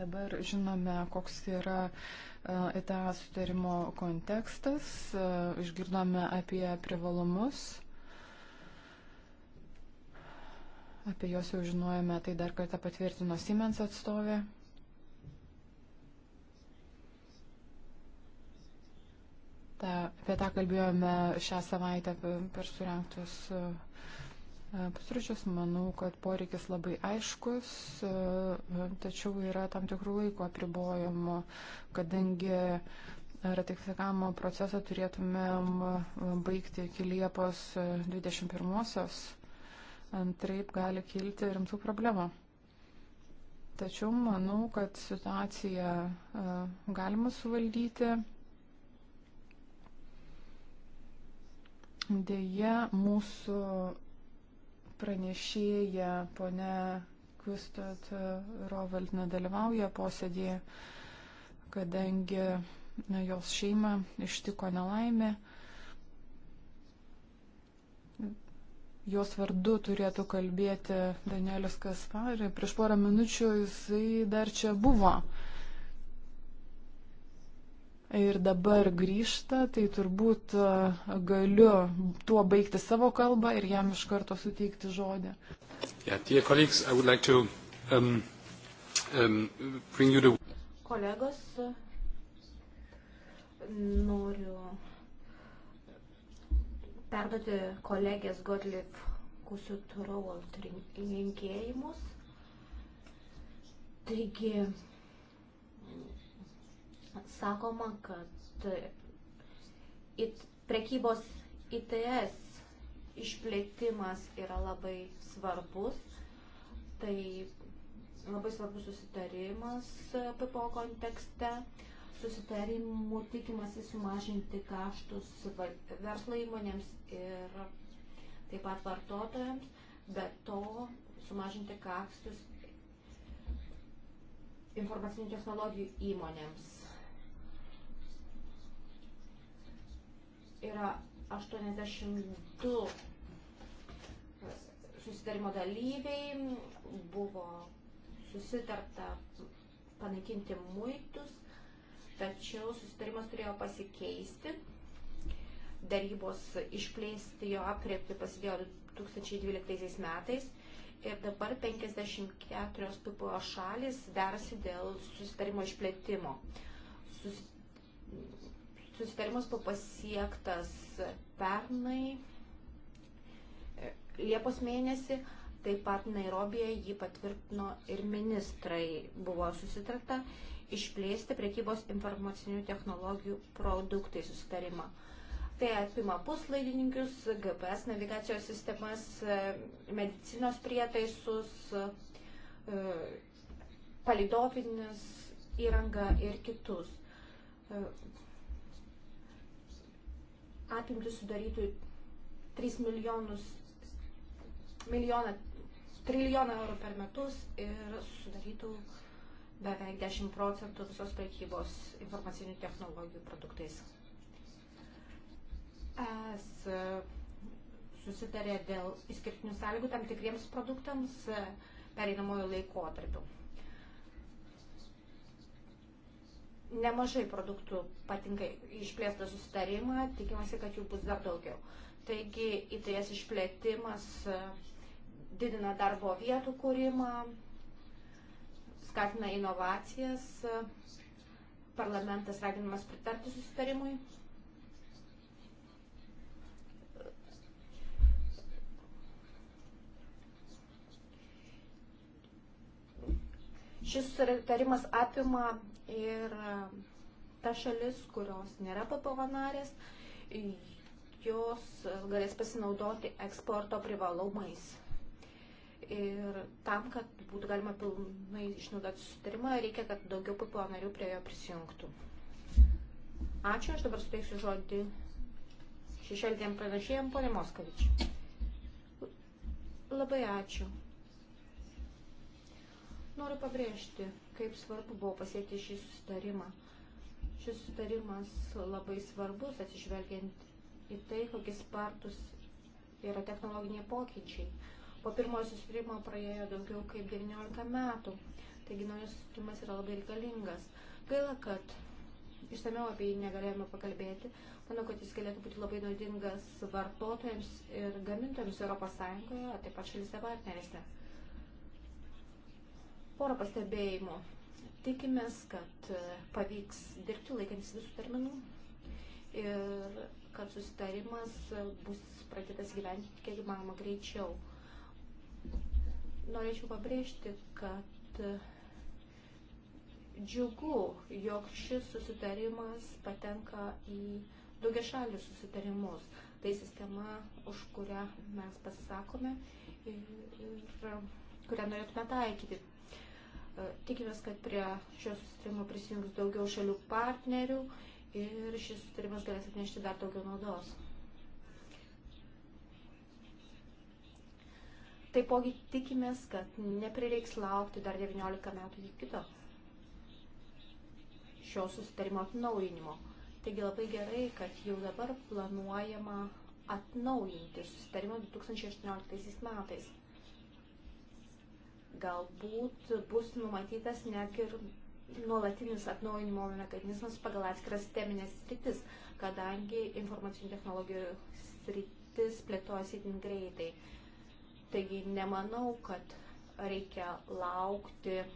Dabar žinome, koks yra ETA e sutarimo kontekstas. Išgirdome apie privalumus. Apie juos jau žinojame, tai dar kartą patvirtino Siemens atstovė. Ta, apie tą kalbėjome šią savaitę per surinktus e, pusryčius. Manau, kad poreikis labai aiškus, e, tačiau yra tam tikrų laiko apribojimų, kadangi ratifikavimo procesą turėtumėm e, baigti iki Liepos 21-osios. Antraip gali kilti rimtų problemų. Tačiau manau, kad situaciją galima suvaldyti Deja, mūsų pranešėja pone Kustot Rovald nedalyvauja posėdėje, kadangi na, jos šeima ištiko nelaimė. Jos vardu turėtų kalbėti Danielis Kasparė. Prieš porą minučių jisai dar čia buvo ir dabar grįžta, tai turbūt galiu tuo baigti savo kalbą ir jam iš karto suteikti žodį. Yeah, like to, um, um, the... Kolegos, noriu perduoti kolegės Gottlieb Kusiu Turovolt linkėjimus. Taigi, sakoma, kad it, prekybos ITS išplėtimas yra labai svarbus. Tai labai svarbus susitarimas PPO kontekste. Susitarimų tikimasi sumažinti kaštus verslo įmonėms ir taip pat vartotojams, bet to sumažinti kaštus informacinių technologijų įmonėms. yra 82 susitarimo dalyviai, buvo susitarta panaikinti muitus, tačiau susitarimas turėjo pasikeisti. Darybos išplėsti jo apriepti prasidėjo 2012 metais ir dabar 54 PPO šalis derasi dėl susitarimo išplėtimo. Sus susitarimas buvo pasiektas pernai e, Liepos mėnesį, taip pat Nairobėje jį patvirtino ir ministrai. Buvo susitarta išplėsti priekybos informacinių technologijų produktai susitarimą. Tai apima puslaidininkius, GPS navigacijos sistemas, e, medicinos prietaisus, e, palidovinės įrangą ir kitus apimtis sudarytų 3 milijonus, milijoną, trilijoną eurų per metus ir sudarytų beveik 10 procentų visos prekybos informacinių technologijų produktais. Es e, susitarė dėl išskirtinių sąlygų tam tikriems produktams e, pereinamojo laikotarpiu. nemažai produktų patinka išplėstą susitarimą, tikimasi, kad jų bus dar daugiau. Taigi ITS tai išplėtimas e, didina darbo vietų kūrimą, skatina inovacijas, e, parlamentas raginamas pritarti susitarimui. Šis susitarimas apima ir e, ta šalis, kurios nėra PPO narės, jos galės pasinaudoti eksporto privalumais. Ir tam, kad būtų galima pilnai išnaudoti susitarimą, reikia, kad daugiau PPO narių prie jo prisijungtų. Ačiū, aš dabar suteiksiu žodį šešėlėm pranešėjom, ponė Moskovič. Labai ačiū. Noriu pabrėžti, kaip svarbu buvo pasiekti šį sustarimą. Šis sustarimas labai svarbus, atsižvelgiant į tai, kokie spartus yra technologiniai pokyčiai. Po pirmojo susitarimo praėjo daugiau kaip 19 metų, taigi naujas susitarimas yra labai reikalingas. Gaila, kad išsameu apie jį negalėjome pakalbėti. Manau, kad jis galėtų būti labai naudingas vartotojams ir gamintojams ES, taip pat šalyse partnerėse. Porą pastebėjimų. Tikimės, kad e, pavyks dirbti laikantis visų terminų ir kad susitarimas e, bus pradėtas gyventi kiek įmanoma greičiau. Norėčiau pabrėžti, kad e, džiugu, jog šis susitarimas patenka į daugia šalių susitarimus. Tai sistema, už kurią mes pasisakome ir kurią norėtume taikyti. E, tikimės, kad prie šio susitarimo prisijungs daugiau šalių partnerių ir šis susitarimas galės atnešti dar daugiau naudos. Taipogi tikimės, kad neprireiks laukti dar 19 metų iki kito šio susitarimo atnaujinimo. Taigi labai gerai, kad jau dabar planuojama atnaujinti susitarimą 2018 metais galbūt bus numatytas net ir nuolatinis atnaujinimo mechanizmas pagal atskiras teminės sritis, kadangi informacinių technologijų sritis plėtojasi itin greitai. Taigi nemanau, kad reikia laukti e,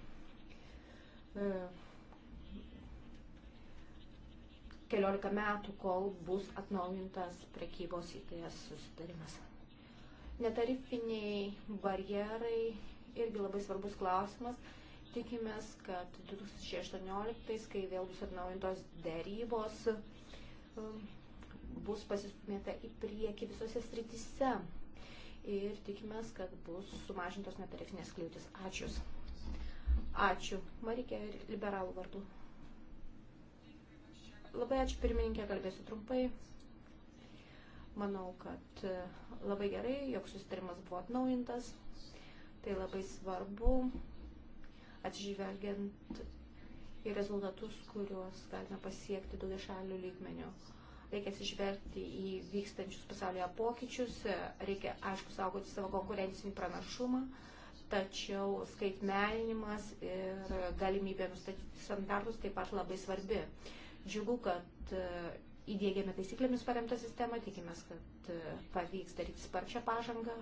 keliolika metų, kol bus atnaujintas prekybos įtės susitarimas. Netarifiniai barjerai irgi labai svarbus klausimas. Tikimės, kad 2018, kai vėl bus atnaujintos dėrybos, um, bus pasistumėta į priekį visose sritise. Ir tikimės, kad bus sumažintos netarifinės kliūtis. Ačiū. Ačiū. Marikė liberalų vardu. Labai ačiū pirmininkė, kalbėsiu trumpai. Manau, kad e, labai gerai, jog susitarimas buvo atnaujintas. Tai labai svarbu, atsižvelgiant į rezultatus, kuriuos galime pasiekti daugia šalių lygmenių. Reikia atsižvelgti į vykstančius pasaulyje pokyčius, reikia, aišku, saugoti savo konkurencinį pranašumą, tačiau skaitmeninimas ir galimybė nustatyti standartus taip pat labai svarbi. Džiugu, kad e, įdėgėme taisyklėmis paremtą sistemą, tikimės, kad e, pavyks daryti sparčią pažangą.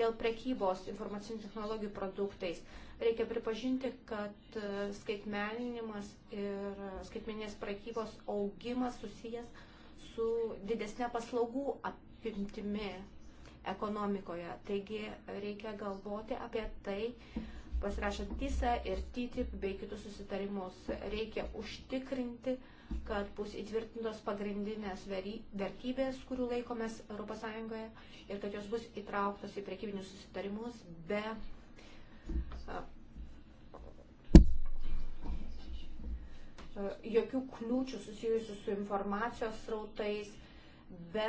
Dėl prekybos informacinių technologijų produktais reikia pripažinti, kad e, skaitmeninimas ir e, skaitmeninės prekybos augimas susijęs su didesnė paslaugų apimtimi ekonomikoje. Taigi reikia galvoti apie tai, pasirašant TISA ir TTIP bei kitus susitarimus. Reikia užtikrinti, kad bus įtvirtintos pagrindinės vertybės, kurių laikomės ES ir kad jos bus įtrauktos į prekybinius susitarimus be jokių kliūčių susijusių su informacijos srautais, be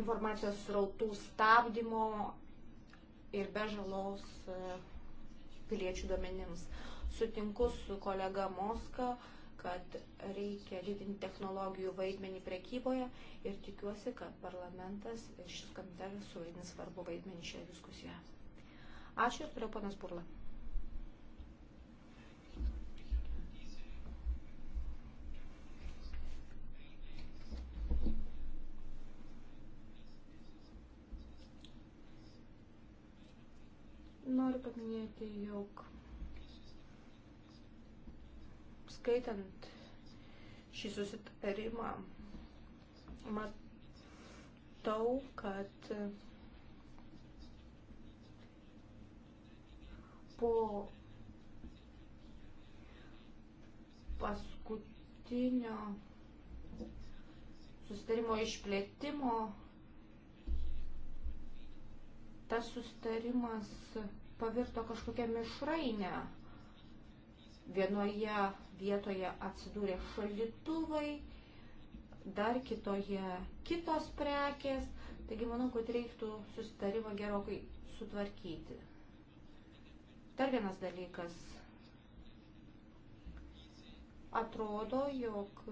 informacijos srautų stabdymo ir be žalos piliečių duomenims. Sutinku su kolega Moska, kad reikia didinti technologijų vaidmenį prekyboje ir tikiuosi, kad parlamentas ir šis komitetas suvaidins svarbu vaidmenį šioje diskusijoje. Ačiū ir turiu panas Burla. Noriu paminėti, jog skaitant šį susitarimą, matau, kad po paskutinio susitarimo išplėtimo tas susitarimas pavirto kažkokią mišrainę. Vienoje vietoje atsidūrė šalituvai, dar kitoje kitos prekės, taigi manau, kad reiktų susitarimą gerokai sutvarkyti. Dar vienas dalykas. Atrodo, jog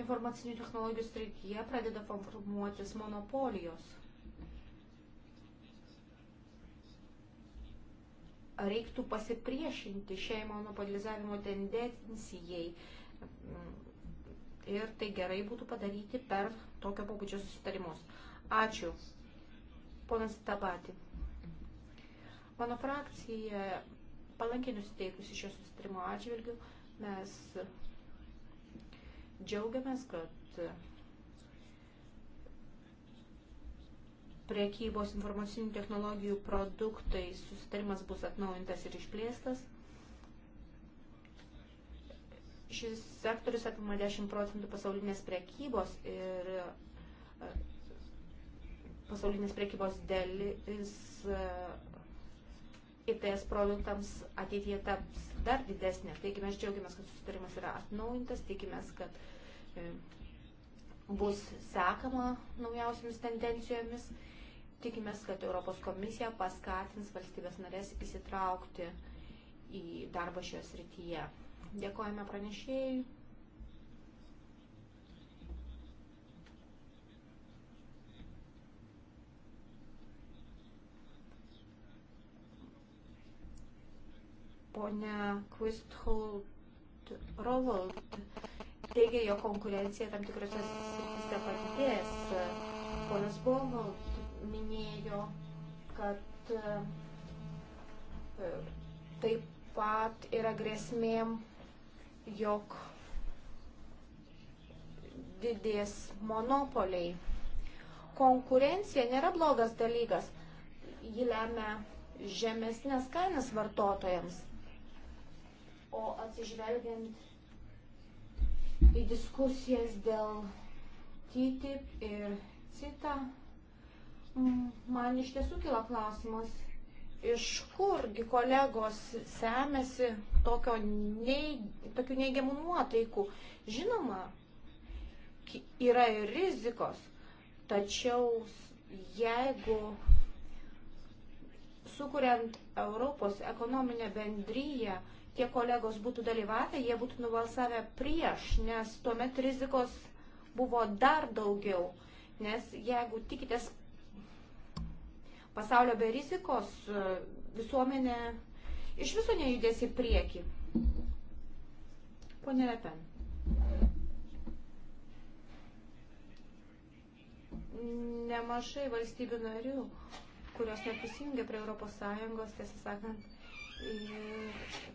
informacinių technologijų srityje pradeda formuotis monopolijos. Reiktų pasipriešinti šiai monopolizavimo tendencijai ir tai gerai būtų padaryti per tokio pobūdžio susitarimus. Ačiū. Ponas Tabati. Mano frakcija palankiai nusiteikusi šio susitarimo atžvilgiu. Mes Džiaugiamės, kad priekybos informacinių technologijų produktai susitarimas bus atnaujintas ir išplėstas. Šis sektorius apima 10 procentų pasaulinės priekybos ir e, pasaulinės priekybos dėlis e, ITS produktams ateityje taps dar didesnė. Taigi mes džiaugiamės, kad susitarimas yra atnaujintas, tikimės, kad e, bus sekama naujausiamis tendencijomis. Tikimės, kad Europos komisija paskatins valstybės narės įsitraukti į darbą šioje srityje. Dėkojame pranešėjai. ponia Quisthold Rovold teigia, jo konkurencija tam tikrose srityse padidės. Ponas Bovold minėjo, kad e, taip pat yra grėsmėm, jog didės monopoliai. Konkurencija nėra blogas dalykas, ji lemia žemesnės kainas vartotojams o atsižvelgiant į diskusijas dėl TTIP ir CITA, man iš tiesų kila klausimas, iš kurgi kolegos semėsi tokio nei, tokių neigiamų nuotaikų. Žinoma, yra ir rizikos, tačiau jeigu sukuriant Europos ekonominę bendryją, tie kolegos būtų dalyvavę, jie būtų nubalsavę prieš, nes tuomet rizikos buvo dar daugiau. Nes jeigu tikitės pasaulio be rizikos, visuomenė iš viso nejudės į priekį. Pone Lepen. Nemažai valstybių narių, kurios neprisijungia prie ES, tiesą sakant,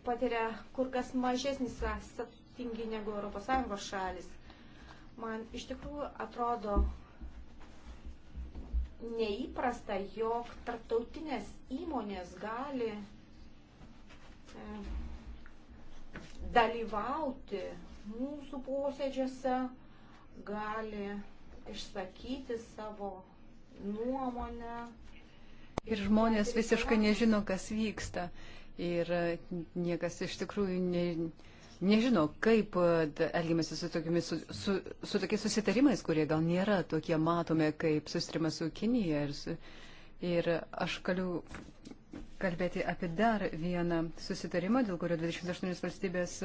patiria kur kas mažesnį sąstingį negu ES šalis. Man iš tikrųjų atrodo neįprasta, jog tarptautinės įmonės gali e, dalyvauti mūsų posėdžiuose, gali išsakyti savo nuomonę. Ir žmonės visiškai nežino, kas vyksta ir e, niekas iš tikrųjų ne, nežino, kaip e, elgiamasi su, tokiamis, su, su, su tokiais susitarimais, kurie gal nėra tokie matomi, kaip susitarimas su Kinija. Ir, su, ir aš galiu kalbėti apie dar vieną susitarimą, dėl kurio 28 valstybės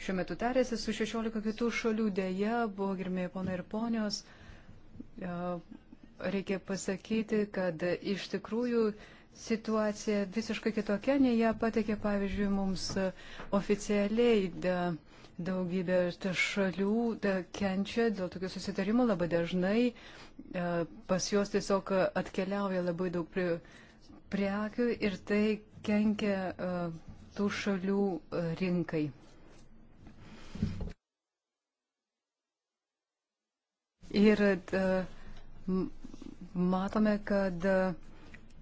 šiuo metu tarėsi su 16 kitų šalių dėja, buvo girmėjai ponai ir ponios. E, reikia pasakyti, kad iš tikrųjų situacija visiškai kitokia, nei ją patikė, pavyzdžiui, mums oficialiai daugybė šalių da, kenčia dėl tokių susitarimų labai dažnai. Pas juos tiesiog atkeliauja labai daug prie, prekių ir tai kenkia tų šalių rinkai. Ir matome, kad uh,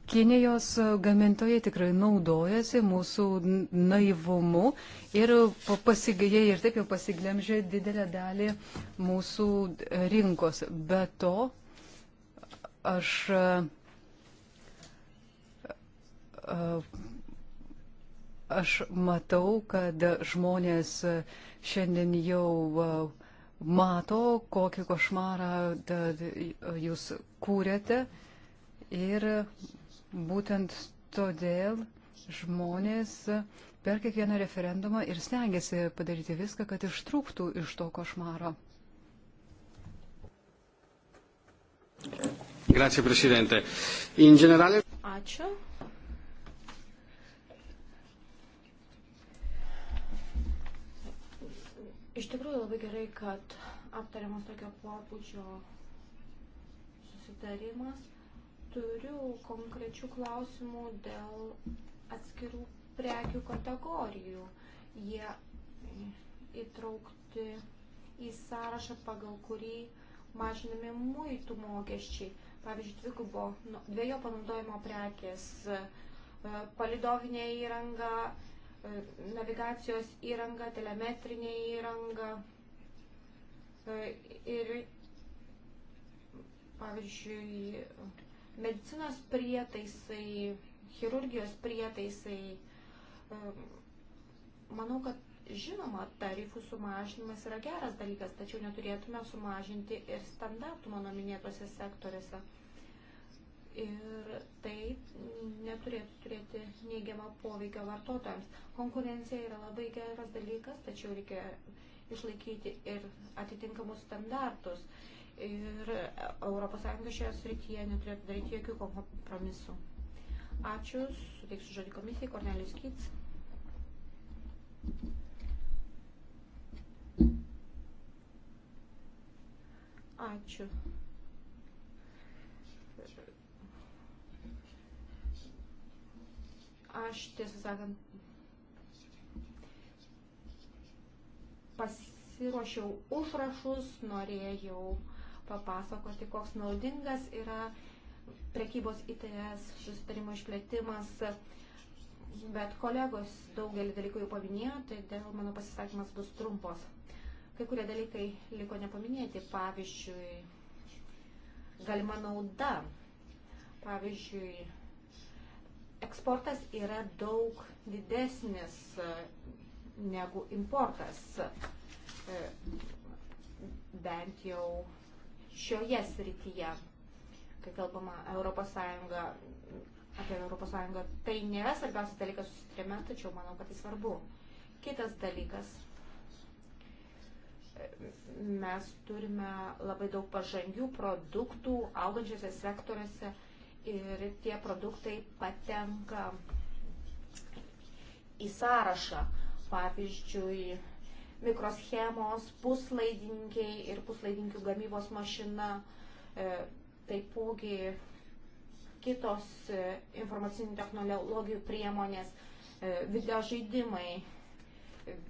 Kinijos gamintojai tikrai naudojasi mūsų naivumu ir, pasigėje, ir taip jau pasiglemžė didelę dalį mūsų rinkos. Be to, aš aš matau, kad žmonės šiandien jau mato, kokį košmarą jūs kūrėte ir Būtent todėl žmonės per kiekvieną referendumą ir stengiasi padaryti viską, kad ištrūktų iš to košmaro. Grazie, Presidente. In generale... Ačiū. Iš tikrųjų labai gerai, kad aptariamas tokio pobūdžio susitarimas turiu konkrečių klausimų dėl atskirų prekių kategorijų. Jie įtraukti į sąrašą, pagal kurį mažinami muitų mokesčiai. Pavyzdžiui, dvigubo, nu, dviejo panaudojimo prekės, e, palidovinė įranga, e, navigacijos įranga, telemetrinė įranga e, ir, pavyzdžiui, Medicinos prietaisai, chirurgijos prietaisai. Manau, kad žinoma, tarifų sumažinimas yra geras dalykas, tačiau neturėtume sumažinti ir standartų mano minėtose sektoriuose. Ir tai neturėtų turėti neigiamą poveikio vartotojams. Konkurencija yra labai geras dalykas, tačiau reikia išlaikyti ir atitinkamus standartus. Uh, ir ES šioje srityje neturėtų daryti jokių kompromisų. Ačiū, suteiksiu žodį komisijai, Kornelijus Kits. Ačiū. Aš tiesą sakant pasiruošiau užrašus, norėjau uh, papasakoti, koks naudingas yra prekybos ITS susitarimo išplėtimas. Bet kolegos daugelį dalykų jau paminėjo, todėl tai mano pasisakymas bus trumpos. Kai kurie dalykai liko nepaminėti, pavyzdžiui, galima nauda. Pavyzdžiui, eksportas yra daug didesnis e, negu importas, e, bent jau šioje srityje, kai kalbama ES apie ES. Tai nėra svarbiausias dalykas susitrime, tačiau manau, kad tai svarbu. Kitas dalykas. Mes turime labai daug pažangių produktų augančiose sektoriuose ir tie produktai patenka į sąrašą. Pavyzdžiui, mikroschemos, puslaidininkiai ir puslaidinkių gamybos mašina, e, taipogi kitos e, informacinių technologijų priemonės, e, video žaidimai.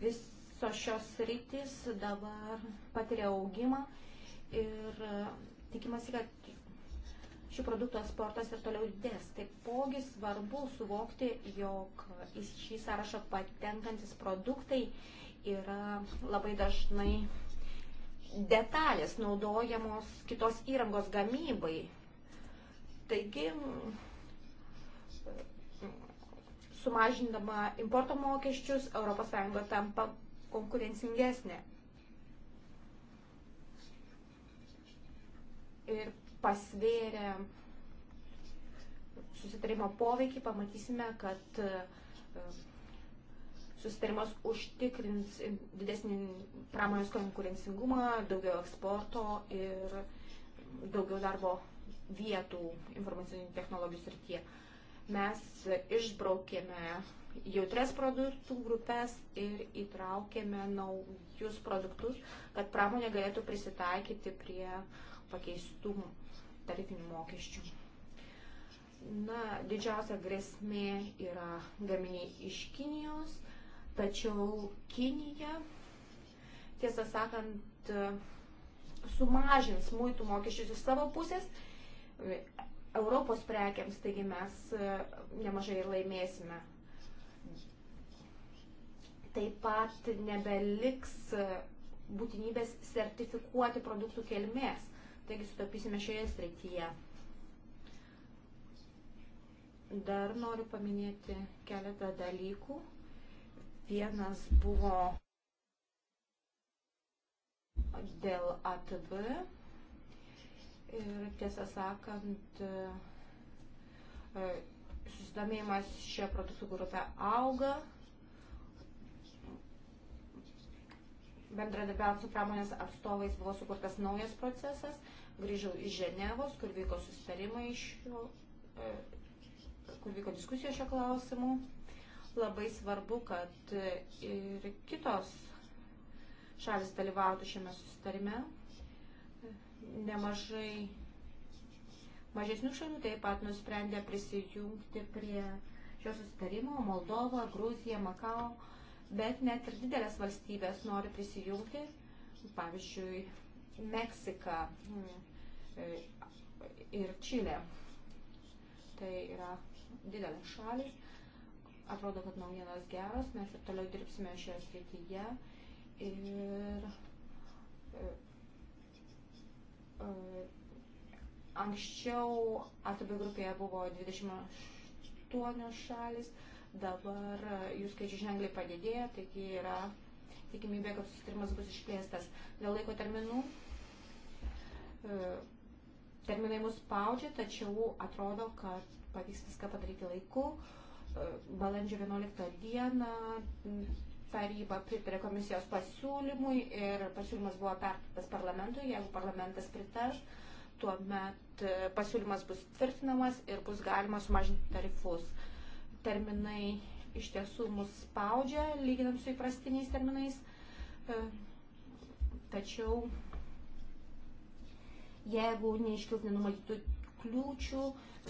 Visos šios rytis dabar patiria augimą ir tikimasi, kad šių produktų eksportas ir toliau didės. Taipogi svarbu suvokti, jog į šį sąrašą patenkantis produktai yra labai dažnai detalės naudojamos kitos įrangos gamybai. Taigi, sumažindama importo mokesčius, ES tampa konkurencingesnė. Ir pasvėrę susitarimo poveikį pamatysime, kad sustarimas užtikrins didesnį pramonės konkurencingumą, daugiau eksporto ir daugiau darbo vietų informacinių technologijų srityje. Mes išbraukėme jautres produktų grupės ir įtraukėme naujus produktus, kad pramonė galėtų prisitaikyti prie pakeistų tarifinių mokesčių. Na, didžiausia grėsmė yra gaminiai iš Kinijos Tačiau Kinija, tiesą sakant, sumažins muitų mokesčius iš savo pusės Europos prekiams, taigi mes e, nemažai laimėsime. Taip pat nebeliks e, būtinybės sertifikuoti produktų kelmės, taigi sutaupysime šioje srityje. Dar noriu paminėti keletą dalykų. Vienas buvo dėl ATV ir tiesą sakant, e, susidomėjimas šią produktų grupę auga. Bendradarbiavant su pramonės atstovais buvo sukurtas naujas procesas. Grįžau iš Ženevos, kur vyko susitarimai iš jo, e, kur vyko diskusijos šio klausimu labai svarbu, kad ir kitos šalis dalyvautų šiame susitarime. Nemažai mažesnių šalių taip pat nusprendė prisijungti prie šio susitarimo - Moldova, Gruzija, Makao, bet net ir didelės valstybės nori prisijungti, pavyzdžiui, Meksika mm, e, ir Čilė. Tai yra didelės šalis Atrodo, kad naujienos geros, mes ir toliau dirbsime šioje srityje. Ir e, e, anksčiau ATB grupėje buvo 28 šalis, dabar e, jų skaičius ženkliai padidėjo, taigi yra tikimybė, kad susitarimas bus išplėstas. Dėl laiko terminų terminai mus spaudžia, tačiau atrodo, kad pavyks viską padaryti laiku balandžio 11 dieną taryba pritarė komisijos pasiūlymui ir pasiūlymas buvo perduotas parlamentui. Jeigu parlamentas pritars, tuomet e, pasiūlymas bus tvirtinamas ir bus galima sumažinti tarifus. Terminai iš tiesų mus spaudžia, lyginant su įprastiniais terminais. E, tačiau jeigu neiškils nenumatytų kliūčių.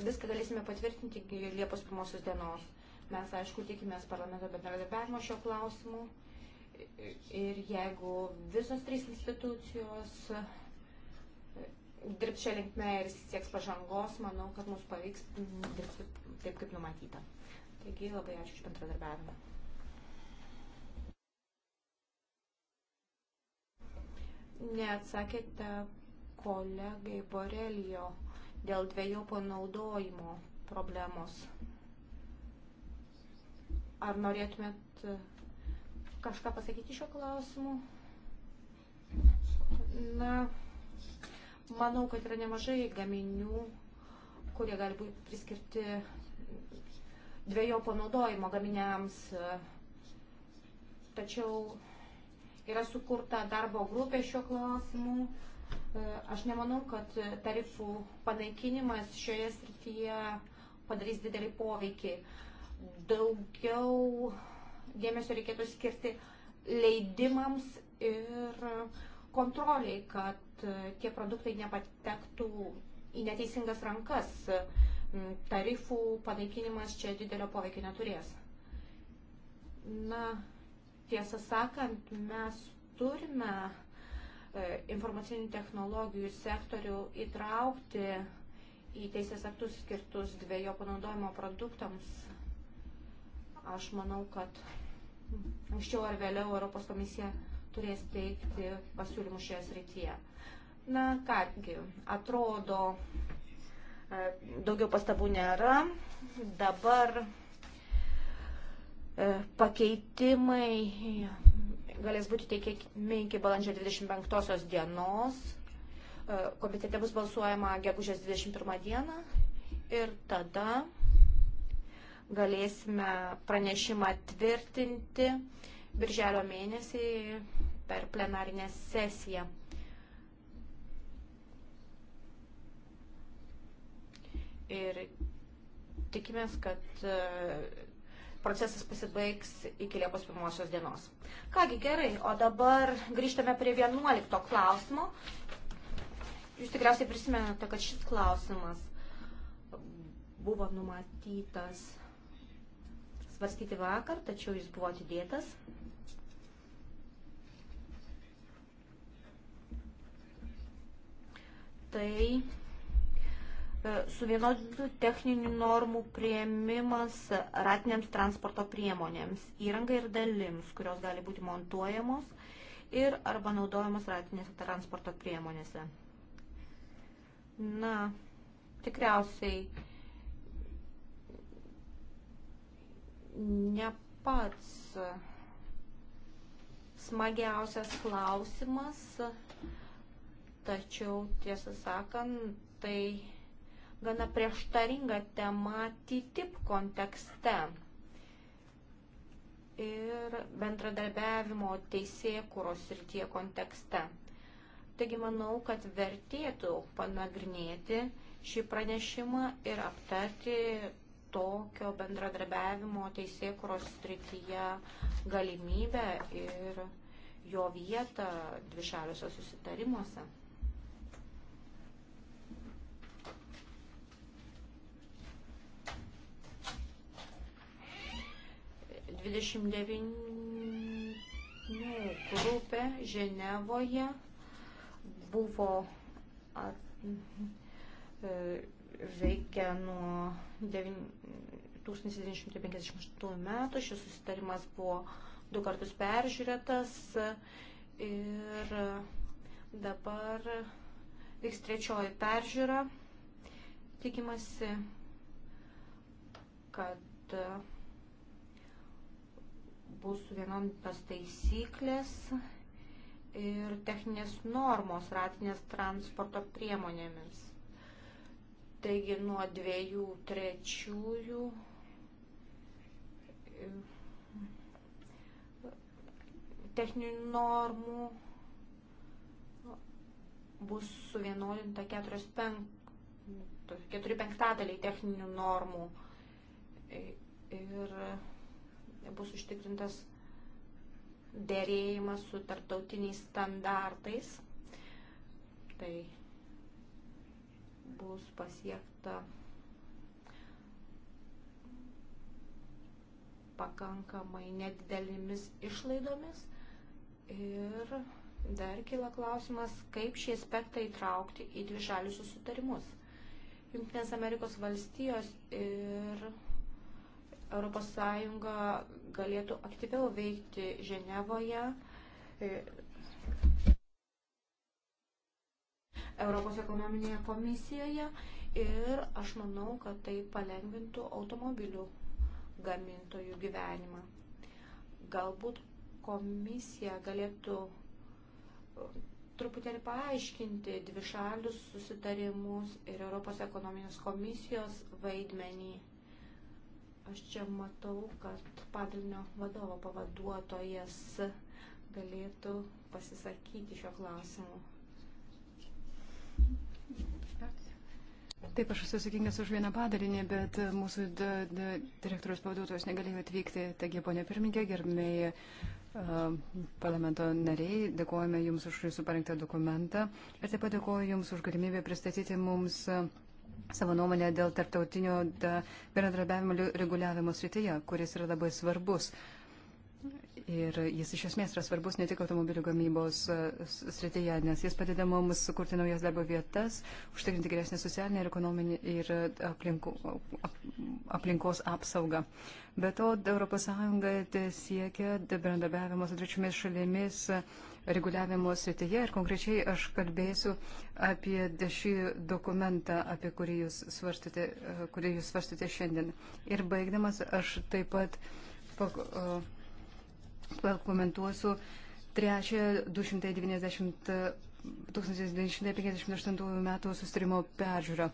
Viską galėsime patvirtinti iki Liepos pirmosios dienos. Mes, aišku, tikimės parlamento bendradarbiavimo šio klausimu. Ir jeigu visos trys institucijos e, dirbs šią linkmę ir sieks pažangos, manau, kad mums pavyks dirbti taip, kaip numatyta. Taigi labai ačiū už bendradarbiavimą. Neatsakėte kolegai Borelijo dėl dviejų panaudojimo problemos. Ar norėtumėt e, kažką pasakyti šio klausimu? Na, manau, kad yra nemažai gaminių, kurie gali būti priskirti dviejų panaudojimo gaminiams. Tačiau yra sukurta darbo grupė šiuo klausimu E, aš nemanau, kad tarifų panaikinimas šioje srityje padarys didelį poveikį. Daugiau dėmesio reikėtų skirti leidimams ir kontroliai, kad tie produktai nepatektų į neteisingas rankas. Tarifų panaikinimas čia didelio poveikio neturės. Na, tiesą sakant, mes turime E, informacinių technologijų sektorių įtraukti į teisės aktus skirtus dviejų panaudojimo produktams. Aš manau, kad anksčiau ar vėliau Europos komisija turės teikti pasiūlymus šioje srityje. Na kągi, atrodo, e, daugiau pastabų nėra. Dabar e, pakeitimai galės būti teikiami iki balandžio 25 dienos. E, komitete bus balsuojama gegužės 21 dieną ir tada galėsime pranešimą tvirtinti birželio mėnesį per plenarinę sesiją. Ir tikimės, kad e, procesas pasibaigs iki Liepos pirmosios dienos. Kągi gerai, o dabar grįžtame prie 11 klausimo. Jūs tikriausiai prisimenate, kad šis klausimas buvo numatytas svarstyti vakar, tačiau jis buvo atidėtas. Tai E, suvienodintų techninių normų prieimimas ratiniams transporto priemonėms, įrangai ir dalims, kurios gali būti montuojamos ir arba naudojamos ratinėse transporto priemonėse. Na, tikriausiai ne pats smagiausias klausimas, tačiau tiesą sakant, tai gana prieštaringa tema TTIP kontekste. Ir bendradarbiavimo teisėje kūros ir tie kontekste. Taigi manau, kad vertėtų panagrinėti šį pranešimą ir aptarti tokio bendradarbiavimo teisėkuros srityje galimybę ir jo vietą dvišaliuose susitarimuose. 29 grupė Ženevoje buvo at, e, veikia nuo 1958 metų. Šis susitarimas buvo du kartus peržiūrėtas ir dabar vyks trečioji peržiūra. Tikimasi, kad bus suvienodintos taisyklės ir techninės normos ratinės transporto priemonėmis. Taigi nuo dviejų trečiųjų e, techninių normų bus suvienodinta 4 penktadaliai techninių normų. E, ir bus užtikrintas dėrėjimas su tarptautiniais standartais. Tai bus pasiekta pakankamai nedidelėmis išlaidomis. Ir dar kyla klausimas, kaip šį aspektą įtraukti į dvišalius susitarimus. Junktinės Amerikos valstijos ir ES galėtų aktyviau veikti Ženevoje. E, Europos ekonominėje komisijoje ir aš manau, kad tai palengvintų automobilių gamintojų gyvenimą. Galbūt komisija galėtų e, truputėlį paaiškinti dvišalius susitarimus ir Europos ekonominės komisijos vaidmenį Aš čia matau, kad padalinio vadovo pavaduotojas galėtų pasisakyti šio klausimu. Taip, aš esu sakingas už vieną padalinį, bet mūsų direktorius pavaduotojas negalėjo atvykti. Taigi, ponė pirmininkė, gerbėjai parlamento nariai, dėkojame Jums už Jūsų parengtą dokumentą ir taip pat dėkoju Jums už galimybę pristatyti mums savo nuomonę dėl tarptautinio bendradarbiavimo reguliavimo srityje, kuris yra labai svarbus. Ir jis iš esmės yra svarbus ne tik automobilių gamybos srityje, nes jis padeda mums sukurti naujas darbo vietas, užtikrinti geresnį socialinį ir ekonominį ir aplinku, ap, aplinkos apsaugą. Be to, ES siekia bendradarbiavimo su trečiomis šalimis reguliavimo srityje ir konkrečiai aš kalbėsiu apie šį dokumentą, apie kurį jūs svarstėte, kurį jūs svarstėte šiandien. Ir baigdamas aš taip pat pakomentuosiu trečią 290 1958 metų sustarimo peržiūrą.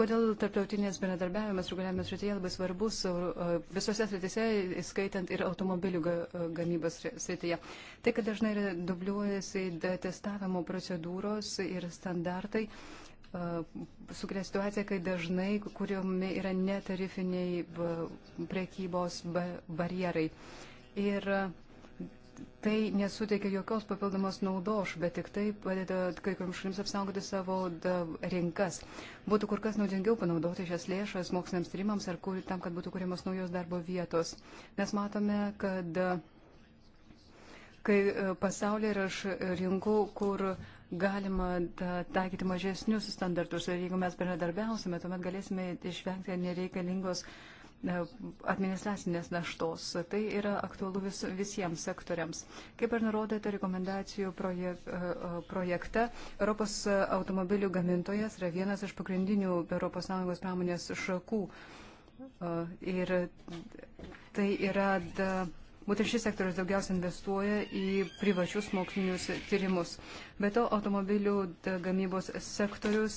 Kodėl tarptautinės bendradarbiavimas reguliavimas srityje labai svarbus visose srityse, įskaitant ir automobilių gamybos srityje. Tai, kad dažnai dubliuojasi testavimo procedūros ir standartai, sukuria situaciją, kai dažnai kuriuomi yra netarifiniai prekybos barjerai. Ir uh, tai nesuteikia jokios papildomos naudos, bet tik tai padeda kai kuriams šalims apsaugoti savo da, rinkas. Būtų kur kas naudingiau panaudoti šias lėšas moksliniams tyrimams ar kur, tam, kad būtų kuriamos naujos darbo vietos. Mes matome, kad kai e, pasaulyje yra rinkų, kur galima taikyti mažesnius standartus ir jeigu mes bendradarbiausime, tuomet galėsime išvengti nereikalingos uh, E, administracinės naštos. Tai yra aktualu vis, visiems sektoriams. Kaip ir nurodėte rekomendacijų projek, e, e, projekte, Europos automobilių gamintojas yra vienas iš pagrindinių ES pramonės šakų. Ir tai yra da, Būtent šis sektorius daugiausia investuoja į privačius mokslinius tyrimus. Be to, automobilių e, gamybos sektorius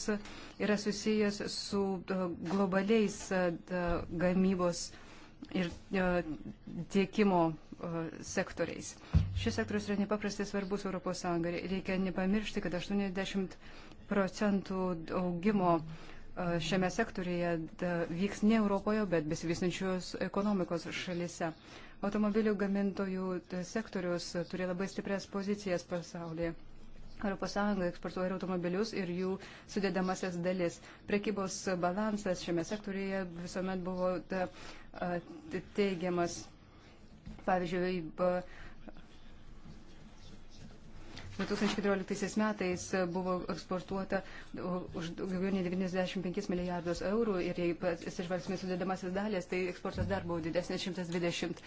yra susijęs su e, globaliais e, gamybos ir tiekimo sektoriais. Šis sektorius yra nepaprastai svarbus ES. Reikia nepamiršti, kad 80 procentų augimo šiame sektorija vyks ne Europoje, bet besivystančios ekonomikos šalise automobilių gamintojų e, sektorius e, turi labai stiprias pozicijas pasaulyje. ES eksportuoja ir automobilius ir jų sudėdamasias dalis. Prekybos balansas šiame sektoriuje visuomet buvo e, teigiamas. Pavyzdžiui, 2014 metais buvo eksportuota už daugiau nei 95 milijardus eurų ir jei atsižvelgsime sudėdamasis dalės, tai eksportas dar buvo didesnis 120,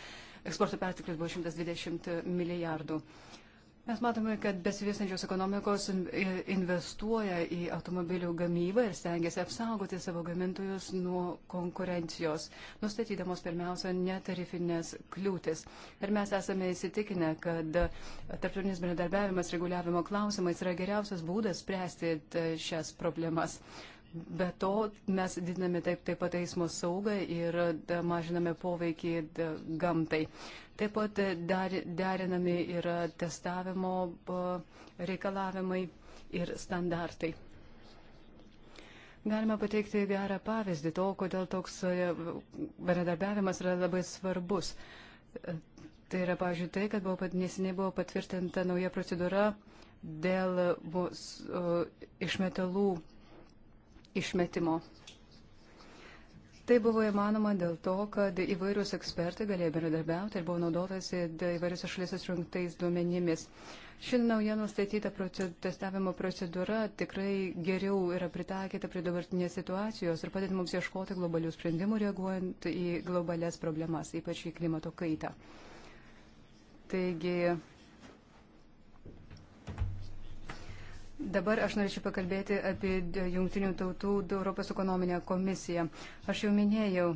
eksporto perteklius buvo 120 milijardų. Uh, Mes matome, kad besivystančios ekonomikos investuoja į automobilių gamybą ir stengiasi apsaugoti savo gamintojus nuo konkurencijos, nustatydamos pirmiausia netarifinės kliūtis. Ir mes esame įsitikinę, kad tarptautinis bendradarbiavimas reguliavimo klausimais yra geriausias būdas spręsti šias problemas. Be to, mes didiname taip, taip pat eismo saugą ir mažiname poveikį gamtai. Taip pat dar, derinami yra testavimo reikalavimai ir standartai. Galime pateikti gerą pavyzdį to, kodėl toks e, bendradarbiavimas yra labai svarbus. E, tai yra, pavyzdžiui, tai, kad buvo, nesiniai buvo patvirtinta nauja procedūra dėl bus, išmetalų išmetimo. Tai buvo įmanoma dėl to, kad įvairius ekspertai galėjo bendradarbiauti ir buvo naudotasi įvairiose šalyse surinktais duomenimis. Ši nauja nustatyta testavimo procedūra tikrai geriau yra pritaikyta prie dabartinės situacijos ir padeda mums ieškoti globalių sprendimų reaguojant į globalias problemas, ypač į klimato kaitą. Taigi, Dabar aš norėčiau pakalbėti apie Junktinių tautų Europos ekonominę komisiją. Aš jau minėjau,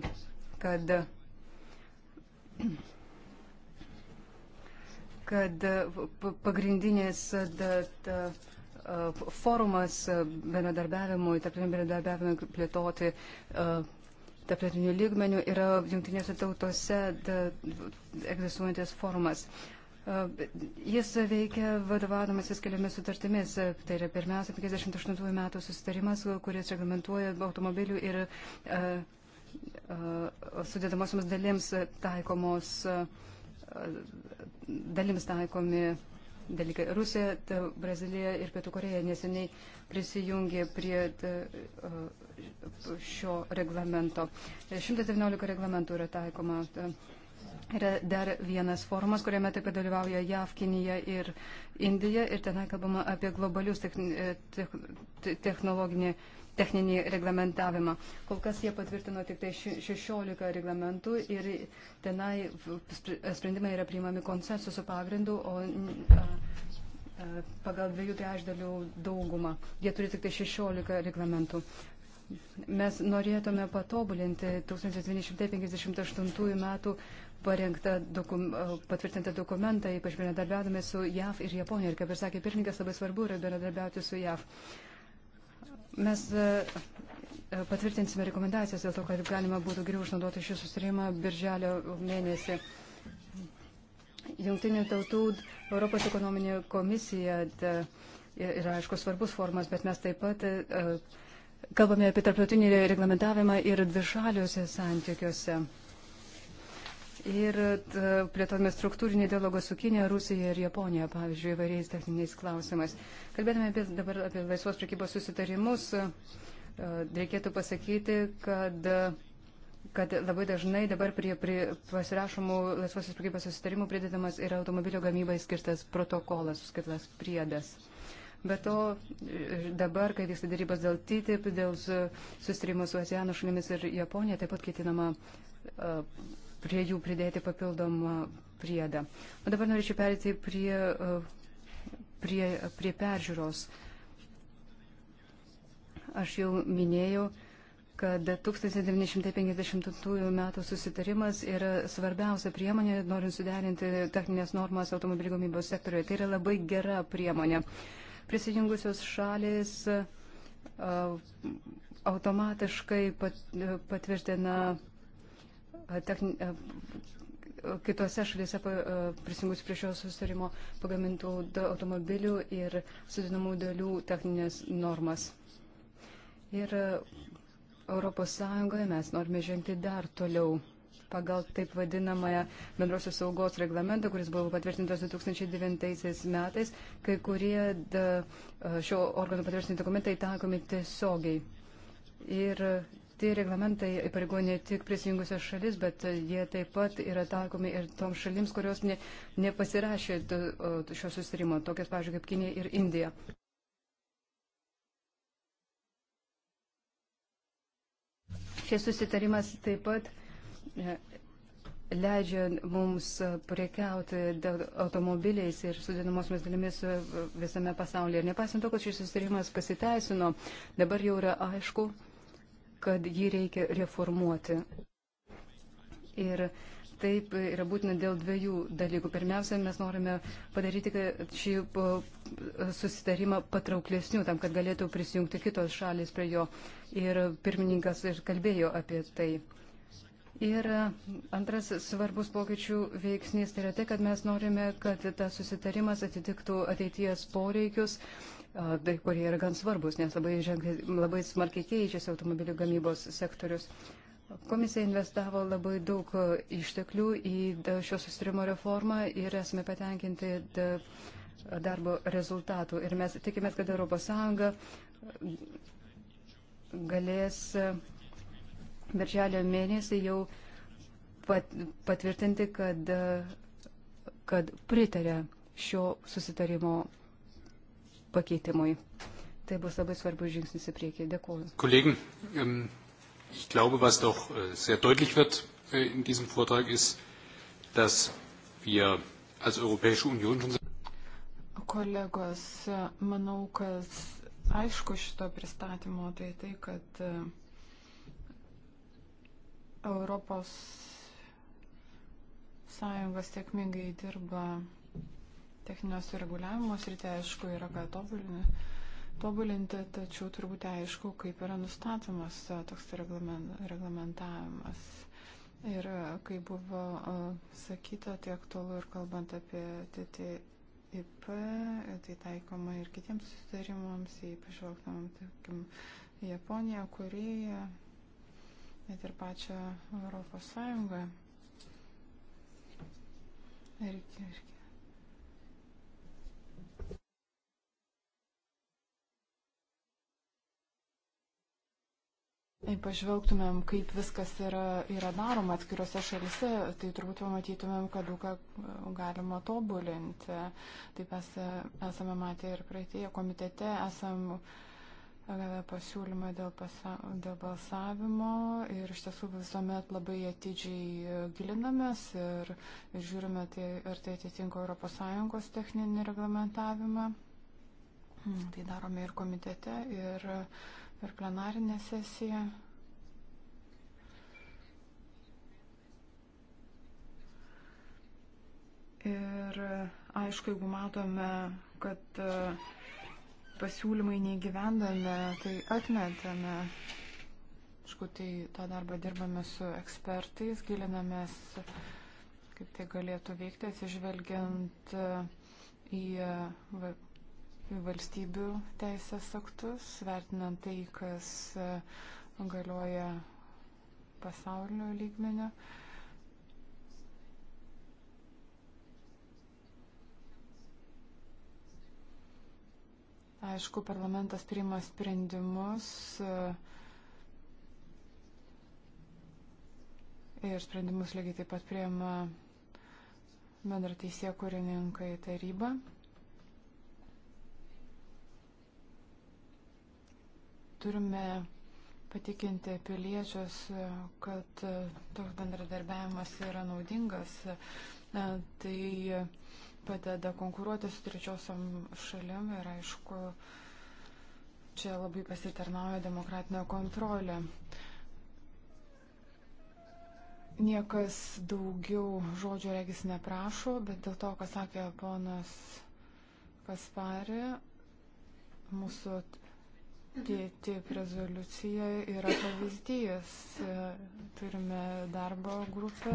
kad, kad pagrindinės da, da, forumas bendradarbiavimui, tarptautiniam bendradarbiavimui plėtoti tarptautinių lygmenių yra jungtinėse tautose egzistuojantis forumas. Jis veikia vadovavimasis keliomis sutartimis. Tai yra pirmiausia 58 metų susitarimas, kuris reglamentuoja automobilių ir uh, uh, sudėdamosioms dalims taikomos, uh, dalims taikomi dalykai. Rusija, ta, Brazilija ir Pietų Koreja neseniai prisijungė prie ta, šio reglamento. 119 reglamentų yra taikoma. Ta, Yra dar vienas forumas, kuriame taip pat dalyvauja JAV, Kinija ir Indija. Ir tenai kalbama apie globalius e, technologinį, techninį reglamentavimą. Kol kas jie patvirtino tik tai 16 reglamentų ir tenai sprendimai yra priimami konsensusų pagrindu, o pagal dviejų trečdalių daugumą. Jie turi tik tai 16 reglamentų. Mes norėtume patobulinti 1958 metų parengtą dokum, patvirtintą dokumentą, ypač bendradarbiavome su JAV ir Japonija. Ir kaip ir sakė pirmininkas, labai svarbu yra bendradarbiauti su JAV. Mes patvirtinsime rekomendacijas dėl to, kad galima būtų geriau išnaudoti šį susirimą birželio mėnesį. Jungtinių tautų Europos ekonominė komisija da, yra, aišku, svarbus formas, bet mes taip pat kalbame apie tarptautinį reglamentavimą ir dvišaliuose santykiuose. Ir plėtojame struktūrinį dialogą su Kinė, Rusija ir Japonija, pavyzdžiui, įvairiais techniniais klausimais. Kalbėdami apie, dabar apie laisvos prekybos susitarimus, e, reikėtų pasakyti, kad kad labai dažnai dabar prie, prie pasirašomų laisvosios prekybos susitarimų pridedamas yra automobilio gamybai skirtas protokolas, skirtas priedas. Be to, e, dabar, kai vyksta darybos dėl TTIP, dėl susitarimo su ASEANų šalimis ir Japonija, taip pat ketinama uh, prie jų pridėti papildomą priedą. O dabar norėčiau perėti prie, prie, prie peržiūros. Aš jau minėjau, kad 1952 metų susitarimas yra svarbiausia priemonė, norint suderinti techninės normas automobilių gamybos sektoriuje. Tai yra labai gera priemonė. Prisijungusios šalis automatiškai pat, patvirtina techn... E, kitose šalyse e, prisijungus prie šio susitarimo pagamintų automobilių ir sudinamų dalių techninės normas. Ir ES mes norime žengti dar toliau pagal taip vadinamąją bendrosios saugos reglamentą, kuris buvo patvirtintas 2009 metais, kai kurie da, e, šio organo patvirtinti dokumentai taikomi tiesiogiai. Ir tie reglamentai įpareigoja ne tik prisijungusios šalis, bet jie taip pat yra taikomi ir toms šalims, kurios ne, nepasirašė šio susirimo, tokias, pavyzdžiui, kaip Kinė ir Indija. Šis susitarimas taip pat e, leidžia mums priekiauti automobiliais ir sudėdamosiomis dalimis visame pasaulyje. Ir nepaisant to, kad šis susitarimas pasiteisino, dabar jau yra aišku, kad jį reikia reformuoti. Ir taip yra būtina dėl dviejų dalykų. Pirmiausia, mes norime padaryti šį susitarimą patrauklesnių, tam, kad galėtų prisijungti kitos šalis prie jo. Ir pirmininkas ir kalbėjo apie tai. Ir antras svarbus pokyčių veiksnys tai yra tai, kad mes norime, kad tas susitarimas atitiktų ateities poreikius. Uh, Tai, kurie yra gan svarbus, nes labai, ženkli, labai smarkiai keičiasi automobilių gamybos sektorius. Komisija investavo labai daug išteklių į šio sustarimo reformą ir esame patenkinti darbo rezultatų. Ir mes tikimės, kad ES galės birželio mėnesį jau pat, patvirtinti, kad, kad pritarė šio susitarimo pakeitimui. Tai bus labai svarbus žingsnis į priekį. Dėkuoju. Kolegin, ähm, ich glaube, was doch äh, sehr deutlich wird äh, in diesem Vortrag ist, dass wir als Europäische Union schon. Kolegos, manau, kad aišku šito pristatymo tai tai, kad e, Europos Sąjunga sėkmingai dirba techninio sureguliavimo srityje, aišku, yra ką tobulinti, tačiau turbūt aišku, kaip yra nustatomas toks reglamentavimas. Ir kaip buvo sakyta, tai aktualu ir kalbant apie TTIP, tai taikoma ir kitiems susitarimams, jei pažvelgtumėm, tarkim, Japoniją, Koreją, net ir pačią Europos Sąjungą ir, ir pažvelgtumėm, kaip viskas yra, yra daroma atskiriuose šalise, tai turbūt pamatytumėm, kad daug ką e, galima tobulinti. Taip mes e, esame matę ir praeitėje komitete, esam e, pasiūlymą dėl, pasa, dėl balsavimo ir iš tiesų visuomet labai atidžiai gilinamės ir, ir žiūrime, tai, ar tai atitinka ES techninį reglamentavimą. Mm, tai darome ir komitete. Ir, uh, per plenarinę sesiją. Ir aišku, jeigu matome, kad e, pasiūlymai neįgyvendame, tai atmetame. Aišku, tai tą darbą dirbame su ekspertais, gilinamės, kaip tai galėtų veikti, atsižvelgiant e, į e, valstybių teisės aktus, vertinant tai, kas e, galioja pasaulio lygmenio. Aišku, parlamentas priima sprendimus e, ir sprendimus lygiai taip pat priima bendra teisė kūrininkai taryba. turime patikinti piliečius, kad toks bendradarbiavimas yra naudingas. Tai padeda konkuruoti su trečiosiam šalim ir aišku, čia labai pasitarnauja demokratinė kontrolė niekas daugiau žodžio regis neprašo, bet dėl to, ką sakė ponas Kaspari, mūsų TTIP rezoliucija yra pavyzdys. Turime darbo grupę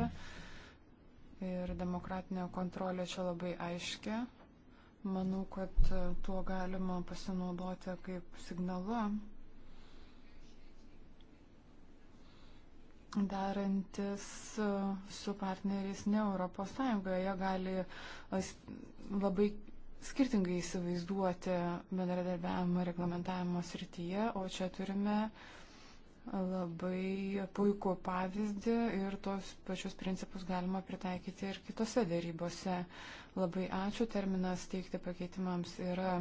ir demokratinė kontrolė čia labai aiškia. Manau, kad tuo galima pasinaudoti kaip signalu. darantis su partneriais ne Europos Sąjungoje, jie gali labai skirtingai įsivaizduoti bendradarbiavimo reglamentavimo srityje, o čia turime labai puikų pavyzdį ir tos pačius principus galima pritaikyti ir kitose dėrybose. Labai ačiū, terminas teikti pakeitimams yra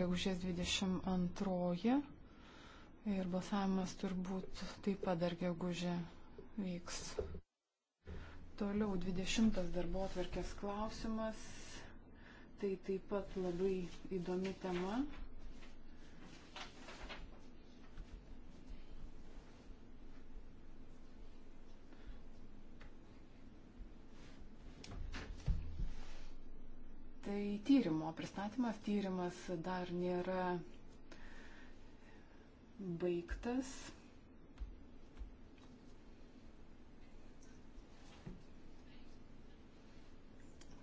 gegužės 22 ir balsavimas turbūt taip pat dar gegužė vyks. Toliau 20 darbo atverkės klausimas. Tai taip pat labai įdomi tema. Tai tyrimo pristatymas, tyrimas dar nėra baigtas.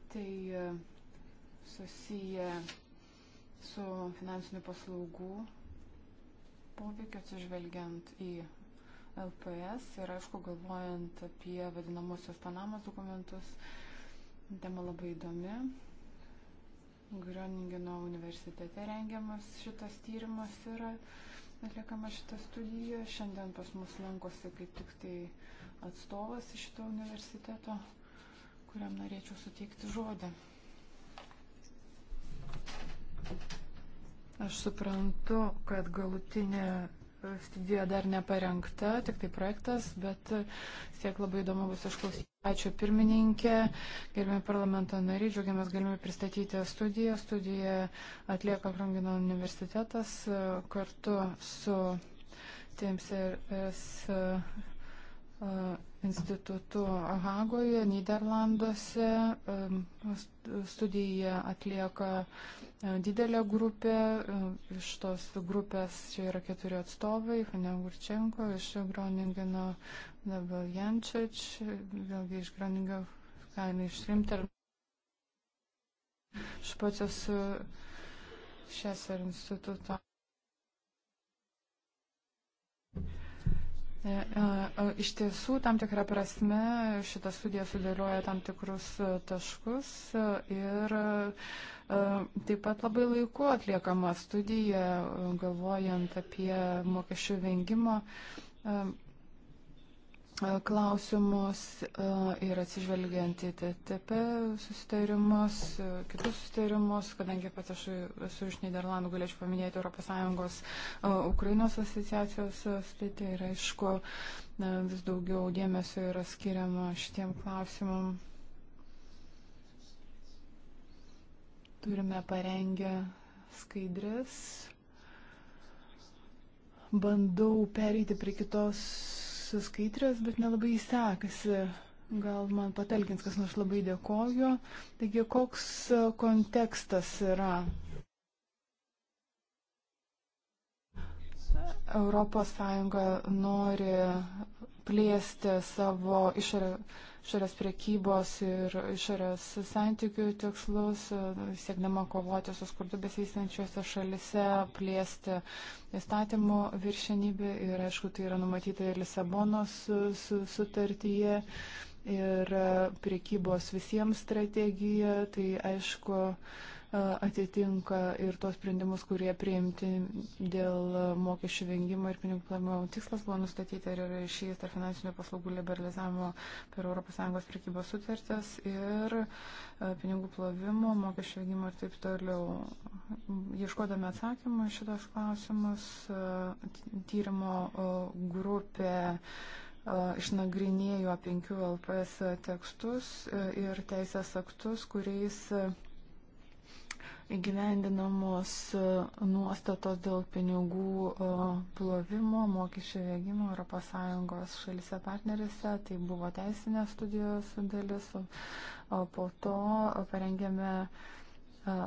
Tai e, susiję su finansinių paslaugų poveikio atsižvelgiant į LPS ir aišku galvojant apie vadinamosios Panamos dokumentus. Tema labai įdomi. Grioningeno universitete rengiamas šitas tyrimas yra atliekama šita studija. Šiandien pas mus lankosi kaip tik tai atstovas iš šito universiteto kuriam norėčiau suteikti žodį. Aš suprantu, kad galutinė studija dar neparengta, tik tai projektas, bet tiek labai įdomu bus išklausyti. Ačiū pirmininkė, gerbėmi parlamento nariai, džiaugiamės galime pristatyti studiją. Studiją atlieka Krangino universitetas kartu su TMSRS E, institutu Hagoje, Niderlanduose. E, studiją atlieka e, didelė grupė. Iš tos grupės čia yra keturi atstovai. Fane Gurčenko iš Groningeno, Dabel Jančič, vėlgi iš Groningo, Kainai iš Rimter. Špačios šesar instituto. E, e, e, iš tiesų, tam tikrą prasme, šita studija sudėlioja tam tikrus taškus ir taip pat labai laiku atliekama studija, galvojant apie mokesčių vengimo klausimus e, ir atsižvelgiant į TTP susitarimus, e, kitus susitarimus, kadangi pats aš esu iš Niderlandų, galėčiau paminėti ES e, Ukrainos asociacijos sudėtį ir aišku, vis daugiau dėmesio yra skiriama šitiem klausimam. Turime parengę skaidrės. Bandau pereiti prie kitos esu skaidrės, bet nelabai sekasi. Gal man patelkins, kas nors labai dėkoju. Taigi, koks e, kontekstas yra Europos Sąjunga nori plėsti savo išorę išorės priekybos ir išorės santykių tikslus, siekdama kovoti su skurdu besivystančiuose šalise, plėsti įstatymų viršenybę ir, aišku, tai yra numatyta ir Lisabonos sutartyje ir priekybos visiems strategija, tai aišku, atitinka ir tos sprendimus, kurie priimti dėl mokesčių vengimo ir pinigų plovimo. Tikslas buvo nustatyti ir ryšys tarp finansinių paslaugų liberalizavimo per ES prekybos sutartis ir pinigų plovimo, mokesčių vengimo ir taip toliau. Ieškodami atsakymą šitos klausimus, tyrimo grupė išnagrinėjo penkių LPS tekstus e, ir teisės aktus, kuriais įgyvendinamos e, nuostatos dėl pinigų e, plovimo, mokesčio vėgimo ES šalise partnerėse. Tai buvo teisinės studijos dalis, o po to parengėme e,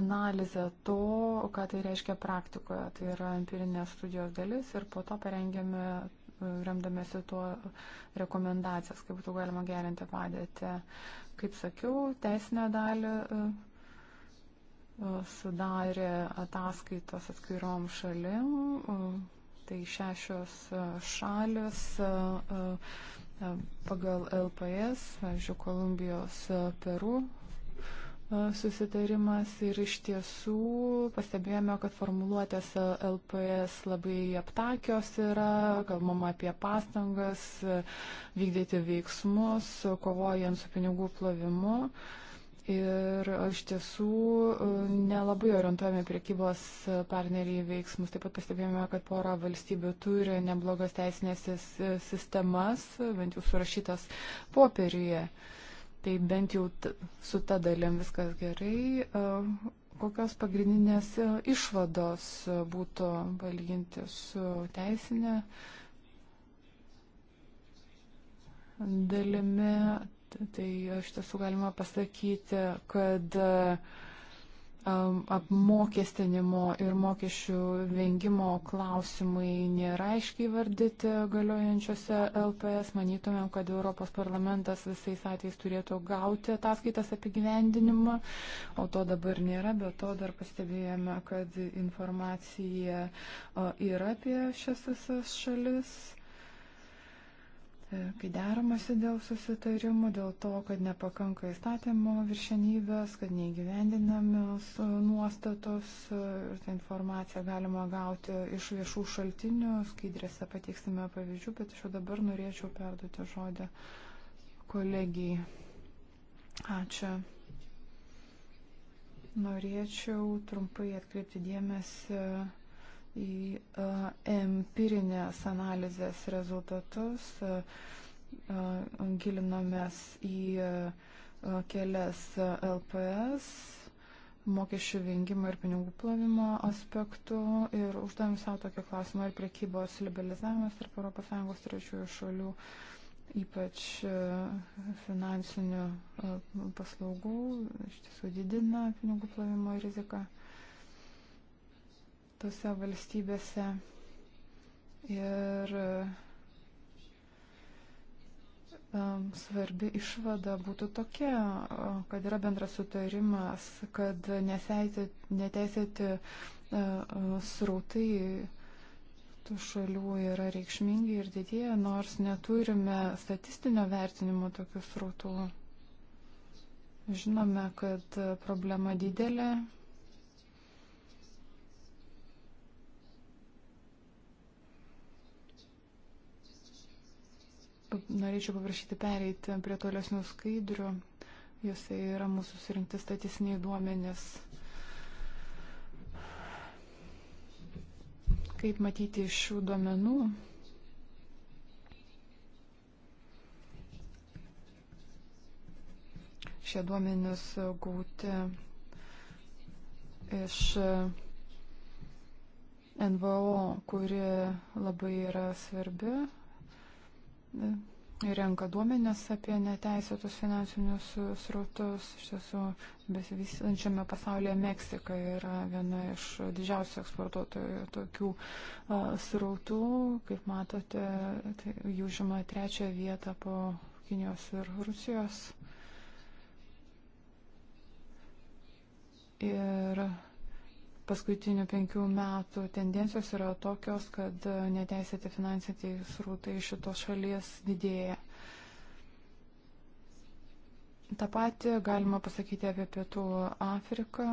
analizę to, ką tai reiškia praktikoje. Tai yra empirinės studijos dalis ir po to parengėme remdamėsi tuo rekomendacijas, kaip būtų galima gerinti padėtį. Kaip sakiau, teisinę dalį sudarė ataskaitos atskirom šalim. Tai šešios e, šalis e, e, pagal LPS, pavyzdžiui, Kolumbijos Peru susitarimas ir iš tiesų pastebėjome, kad formuluotės LPS labai aptakios yra, kalbama apie pastangas vykdyti veiksmus, kovojant su pinigų plovimu. Uh, Ir iš tiesų e, nelabai orientuojame priekybos partneriai veiksmus. Taip pat pastebėjome, kad pora valstybių turi neblogas teisinės sistemas, bent jau surašytas popieriuje. Tai bent jau su ta dalim viskas gerai. E, kokios pagrindinės e, išvados būtų palyginti su teisinė dalimi? Tai iš tiesų galima pasakyti, kad um, apmokestinimo ir mokesčių vengimo klausimai nėra aiškiai vardyti galiojančiose LPS. Manytumėm, kad Europos parlamentas visais atvejais turėtų gauti ataskaitas apie gyvendinimą, o to dabar nėra, bet to dar pastebėjome, kad informacija uh, yra apie šias visas šalis E, kai deramasi dėl susitarimų, dėl to, kad nepakanka įstatymo viršenybės, kad neįgyvendinamos nuostatos e, ir tą informaciją galima gauti iš viešų šaltinių, skaidrėse pateiksime pavyzdžių, bet aš jau dabar norėčiau perduoti žodį kolegijai. Ačiū. Norėčiau trumpai atkreipti dėmesį į e, empirinės analizės rezultatus, e, e, gilinomės į kelias LPS mokesčių vengimo ir pinigų plovimo aspektų ir uždavėm savo tokį klausimą, ar priekybos liberalizavimas tarp ES trečiųjų šalių, ypač finansinių paslaugų, iš tiesų didina pinigų plovimo riziką tose valstybėse. Ir um, svarbi išvada būtų tokia, kad yra bendras sutarimas, kad neteisėti e, srautai tų šalių yra reikšmingi ir didėja, nors neturime statistinio vertinimo tokių srautų. Žinome, kad problema didelė, norėčiau paprašyti pereiti prie tolesnių skaidrių. Jose yra mūsų surinkti statistiniai duomenys. Kaip matyti iš šių duomenų, šie duomenys gauti iš NVO, kuri labai yra svarbi renka duomenis apie neteisėtus finansinius srautus. Iš tiesų, besivystančiame pasaulyje Meksika yra viena iš didžiausių eksportuotojų tokių srautų. Kaip matote, tai jų žima trečią vietą po Kinijos ir Rusijos. Ir paskutinių penkių metų tendencijos yra tokios, kad neteisėti finansiniai srautai iš šitos šalies didėja. Ta pati galima pasakyti apie Pietų Afriką,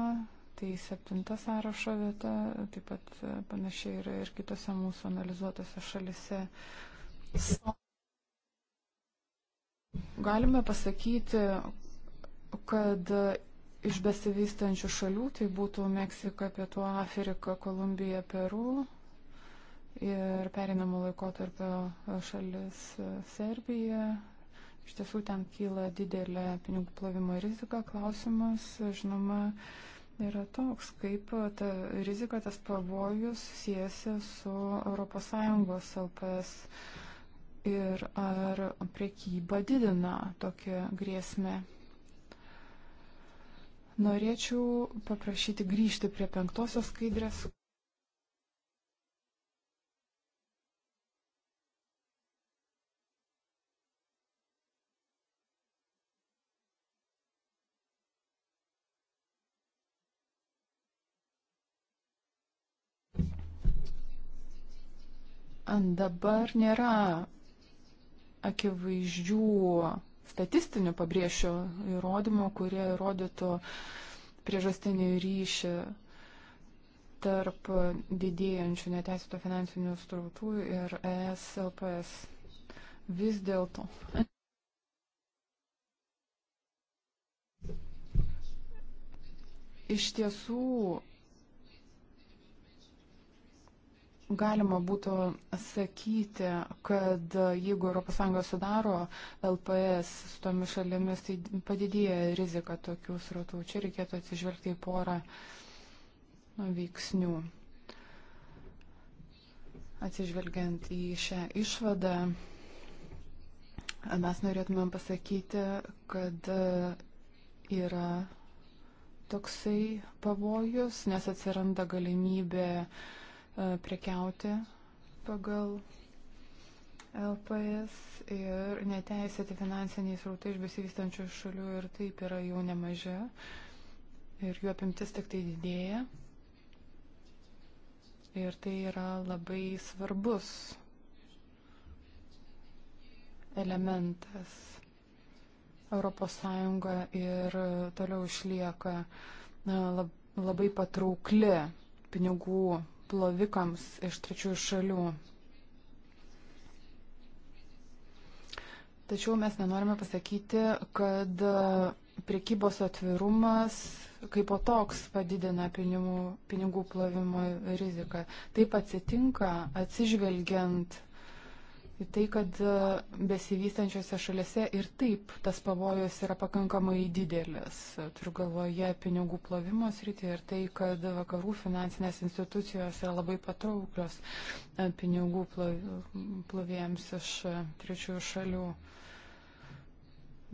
tai septinta sąrašo vieta, taip pat panašiai yra ir kitose mūsų analizuotose šalise. Galime pasakyti, kad iš besivystančių šalių, tai būtų Meksika, Pietų Afrika, Kolumbija, Peru ir perinamo laikotarpio šalis Serbija. Iš tiesų ten kyla didelė pinigų plovimo rizika. Klausimas, žinoma, yra toks, kaip ta rizika, tas pavojus siejasi su ES LPS ir ar priekyba didina tokią grėsmę. Norėčiau paprašyti grįžti prie penktosios skaidrės. Dabar nėra akivaizdžių statistinių, pabrėšiu, įrodymų, kurie įrodytų priežastinį ryšį tarp didėjančių neteisėto finansinių strautų ir ESLPS. Vis dėlto. Iš tiesų, galima būtų sakyti, kad jeigu ES sudaro LPS su tomis šalimis, tai padidėja rizika tokių srautų. Čia reikėtų atsižvelgti į porą nu, veiksnių. Atsižvelgiant į šią išvadą, mes norėtumėm pasakyti, kad yra toksai pavojus, nes atsiranda galimybė uh, E, prekiauti pagal LPS ir neteisėti finansiniai srautai iš besivystančių šalių ir taip yra jau nemaža ir jų apimtis tik tai didėja. Ir tai yra labai svarbus elementas. ES ir toliau išlieka labai patraukli pinigų plovikams iš trečiųjų šalių. Tačiau mes nenorime pasakyti, kad priekybos atvirumas kaip po toks padidina pinigų, pinigų plovimo riziką. Taip atsitinka atsižvelgiant į tai, kad e, besivystančiose šalise ir taip tas pavojus yra pakankamai didelis. E, turiu galvoje pinigų plovimo sritį ir tai, kad vakarų finansinės institucijos yra labai patrauklios e, pinigų plovėjams iš trečiųjų šalių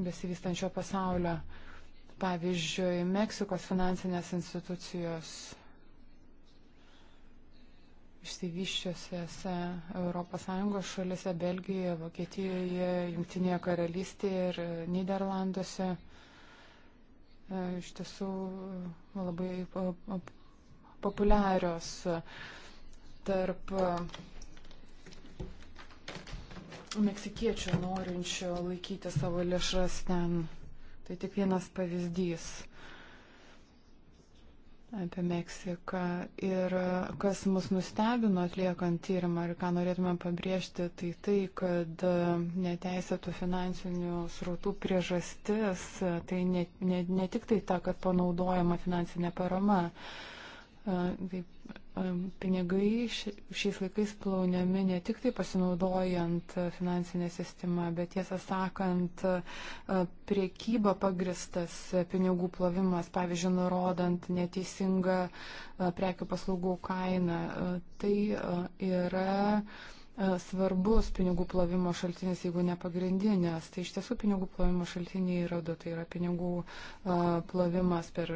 besivystančio pasaulio. Pavyzdžiui, Meksikos finansinės institucijos išsivyščiusiose ES šalise - Belgijoje, Vokietijoje, Junktinėje karalystėje ir e, Niderlanduose. E, iš tiesų e, labai populiarios tarp meksikiečių norinčių laikyti savo lėšas ten. Tai tik vienas pavyzdys apie Meksiką. Ir kas mus nustebino atliekant tyrimą ir ką norėtume pabrėžti, tai tai, kad e, neteisėtų finansinių srautų priežastis, e, tai ne, ne, ne tik tai ta, kad panaudojama finansinė parama. E, taip pinigai šiais laikais plaunami ne tik tai pasinaudojant e, finansinę sistemą, bet tiesą sakant, e, priekyba pagristas e, pinigų plovimas, pavyzdžiui, nurodant neteisingą prekių paslaugų kainą. Tai yra E, svarbus pinigų plovimo šaltinis, jeigu ne pagrindinės. Tai iš tiesų pinigų plovimo šaltiniai yra du. Tai yra pinigų e, plovimas per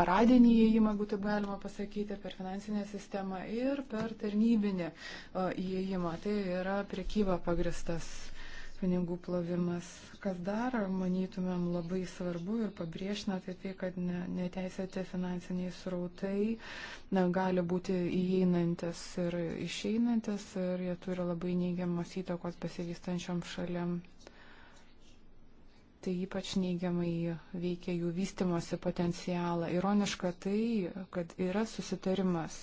paradinį įėjimą, jeigu taip galima pasakyti, per finansinę sistemą ir per tarnybinį e, įėjimą. Tai yra priekyba pagristas pinigų plovimas. Kas dar, manytumėm, labai svarbu ir pabrėžtina, tai tai, kad ne, neteisėti finansiniai srautai na, gali būti įeinantis ir išeinantis ir jie turi labai neigiamas įtakos besivystančiom šalim. Tai ypač neigiamai veikia jų vystimosi potencialą. Ironiška tai, kad yra susitarimas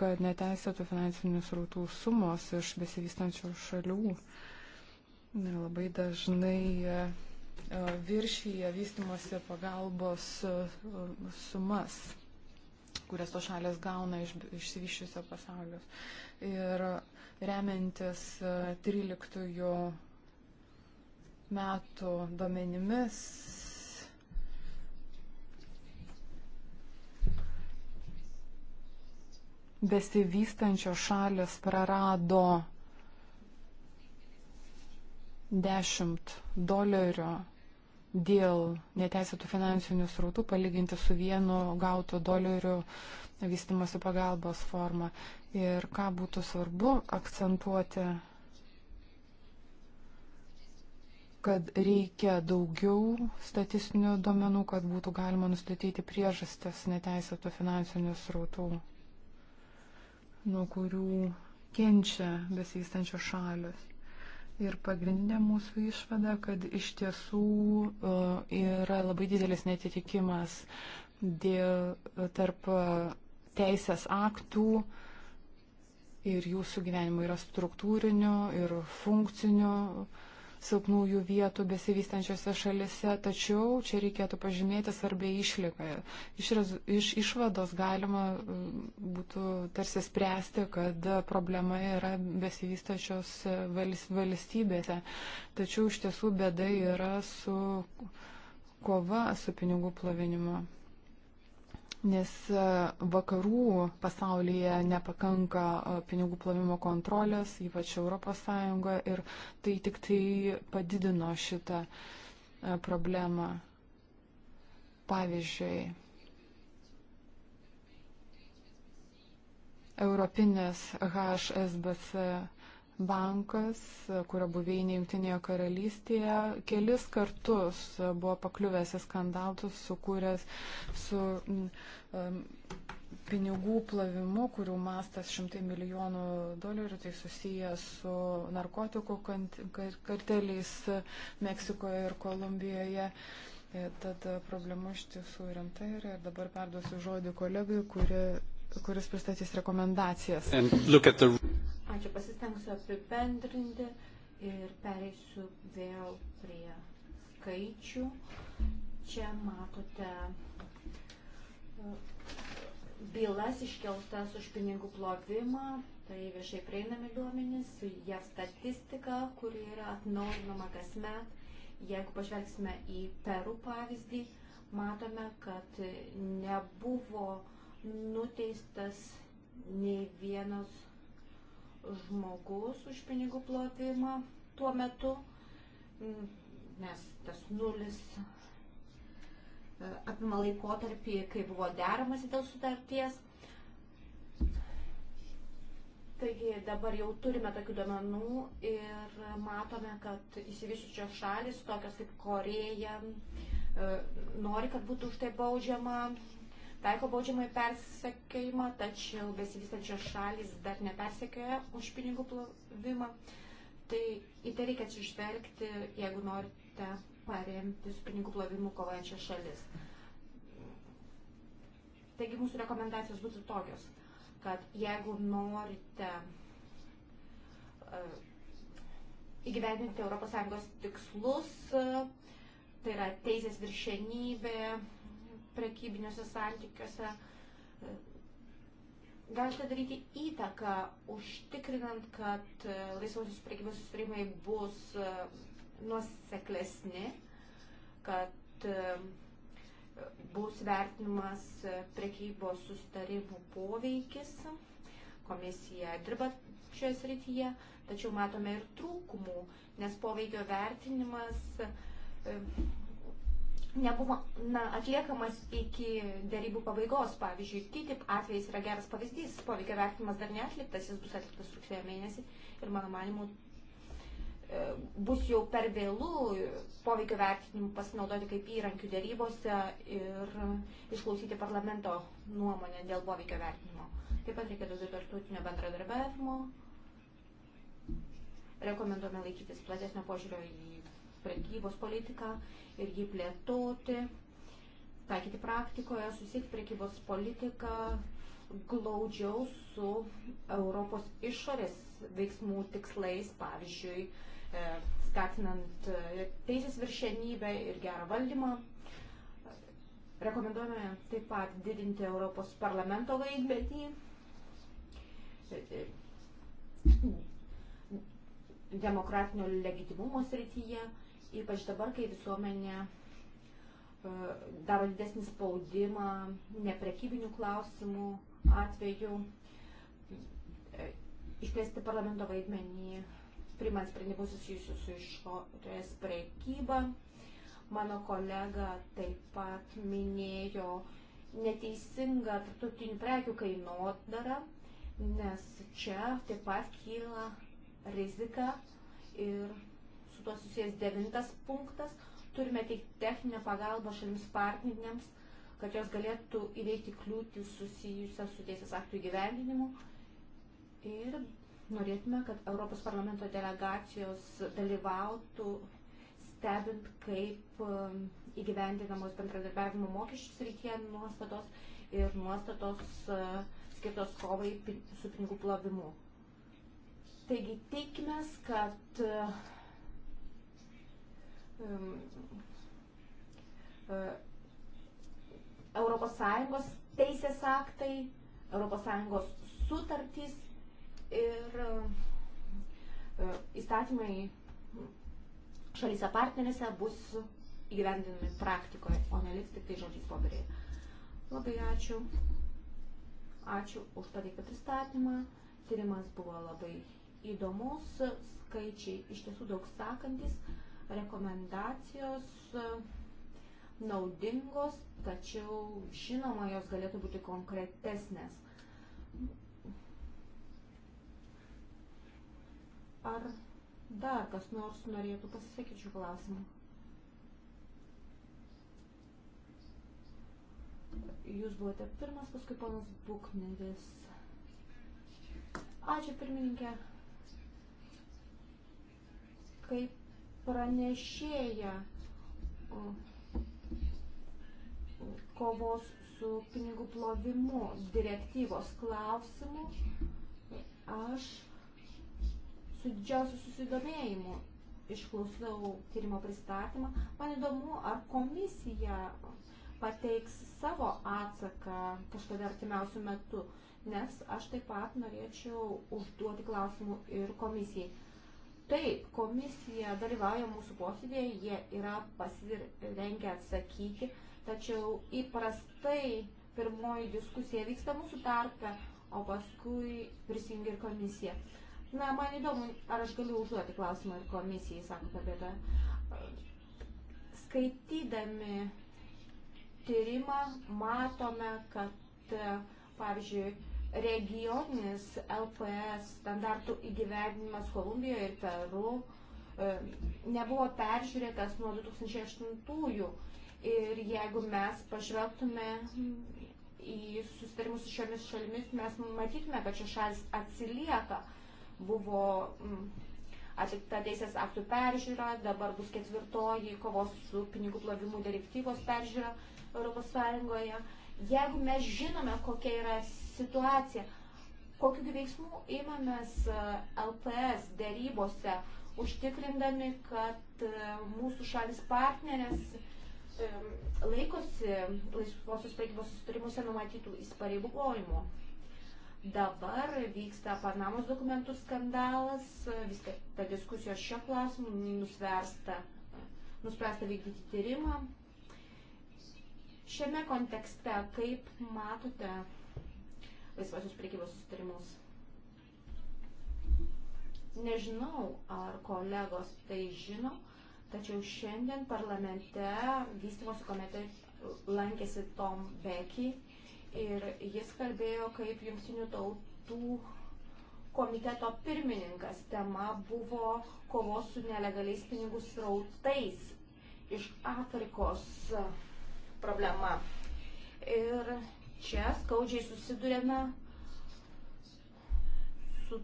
kad neteisėtų finansinių srautų sumos iš besivystančių šalių ir labai dažnai e, viršyje vystimosi pagalbos e, sumas, kurias to šalės gauna iš išsivyščiusio pasaulio. Ir remiantis 13 e, metų duomenimis besivystančios šalis prarado 10 dolerių dėl neteisėtų finansinių srautų palyginti su vienu gautu doleriu vystimosi pagalbos forma. Ir ką būtų svarbu akcentuoti, kad reikia daugiau statistinių duomenų, kad būtų galima nustatyti priežastis neteisėtų finansinių srautų, nuo kurių kenčia besivystančios šalis. Ir pagrindinė mūsų išvada, kad iš tiesų e, yra labai didelis netitikimas dėl, e, tarp e, teisės aktų ir jūsų gyvenimo yra struktūrinių ir funkcinių silpnųjų vietų besivystančiose šalise, tačiau čia reikėtų pažymėti svarbę išlygą. Iš, iš išvados galima būtų tarsi spręsti, kad problema yra besivystančios e, valstybėse, tačiau iš tiesų bėda yra su kova su pinigų plovinimu nes e, vakarų pasaulyje nepakanka e, pinigų plovimo kontrolės, ypač ES, ir tai tik tai padidino šitą e, problemą. Pavyzdžiui, Europinės HSBC bankas, kurio buveinė Junktinėje karalystėje, kelis kartus buvo pakliuvęs į skandalus, sukūręs su um, pinigų plavimu, kurių mastas šimtai milijonų dolerių, tai susijęs su narkotikų karteliais Meksikoje ir Kolumbijoje. Tad problema iš tiesų rimta yra ir dabar perduosiu žodį kolegai, kuri kuris pristatys rekomendacijas. The... Ačiū, pasistengsiu apibendrinti ir pereisiu vėl prie skaičių. Čia matote e, bylas iškeltas už pinigų plovimą, tai viešai prieinami duomenys, jav statistika, kuri yra atnaujinama kasmet. Jeigu pažvelgsime į Peru pavyzdį, matome, kad nebuvo nuteistas nei vienas žmogus už pinigų plovimą tuo metu, nes tas nulis e, apima laikotarpį, kai buvo deramasi dėl sutarties. Taigi dabar jau turime tokių duomenų ir matome, kad įsivyščios šalis, tokios kaip Koreja, e, nori, kad būtų už tai baudžiama taiko baudžiamai persekiojimą, tačiau besivystančios šalis dar nepersekioja už pinigų plovimą. Tai į tai reikia atsižvelgti, jeigu norite paremti su pinigų plovimu kovojančias šalis. Taigi mūsų rekomendacijos būtų tokios, kad jeigu norite uh, įgyvendinti ES tikslus, uh, tai yra teisės viršenybė, prekybiniuose santykiuose. Galite daryti įtaką, užtikrinant, kad e, laisvosios prekybos susitarimai bus e, nuoseklesni, kad e, bus vertinimas prekybos susitarimų poveikis. Komisija dirba šioje srityje, tačiau matome ir trūkumų, nes poveikio vertinimas nebuvo na, atliekamas iki dėrybų pabaigos. Pavyzdžiui, TTIP atvejais yra geras pavyzdys, poveikio vertinimas dar neatliktas, jis bus atliktas rugsėjo mėnesį ir mano manimu e, bus jau per vėlų poveikio vertinimu pasinaudoti kaip įrankių dėrybose ir išklausyti parlamento nuomonę dėl poveikio vertinimo. Taip pat reikia daugiau tarptautinio bendradarbiavimo. Rekomenduojame laikytis platesnio požiūrio į prekybos politiką ir jį plėtoti, taikyti praktikoje, susėti prekybos politiką glaudžiau su Europos išorės veiksmų tikslais, pavyzdžiui, e, skatinant e, teisės viršenybę ir gerą valdymą. Rekomenduojame taip pat didinti Europos parlamento vaidmenį, e, demokratinio legitimumo srityje, ypač dabar, kai visuomenė e, daro didesnį spaudimą neprekybinių klausimų atveju, e, išplėsti parlamento vaidmenį, primant sprendimus susijusius su išorės prekyba. Mano kolega taip pat minėjo neteisingą tarptautinių prekių kainodarą, nes čia taip pat kyla rizika ir su tuo susijęs devintas punktas. Turime teikti techninę pagalbą šalims partneriams, kad jos galėtų įveikti kliūtį susijusią su teisės aktų įgyvendinimu. Ir norėtume, kad Europos parlamento delegacijos dalyvautų stebint, kaip um, įgyvendinamos bendradarbiavimo mokesčių srityje nuostatos ir nuostatos uh, skirtos kovai su pinigų plovimu. Taigi teikime, kad uh, ES e, teisės aktai, ES sutartys ir e, įstatymai šalyse partnerėse bus įgyvendinami praktikoje, o neliks tik tai žodžiais popierėje. Labai ačiū. Ačiū už pateiktą pristatymą. Tyrimas buvo labai įdomus, skaičiai iš tiesų daug sakantis rekomendacijos e, naudingos, tačiau žinoma, jos galėtų būti konkretesnės. Ar dar kas nors norėtų pasisakyti šių klausimų? Jūs buvote pirmas, paskui ponas Bukneris. Ačiū pirmininkė. Kaip pranešėja kovos su pinigų plovimu direktyvos klausimu, aš su didžiausiu susidomėjimu išklausiau tyrimo pristatymą. Man įdomu, ar komisija pateiks savo atsaką kažkada artimiausių metų, nes aš taip pat norėčiau užduoti klausimų ir komisijai. Taip, komisija dalyvauja mūsų posėdėje, jie yra pasirengę atsakyti, tačiau įprastai pirmoji diskusija vyksta mūsų tarpe, o paskui prisijungia ir komisija. Na, man įdomu, ar aš galiu užduoti klausimą ir komisijai, sako kalbėtoja. Skaitydami tyrimą matome, kad, pavyzdžiui, regioninis LPS standartų įgyvendinimas Kolumbijoje ir Peru e, nebuvo peržiūrėtas nuo 2008-ųjų. Ir jeigu mes pažvelgtume į susitarimus su šiomis šalimis, mes matytume, kad šios šalis atsilieka. Buvo mm, atlikta teisės aktų peržiūra, dabar bus ketvirtoji kovos su pinigų plovimu direktyvos peržiūra ES. Jeigu mes žinome, kokia yra situaciją. Kokiu veiksmu įmamės e, LPS dėrybose, užtikrindami, kad e, mūsų šalis partnerės e, laikosi laisvosios prekybos sustarimuose numatytų įsipareigojimų. Dabar vyksta Panamos dokumentų skandalas, viską ta diskusijos šio klausimu nusversta, nuspręsta vykdyti tyrimą. Šiame kontekste, kaip matote, laisvosios priekybos sustarimus. Nežinau, ar kolegos tai žino, tačiau šiandien parlamente vystimosi komitai lankėsi Tom Becky ir jis kalbėjo kaip jungtinių tautų komiteto pirmininkas. Tema buvo kovos su nelegaliais pinigų srautais iš Afrikos problema. Ir čia skaudžiai susidurėme su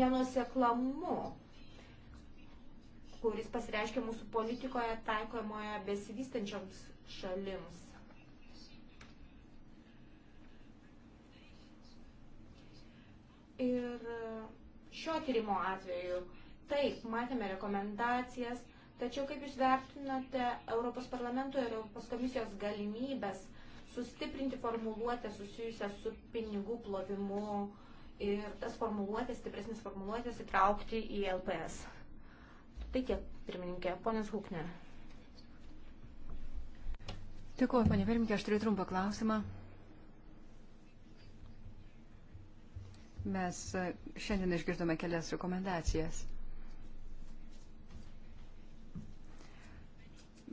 nenuseklamu, kuris pasireiškia mūsų politikoje taikomoje besivystančioms šalims. Ir šio tyrimo atveju taip, matėme rekomendacijas, tačiau kaip Jūs vertinate Europos parlamento ir Europos komisijos galimybės sustiprinti formuluotę susijusią su pinigų plovimu ir tas formuluotės, stipresnis formuluotės įtraukti į LPS. Tai tiek, pirmininkė, ponas Hukne. Dėkuoju, ponė pirmininkė, aš turiu trumpą klausimą. Mes e, šiandien išgirdome kelias rekomendacijas.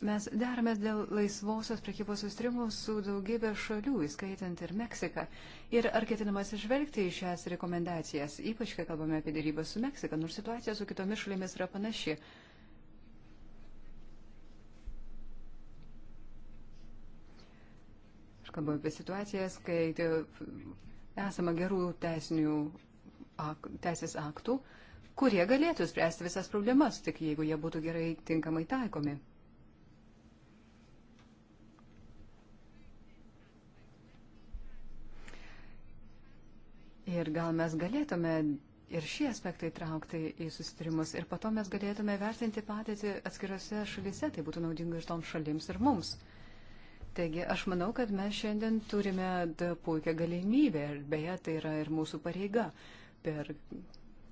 Mes deramės dėl laisvosios prekybos sustrimų su daugybė šalių, įskaitant ir Meksiką. Ir ar ketinamas išvelgti į šias rekomendacijas, ypač kai kalbame apie dėrybą su Meksika, nors situacija su kitomis šalimis yra panaši. Aš kalbu apie situacijas, kai esama gerų teisinių ak, teisės aktų, kurie galėtų spręsti visas problemas, tik jeigu jie būtų gerai tinkamai taikomi. Ir gal mes galėtume ir šį aspektą įtraukti į susitarimus. Ir po to mes galėtume vertinti patėtį atskirose šalyse. Tai būtų naudinga ir toms šalims, ir mums. Taigi aš manau, kad mes šiandien turime puikią galimybę ir beje tai yra ir mūsų pareiga per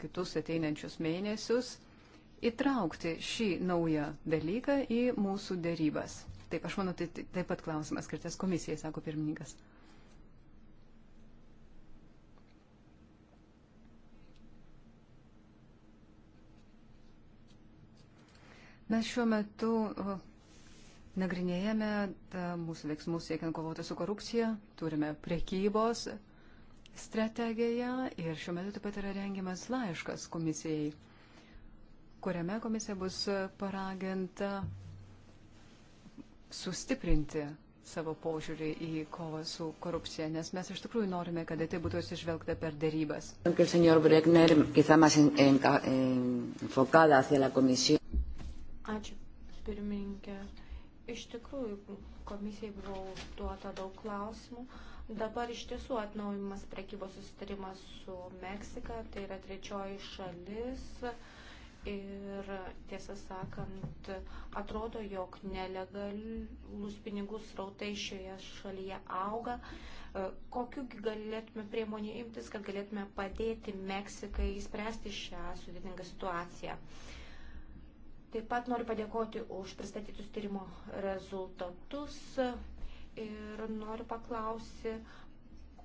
kitus ateinančius mėnesius įtraukti šį naują dalyką į mūsų dėrybas. Taip, aš manau, tai taip pat klausimas skirtas komisijai, sako pirmininkas. Mes šiuo metu uh, nagrinėjame uh, mūsų veiksmus siekiant kovoti su korupcija, turime priekybos strategiją ir šiuo metu taip pat yra rengiamas laiškas komisijai, kuriame komisija bus uh, paraginta sustiprinti savo požiūrį į kovą su korupcija, nes mes iš tikrųjų norime, kad tai būtų atsižvelgta per darybas. Ačiū, pirmininkė. Iš tikrųjų, komisijai buvo duota daug klausimų. Dabar iš tiesų atnaujimas prekybos susitarimas su Meksika, tai yra trečioji šalis. Ir tiesą sakant, atrodo, jog nelegalus pinigų srautai šioje šalyje auga. E, Kokiu galėtume priemonių imtis, kad galėtume padėti Meksikai įspręsti šią sudėtingą situaciją? Uh, Taip pat noriu padėkoti už pristatytus tyrimo rezultatus ir noriu paklausti,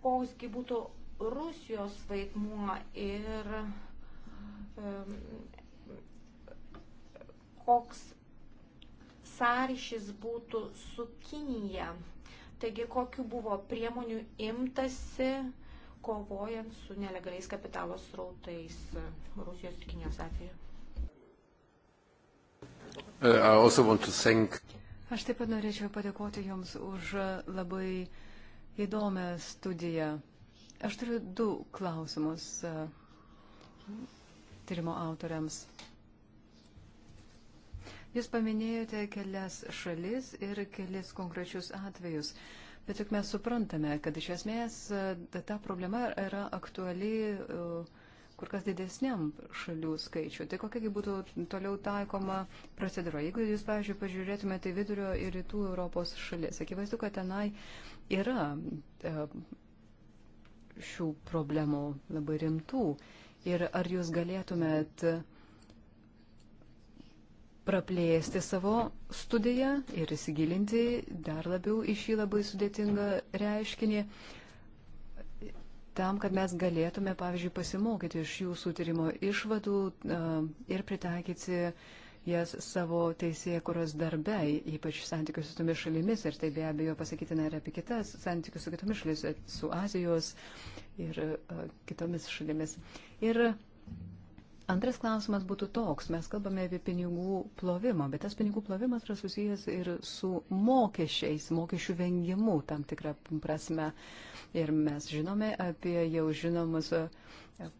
koksgi būtų Rusijos vaidmuo ir um, koks sąryšis būtų su Kinija. Taigi, kokiu buvo priemonių imtasi, kovojant su nelegaliais kapitalos srautais Rusijos ir Kinijos atveju. Uh, Aš taip pat norėčiau padėkoti Jums už labai įdomią studiją. Aš turiu du klausimus uh, tyrimo autoriams. Jūs paminėjote kelias šalis ir kelias konkrečius atvejus, bet juk mes suprantame, kad iš esmės uh, ta problema yra aktuali uh, kur kas didesniam šalių skaičiu. Tai kokiagi būtų toliau taikoma procedūra? Jeigu jūs, pavyzdžiui, pažiūrėtumėte į vidurio ir rytų Europos šalis, akivaizdu, kad tenai yra e, šių problemų labai rimtų. Ir ar jūs galėtumėt praplėsti savo studiją ir įsigilinti dar labiau į šį labai sudėtingą reiškinį? tam, kad mes galėtume, pavyzdžiui, pasimokyti iš jūsų tyrimo išvadų ir pritaikyti jas savo teisėje, kurios darbe, ypač santykius su tomis šalimis, ir tai be abejo pasakytina ir apie kitas santykius su kitomis šalimis, su Azijos ir kitomis šalimis. Ir Antras klausimas būtų toks. Mes kalbame apie pinigų plovimą, bet tas pinigų plovimas yra susijęs ir su mokesčiais, mokesčių vengimu tam tikrą prasme. Uh, Ir mes žinome apie jau žinomus e,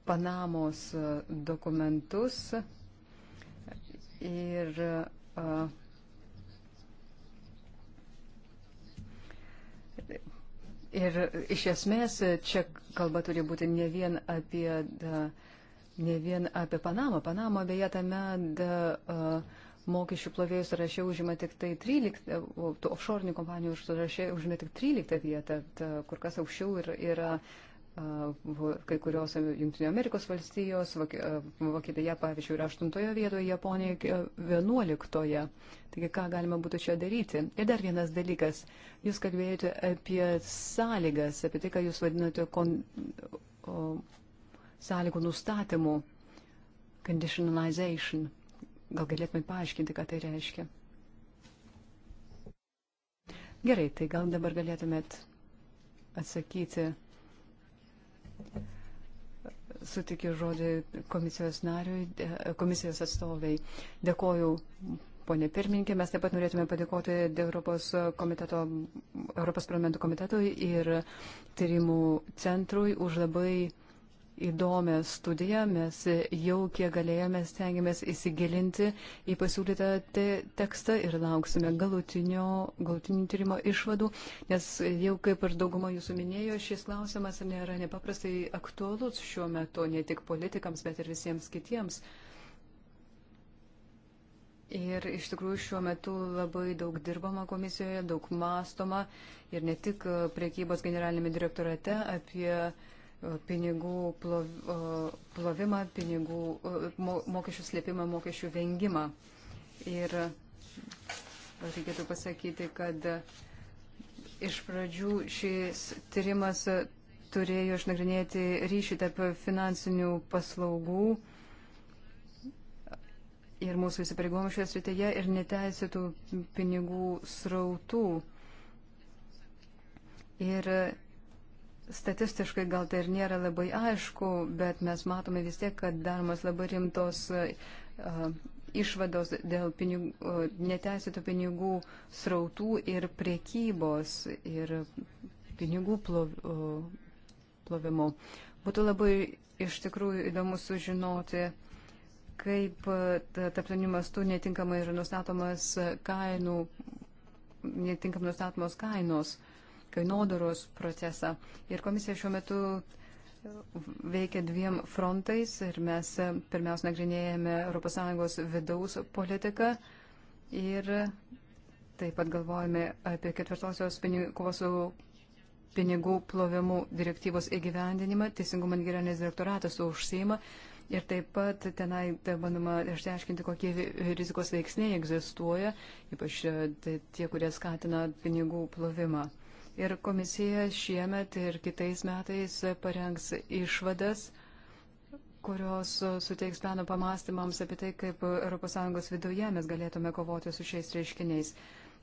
Panamos e, dokumentus. Ir uh, Ir iš esmės čia kalba turi būti ne vien apie, da, ne vien apie Panamą. Panama beje tame da, uh, mokesčių plovėjų sąraše užima tik tai 13, e, tų offshore kompanijų sąraše užima tik 13 vietą, ta, kur kas aukščiau yra, yra kai kurios Junktinio Amerikos valstijos, Vokietija, pavyzdžiui, yra 8 vietoje, Japonija 11. Taigi, ką galima būtų čia daryti? Ir dar vienas dalykas. Jūs kalbėjote apie sąlygas, apie tai, ką jūs vadinate kon, o, sąlygų nustatymu, conditionalization. Gal galėtumėt paaiškinti, ką tai reiškia? Gerai, tai gal dabar galėtumėt atsakyti. Sutikiu žodį komisijos nariui, komisijos atstoviai. Dėkoju, ponė pirmininkė. Mes taip pat norėtume padėkoti Europos, komiteto, Europos parlamento komitetui ir tyrimų centrui už labai įdomią studiją. Mes jau kiek galėjome stengiamės įsigilinti į pasiūlytą te tekstą ir lauksime galutinio, galutinio tyrimo išvadų, nes jau kaip ir dauguma jūsų minėjo, šis klausimas nėra nepaprastai aktuolus šiuo metu ne tik politikams, bet ir visiems kitiems. Ir iš tikrųjų šiuo metu labai daug dirbama komisijoje, daug mąstoma ir ne tik priekybos generalinėme direktorate apie uh, pinigų plovimą, pinigų, mokesčių slėpimą, mokesčių vengimą. Ir reikėtų pasakyti, kad iš pradžių šis tyrimas turėjo išnagrinėti ryšį tarp finansinių paslaugų ir mūsų įsipareigojimų šioje srityje ir neteisėtų pinigų srautų. Ir Statistiškai gal tai ir nėra labai aišku, bet mes matome vis tiek, kad daromas labai rimtos uh, išvados dėl pinigų, uh, neteisėtų pinigų srautų ir priekybos ir pinigų plov, uh, plovimo. Būtų labai iš tikrųjų įdomu sužinoti, kaip e, tarptautiniu mastu netinkamai yra nustatomas kainų, netinkamai nustatomos kainos kainodaros procesą. Ir komisija šiuo metu veikia dviem frontais ir mes pirmiausia nagrinėjame ES vidaus politiką ir taip pat galvojame apie ketvirtosios kovos su pinigų plovimų direktyvos įgyvendinimą. Teisingumo generalinis direktoratas užsima ir taip pat tenai tai bandoma išsiaiškinti, kokie rizikos veiksniai egzistuoja, ypač e, tai tie, kurie skatina pinigų plovimą. Ir komisija šiemet ir kitais metais parengs išvadas, kurios suteiks plano pamastymams apie tai, kaip ES viduje mes galėtume kovoti su šiais reiškiniais.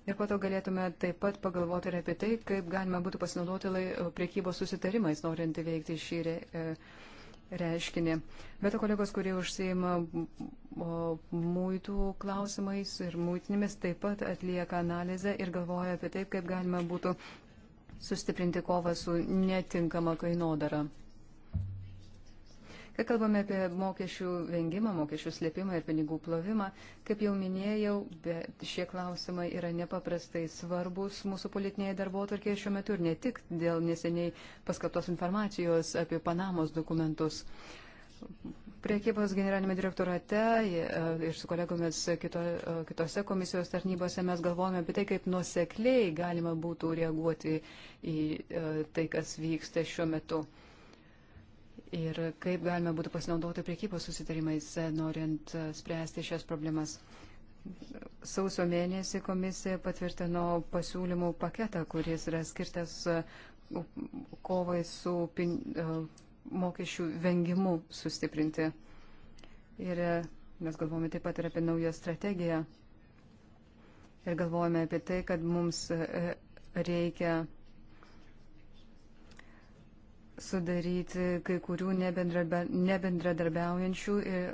Ir po to galėtume taip pat pagalvoti ir apie tai, kaip galima būtų pasinaudoti lai, priekybos susitarimais, norint įveikti šį re, e, reiškinį. Bet to kolegos, kurie užsieima muitų klausimais ir muitinėmis, taip pat atlieka analizę ir galvoja apie tai, kaip galima būtų sustiprinti kovą su netinkama kainodara. Kai kalbame apie mokesčių vengimą, mokesčių slėpimą ir pinigų plovimą, kaip jau minėjau, šie klausimai yra nepaprastai svarbus mūsų politinėje darbotvarkėje šiuo metu ir ne tik dėl neseniai paskatos informacijos apie Panamos dokumentus priekybos generalinėme direktorate e, ir su kolegomis kito, e, kitose komisijos tarnybose mes galvojame apie tai, kaip nusekliai galima būtų reaguoti į e, tai, kas vyksta šiuo metu. Ir kaip galima būtų pasinaudoti priekybos susitarimais, norint spręsti šias problemas. Sausio mėnesį komisija patvirtino pasiūlymų paketą, kuris yra skirtas kovai su pin, mokesčių vengimu sustiprinti. Ir e, mes galvojame taip pat ir apie naują strategiją. Ir galvojame apie tai, kad mums e, reikia sudaryti kai kurių nebendradarbiaujančių ir e,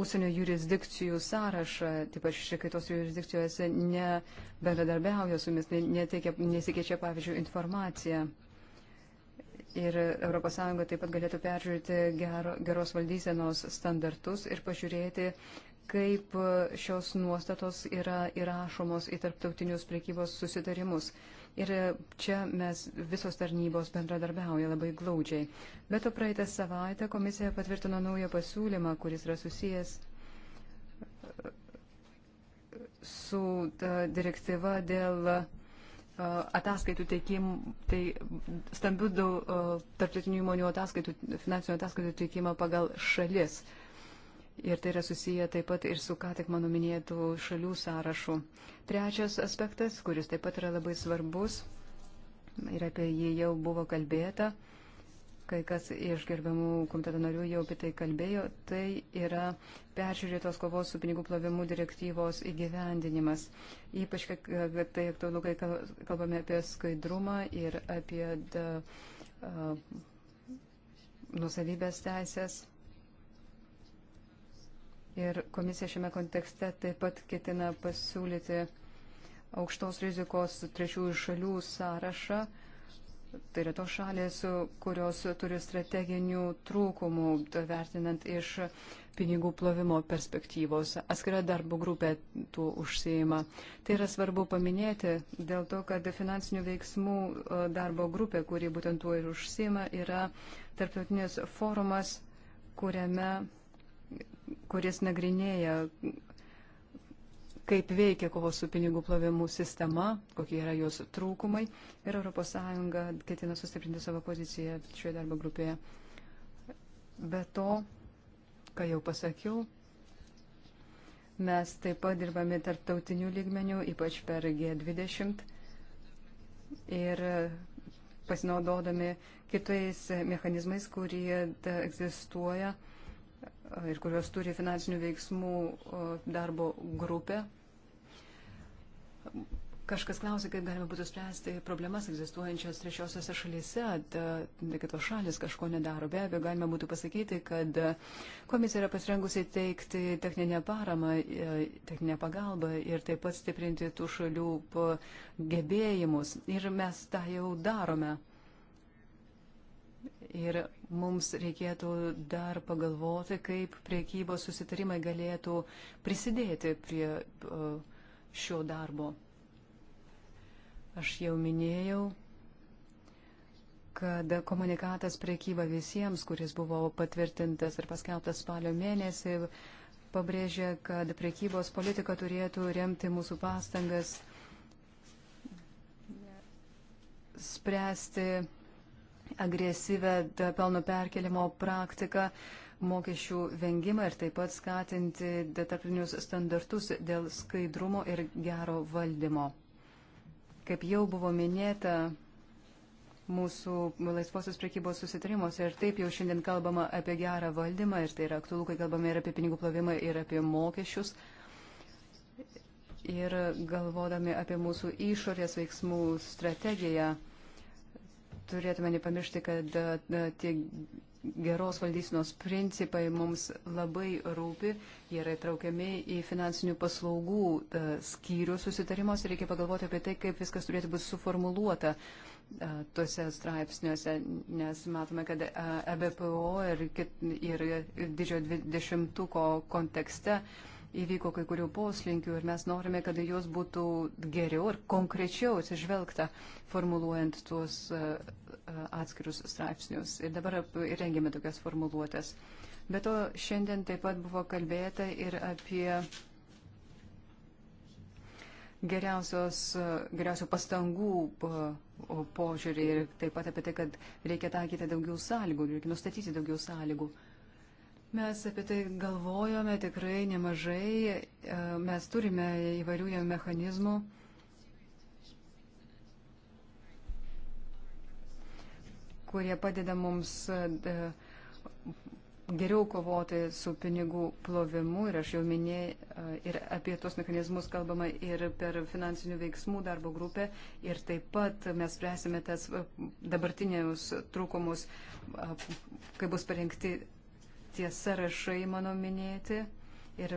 ūsienio uh, jurisdikcijų sąrašą, taip pat šiek tiek tos jurisdikcijos nebendradarbiauja su mumis, nesikeičia, pavyzdžiui, informacija. Ir ES taip pat galėtų peržiūrėti gero, geros valdysenos standartus ir pažiūrėti, kaip šios nuostatos yra įrašomos į tarptautinius priekybos susitarimus. Ir čia mes visos tarnybos bendradarbiauja labai glaudžiai. Bet to praeitą savaitę komisija patvirtino naują pasiūlymą, kuris yra susijęs e, su e, direktyva dėl ataskaitų teikim, tai stambių tarptautinių įmonių ataskaitų, finansinių ataskaitų teikimą pagal šalis. Ir tai yra susiję taip pat ir su ką tik mano minėtų šalių sąrašu. Trečias aspektas, kuris taip pat yra labai svarbus, ir apie jį jau buvo kalbėta, uh, kai kas iš gerbiamų komiteto narių jau apie tai kalbėjo, tai yra peržiūrėtos kovos su pinigų plovimu direktyvos įgyvendinimas. Ypač, kad tai aktualu, kai kalbame apie skaidrumą ir apie da, uh, nusavybės teisės. Ir komisija šiame kontekste taip pat ketina pasiūlyti aukštos rizikos trečiųjų šalių sąrašą, uh, Tai yra tos šalės, kurios turi strateginių trūkumų, vertinant iš pinigų plovimo perspektyvos. Atskira darbo grupė tuo užsieima. Tai yra svarbu paminėti dėl to, kad finansinių veiksmų darbo grupė, kuri būtent tuo ir užsieima, yra tarptautinis forumas, kuriame, kuris nagrinėja kaip veikia kovos su pinigų plovimu sistema, kokie yra jos trūkumai ir ES ketina sustiprinti savo poziciją šioje darbo grupėje. Be to, ką jau pasakiau, mes taip pat dirbame tarptautinių lygmenių, ypač per G20 ir pasinaudodami kitais mechanizmais, kurie egzistuoja ir kurios turi finansinių veiksmų darbo grupę. Kažkas klausė, kaip galima būtų spręsti problemas egzistuojančias trečiosiose šalyse, kad tos šalis kažko nedaro. Be abejo, galima būtų pasakyti, kad komisija yra pasirengusi teikti techninę paramą, e, techninę pagalbą ir taip pat stiprinti tų šalių gebėjimus. Ir mes tą jau darome. Ir mums reikėtų dar pagalvoti, kaip priekybos susitarimai galėtų prisidėti prie šio darbo. Aš jau minėjau, kad komunikatas priekyba visiems, kuris buvo patvirtintas ir paskelbtas spalio mėnesį, pabrėžė, kad priekybos politika turėtų remti mūsų pastangas spręsti agresyvę pelno perkelimo praktiką, mokesčių vengimą ir taip pat skatinti detarpinius standartus dėl skaidrumo ir gero valdymo. Kaip jau buvo minėta, mūsų laisvosios priekybos susitarimuose ir taip jau šiandien kalbama apie gerą valdymą ir tai yra aktualu, kai kalbame ir apie pinigų plovimą ir apie mokesčius. Ir galvodami apie mūsų išorės veiksmų strategiją, turėtume nepamiršti, kad e, e, tie geros valdysinos principai mums labai rūpi, jie yra įtraukiami į finansinių paslaugų e, skyrių susitarimus ir reikia pagalvoti apie tai, kaip viskas turėtų būti suformuluota tuose straipsniuose, nes matome, kad EBPO ir, kit, ir didžiojo dvidešimtuko kontekste uh, įvyko kai kurių poslinkių ir mes norime, kad jos būtų geriau ir konkrečiau atsižvelgta formuluojant tuos e, e, atskirius straipsnius. Ir dabar rengėme tokias formuluotės. Be to, šiandien taip pat buvo kalbėta ir apie geriausios, e, geriausių pastangų požiūrį ir taip pat apie tai, kad reikia taikyti daugiau sąlygų, reikia nustatyti daugiau sąlygų. Uh, Mes apie tai galvojame tikrai nemažai, e, mes turime įvairių jau mechanizmų. kurie padeda mums e, geriau kovoti su pinigų plovimu ir aš jau minėjau e, ir apie tos mechanizmus kalbama ir per finansinių veiksmų darbo grupę ir taip pat mes spręsime tas dabartinius trūkumus, kai bus parengti tie sąrašai mano minėti. Ir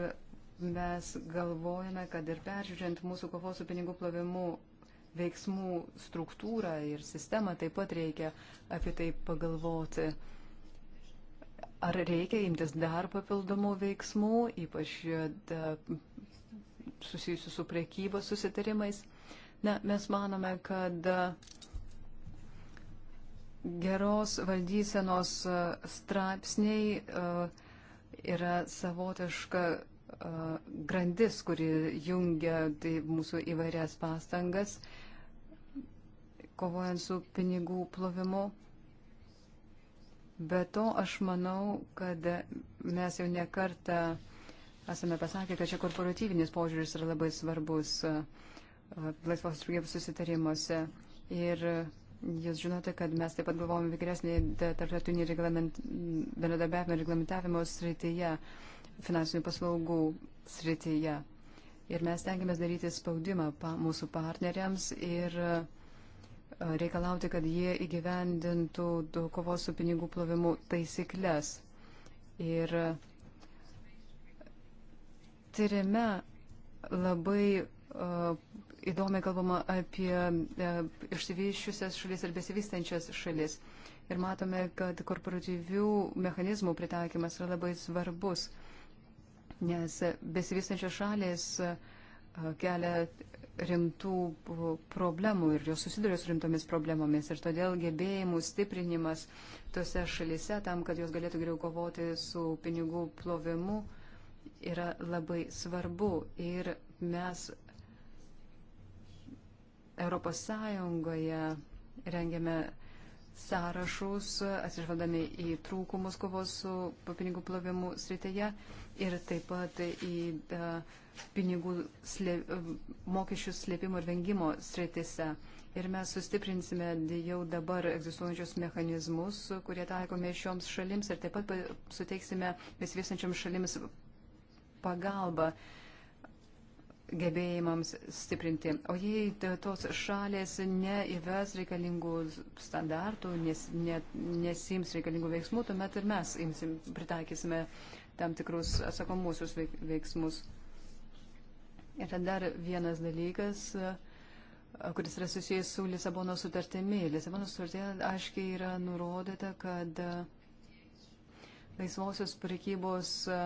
mes galvojame, kad ir peržiūrint mūsų kovos su pinigų plovimu veiksmų struktūrą ir sistemą, taip pat reikia apie tai pagalvoti. Ar reikia imtis dar papildomų veiksmų, ypač susijusių su priekybos susitarimais? Na, mes manome, kad geros valdysenos e, straipsniai e, yra savotiška e, grandis, kuri jungia tai mūsų įvairias pastangas, kovojant su pinigų plovimu. Be to, aš manau, kad mes jau nekartą esame pasakę, kad čia korporatyvinis požiūris yra labai svarbus laisvos priekybos susitarimuose. Ir Jūs žinote, kad mes taip pat galvojame vyresnį tarptautinį reglament, bendradarbiavimą reglamentavimo srityje, finansinių paslaugų srityje. Ir mes tengiamės daryti spaudimą pa, mūsų partneriams ir e, reikalauti, kad jie įgyvendintų kovos su pinigų plovimu taisyklės. Ir e, tyrime labai uh, įdomiai kalbama apie e, išsivyščiusias šalis ir besivystančias šalis. Ir matome, kad korporatyvių mechanizmų pritaikymas yra labai svarbus, nes besivystančios šalis e, kelia rimtų problemų ir jos susiduria su rimtomis problemomis. Ir todėl gebėjimų stiprinimas tose šalise tam, kad jos galėtų geriau kovoti su pinigų plovimu, yra labai svarbu. Ir mes Europos Sąjungoje rengiame sąrašus, atsižvadami į trūkumus kovos su pinigų plovimu srityje ir taip pat į e, pinigų slė, e, mokesčių slėpimo ir vengimo srityse. Ir mes sustiprinsime jau dabar egzistuojančius mechanizmus, kurie taikome šioms šalims ir taip pat suteiksime besivėsančiams šalims pagalbą. Uh, gebėjimams stiprinti. O jei tos šalės neįves reikalingų standartų, nes, ne, nesims reikalingų veiksmų, tuomet ir mes imsim, pritaikysime tam tikrus atsakomusius veiksmus. Ir tada dar vienas dalykas, kuris yra susijęs su Lisabono sutartimi. Lisabono sutartė aiškiai yra nurodyta, kad laisvosios prekybos uh,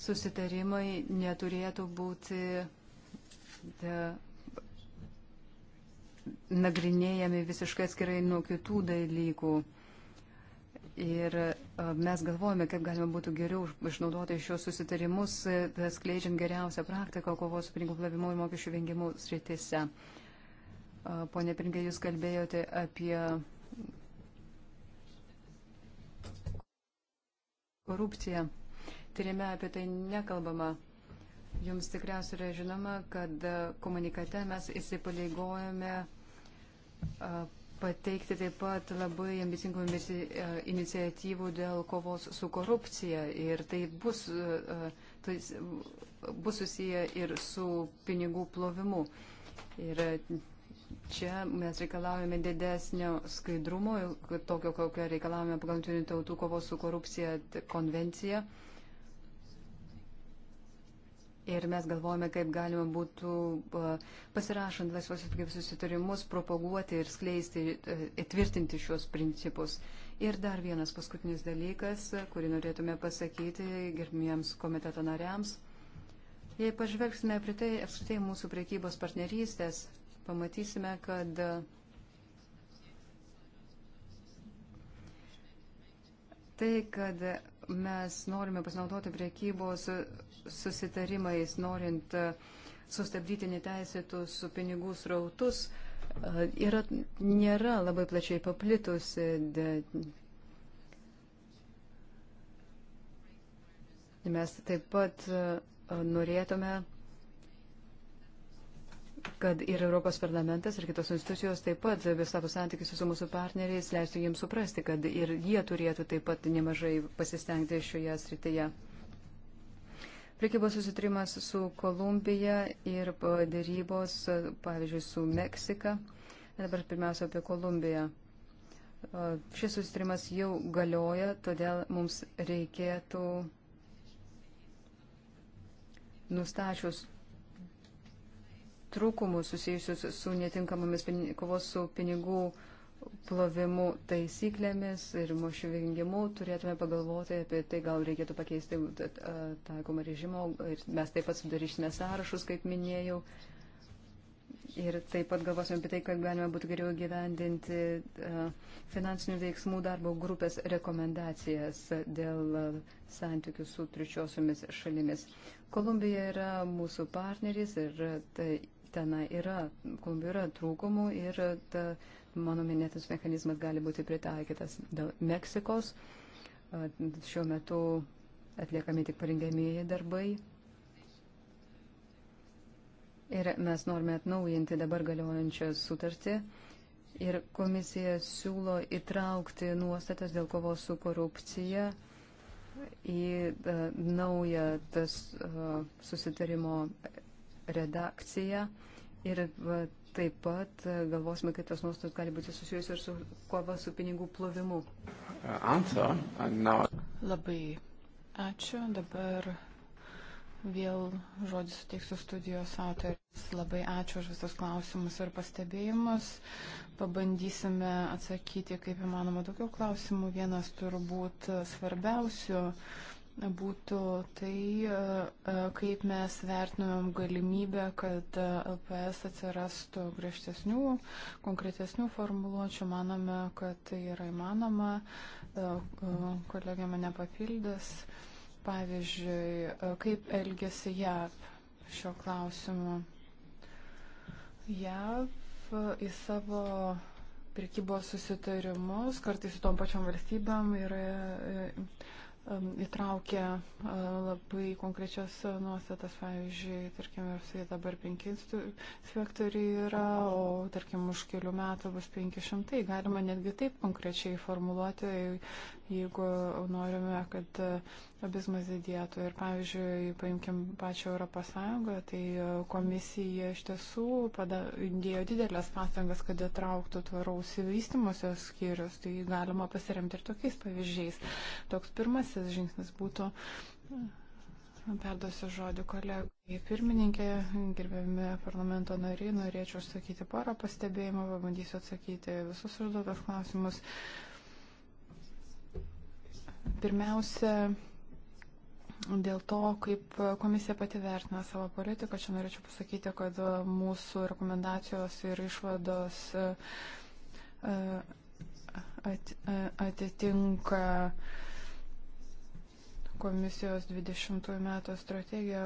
susitarimai neturėtų būti de, nagrinėjami visiškai atskirai nuo kitų dalykų. Ir e, mes galvojame, kaip galima būtų geriau išnaudoti šios susitarimus, e, skleidžiant geriausią praktiką kovos su pinigų plavimu ir mokesčių vengimu sritise. E, pone Pringė, jūs kalbėjote apie korupciją tyrime apie tai nekalbama. Jums tikriausiai yra žinoma, kad e, komunikate mes įsipareigojame e, pateikti taip pat labai ambicingų e, iniciatyvų dėl kovos su korupcija. Ir tai bus, tai bus susiję ir su pinigų plovimu. Ir čia mes reikalavome didesnio skaidrumo, tokio, kokio reikalavome pagal Junktinių tautų kovos su korupcija konvenciją. Tai Ir mes galvojame, kaip galima būtų pasirašant laisvos atgyvus susitarimus, propaguoti ir skleisti, įtvirtinti šios principus. Ir dar vienas paskutinis dalykas, kurį norėtume pasakyti gerbimiems komiteto nariams. Jei pažvelgsime prie tai, apskritai mūsų priekybos partnerystės, pamatysime, kad tai, kad mes norime pasinaudoti priekybos susitarimais, norint e, sustabdyti neteisėtus pinigų srautus, e, yra, nėra labai plačiai paplitusi. De, mes taip pat e, norėtume kad ir Europos parlamentas, ir kitos institucijos taip pat savo santykius su mūsų partneriais leistų jiems suprasti, kad ir jie turėtų taip pat nemažai pasistengti šioje srityje. Prekybos susitrimas su Kolumbija ir dėrybos, pavyzdžiui, su Meksika. Dabar pirmiausia apie Kolumbiją. Šis susitrimas jau galioja, todėl mums reikėtų nustačius trūkumus susijusius su netinkamomis kovos su pinigų plovimų taisyklėmis ir mušių vengimu turėtume pagalvoti apie tai, gal reikėtų pakeisti taikomą režimą ir mes taip pat sudarysime sąrašus, kaip minėjau. Ir taip pat galvosime apie tai, kad galime būtų geriau gyvendinti finansinių veiksmų darbo grupės rekomendacijas dėl santykių su trečiosiomis šalimis. Kolumbija yra mūsų partneris ir tai ten yra, Kolumbijoje yra trūkumų ir ta, mano minėtas mechanizmas gali būti pritaikytas dėl Meksikos. Šiuo metu atliekami tik parengiamieji darbai. Ir mes norime atnaujinti dabar galiojančią sutartį. Ir komisija siūlo įtraukti nuostatas dėl kovos su korupcija į uh, naują tas uh, susitarimo redakciją ir taip pat e, galvosime, kad tos nuostatos gali būti susijusios ir su kova su pinigų plovimu. Uh, Answer, now... Labai ačiū. Dabar vėl žodį suteiksiu studijos autoriams. Labai ačiū už visus klausimus ir pastebėjimus. Pabandysime atsakyti kaip įmanoma daugiau klausimų. Vienas turbūt svarbiausių būtų tai, e, e, kaip mes vertinam galimybę, kad e, LPS atsirastų griežtesnių, konkretesnių formuluočių. Manome, kad tai yra įmanoma. Kolegė mane papildys. Pavyzdžiui, kaip elgesi JAV šio klausimu. JAV į savo prekybos susitarimus, kartais su tom pačiom valstybėm yra Um, įtraukia uh, labai konkrečias nuostatas, pavyzdžiui, tarkim, Rusija dabar penki inspektoriai yra, o tarkim, už kelių metų bus penki šimtai. Galima netgi taip konkrečiai formuluoti, jeigu norime, kad e, lobizmas didėtų. Ir pavyzdžiui, paimkim pačią Europos Sąjungą, tai e, komisija iš tiesų pada, dėjo didelės pastangas, kad atrauktų tvaraus įvystimosios skyrius. Tai galima pasiremti ir tokiais pavyzdžiais. Toks pirmasis žingsnis būtų. E, perduosiu žodį kolegai pirmininkė, gerbiami parlamento nariai, norėčiau užsakyti porą pastebėjimų, pabandysiu atsakyti visus užduotas klausimus. Uh, Pirmiausia, dėl to, kaip komisija pati vertina savo politiką, čia norėčiau pasakyti, kad mūsų rekomendacijos ir išvados e, e, e, atitinka. At, at, at, at, at, at, at, at, komisijos 20 metų strategiją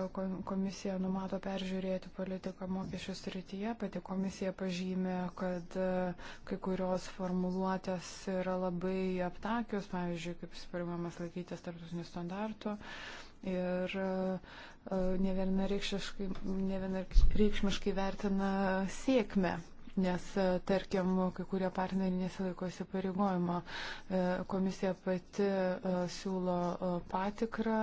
komisija numato peržiūrėti politiką mokesčių srityje. Pati komisija pažymė, kad e, kai kurios formuluotės yra labai aptakios, pavyzdžiui, kaip įsipareigojimas laikytis tarptautinių standartų. Ir e, e, nevienareikšmiškai vertina sėkmę nes, e, tarkim, kai kurie partneriai nesilaiko įsipareigojimo. E, komisija pati e, siūlo patikrą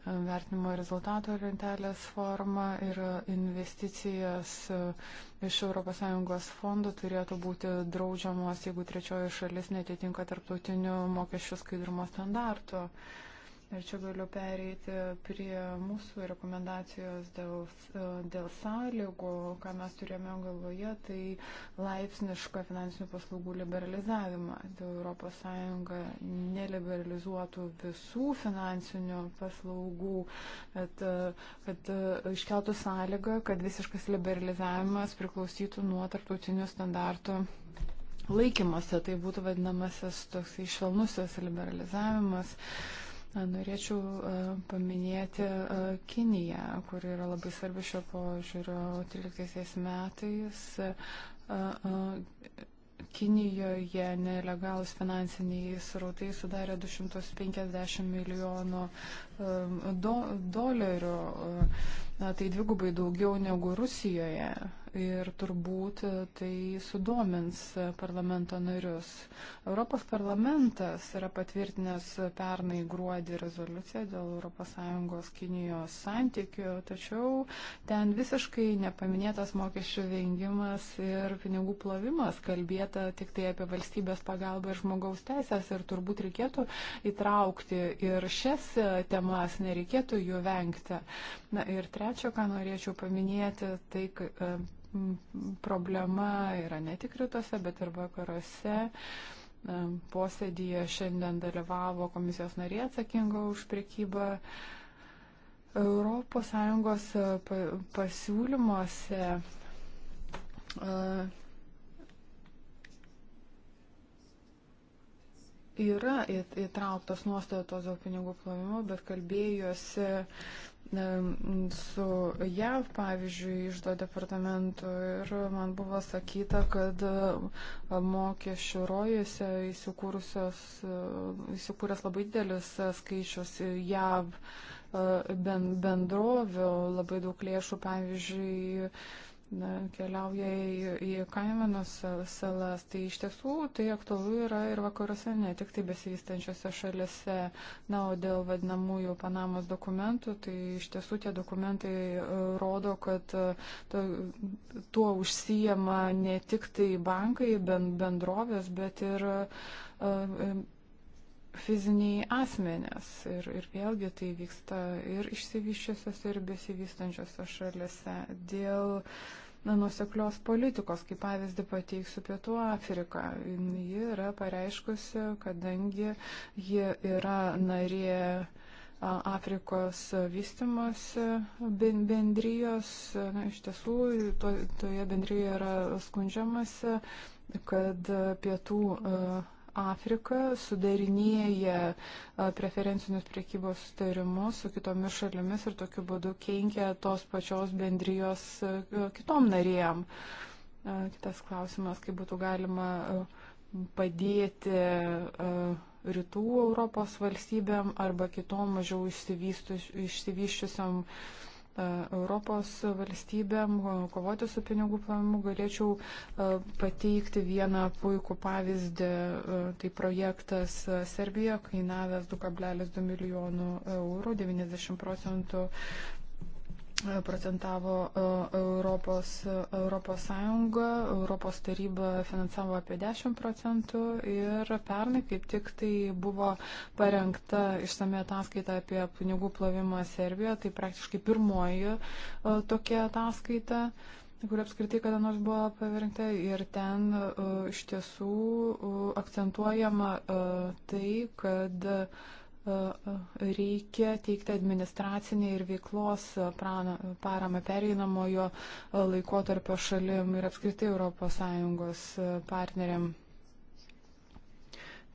vertinimo rezultato lentelės forma ir investicijas iš ES fondų turėtų būti draudžiamos, jeigu trečioji šalis netitinka tarptautinių mokesčių skaidrumo standartų. Uh, Ir čia galiu pereiti prie mūsų rekomendacijos dėl, dėl sąlygų, ką mes turėjome galvoje, tai laipsnišką finansinių paslaugų liberalizavimą. Dėl ES neliberalizuotų visų finansinių paslaugų, bet kad iškeltų sąlygą, kad visiškas liberalizavimas priklausytų nuo tarptautinių standartų laikymuose. Tai būtų vadinamasis toks išvelnusis liberalizavimas. Uh, Norėčiau e, paminėti e, Kiniją, kuri yra labai svarbi šio požiūrio 13 metais. E, Kinijoje nelegalus finansiniai srautai sudarė 250 milijonų do, dolerių Na, tai dvigubai daugiau negu Rusijoje ir turbūt tai sudomins parlamento narius. Europos parlamentas yra patvirtinęs pernai gruodį rezoliuciją dėl ES Kinijos santykių, tačiau ten visiškai nepaminėtas mokesčių vengimas ir pinigų plovimas, kalbėta tik tai apie valstybės pagalbą ir žmogaus teisės ir turbūt reikėtų įtraukti ir šias temas, nereikėtų jų vengti. Na, ir tre trečio, ką norėčiau paminėti, tai e, problema yra ne tik rytuose, bet ir vakaruose e, posėdyje šiandien dalyvavo komisijos narė atsakinga už priekybą. ES e, pasiūlymuose yra įtrauktos nuostatos dėl pinigų plovimo, bet kalbėjusi su JAV, pavyzdžiui, išdo departamentu ir man buvo sakyta, kad e, mokesčių rojose e, įsikūręs labai didelis skaičius JAV e, bendrovių, labai daug lėšų, pavyzdžiui, na, keliauja į, į Kaimanos salas. Tai iš tiesų tai aktualu yra ir vakaruose, ne tik tai besivystančiose šalise. Na, o dėl vadinamųjų Panamos dokumentų, tai iš tiesų tie dokumentai e, rodo, kad e, to, tuo užsijama ne tik tai bankai, bendrovės, bet ir e, fiziniai asmenės. Ir, ir vėlgi tai vyksta ir išsivyščiusiose, ir besivystančiose šalise. Dėl na, nuseklios politikos, kaip pavyzdį pateiksiu Pietų Afriką, ji yra pareiškusi, kadangi ji yra narė. Afrikos vystimas bendrijos, na, iš tiesų, to, toje bendrijoje yra skundžiamasi, kad pietų uh, Afrika sudarinėja preferencinius priekybos sutarimus su kitomis šalimis ir tokiu būdu kenkia tos pačios bendrijos kitom narėjom. Kitas klausimas, kaip būtų galima padėti rytų Europos valstybėm arba kitom mažiau išsivyščiusiam E, Europos valstybėm e, kovoti su pinigų plovimu galėčiau e, pateikti vieną puikų pavyzdį. Tai projektas Serbijoje kainavęs 2,2 milijonų eurų, 90 procentų procentavo e, Europos, Europos Sąjunga, Europos taryba finansavo apie 10 procentų ir pernai kaip tik tai buvo parengta išsame ataskaita apie pinigų plovimą Serbijoje, tai praktiškai pirmoji e, tokia ataskaita kur apskritai kada nors buvo pavirinkta ir ten uh, iš tiesų uh, akcentuojama uh, tai, kad uh, reikia teikti administracinę ir veiklos paramą pereinamojo laikotarpio šalim ir apskritai ES partneriam.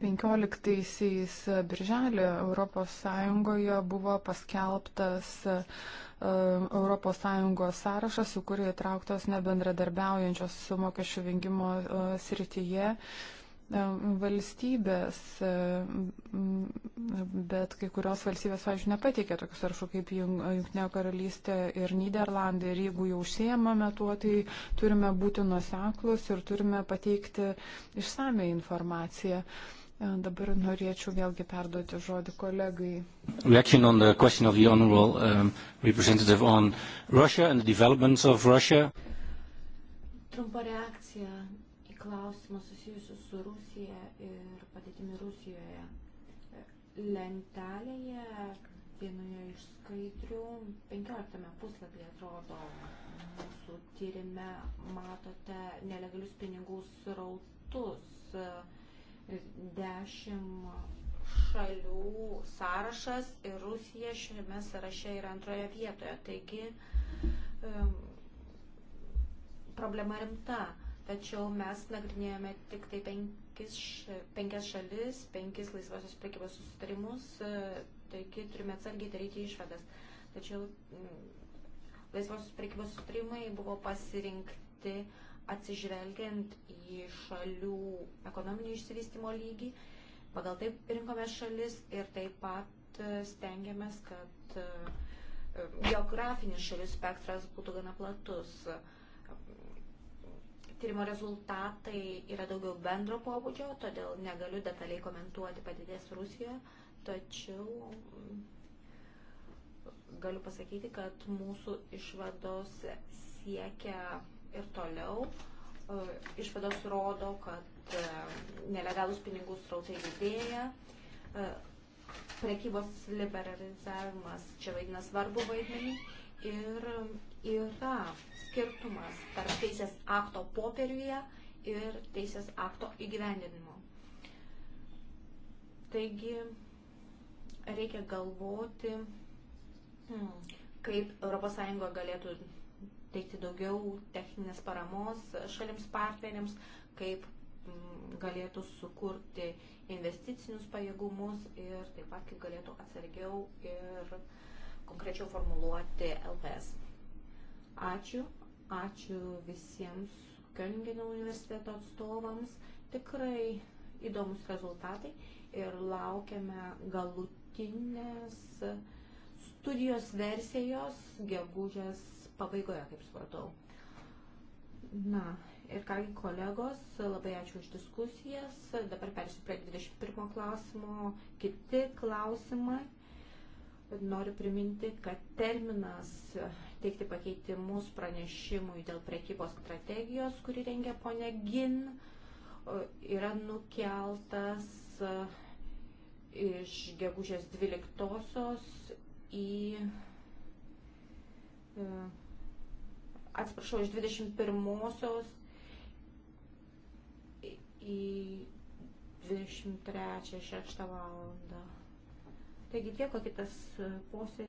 15-aisiais birželį ES buvo paskelbtas ES sąrašas, į kurį įtrauktos nebendradarbiaujančios su mokesčių vengimo e, srityje. Uh, E, valstybės, e, bet kai kurios valstybės, pavyzdžiui, nepateikė tokius sąrašų kaip Junktinė karalystė ir Niderlandai. Ir jeigu jau užsiemame tuo, tai turime būti nuseklus ir turime pateikti išsame informaciją. E, dabar norėčiau vėlgi perduoti žodį kolegai. Reaction on the question of the honorable um, representative on Russia and the developments of Russia. Trumpa reakcija klausimą susijus su Rusija ir padėtimi Rusijoje. Lentelėje vienoje iš skaidrių 15 puslapyje atrodo mūsų tyrime matote nelegalius pinigų srautus. 10 šalių sąrašas ir Rusija šiame sąraše yra antroje vietoje. Taigi problema rimta tačiau mes nagrinėjome tik tai penkis, penkias šalis, penkis laisvosios prekybos susitarimus, e, taigi turime atsargiai daryti išvadas. Tačiau mm, laisvosios prekybos susitarimai buvo pasirinkti atsižvelgiant į šalių ekonominio išsivystimo lygį. Pagal tai rinkome šalis ir taip pat e, stengiamės, kad e, geografinis šalių spektras būtų gana platus. Uh, Tyrimo rezultatai yra daugiau bendro pobūdžio, todėl negaliu detaliai komentuoti padėties Rusijoje, tačiau mm, galiu pasakyti, kad mūsų išvados siekia ir toliau. E, išvados rodo, kad e, nelegalus pinigų srautai didėja, e, prekybos liberalizavimas čia vaidina svarbu vaidmenį ir yra skirtumas tarp teisės akto popieriuje ir teisės akto įgyvendinimo. Taigi reikia galvoti, hmm, kaip ES galėtų teikti daugiau techninės paramos šalims partneriams, kaip hmm, galėtų sukurti investicinius pajėgumus ir taip pat kaip galėtų atsargiau ir konkrečiau formuluoti LPS. Ačiū, ačiū visiems Kölingeno universiteto atstovams. Tikrai įdomus rezultatai ir laukiame galutinės studijos versijos gegužės pabaigoje, kaip supratau. Na, ir kągi kolegos, labai ačiū už diskusijas. Dabar persiu prie 21 klausimo. Kiti klausimai. Noriu priminti, kad terminas teikti pakeitimus pranešimui dėl prekybos strategijos, kuri rengia ponė Gin, yra nukeltas e, iš gegužės 12 į. E, atsiprašau, iš 21-osios į 23-6 valandą. Taigi tiek, o kitas e, posėdis.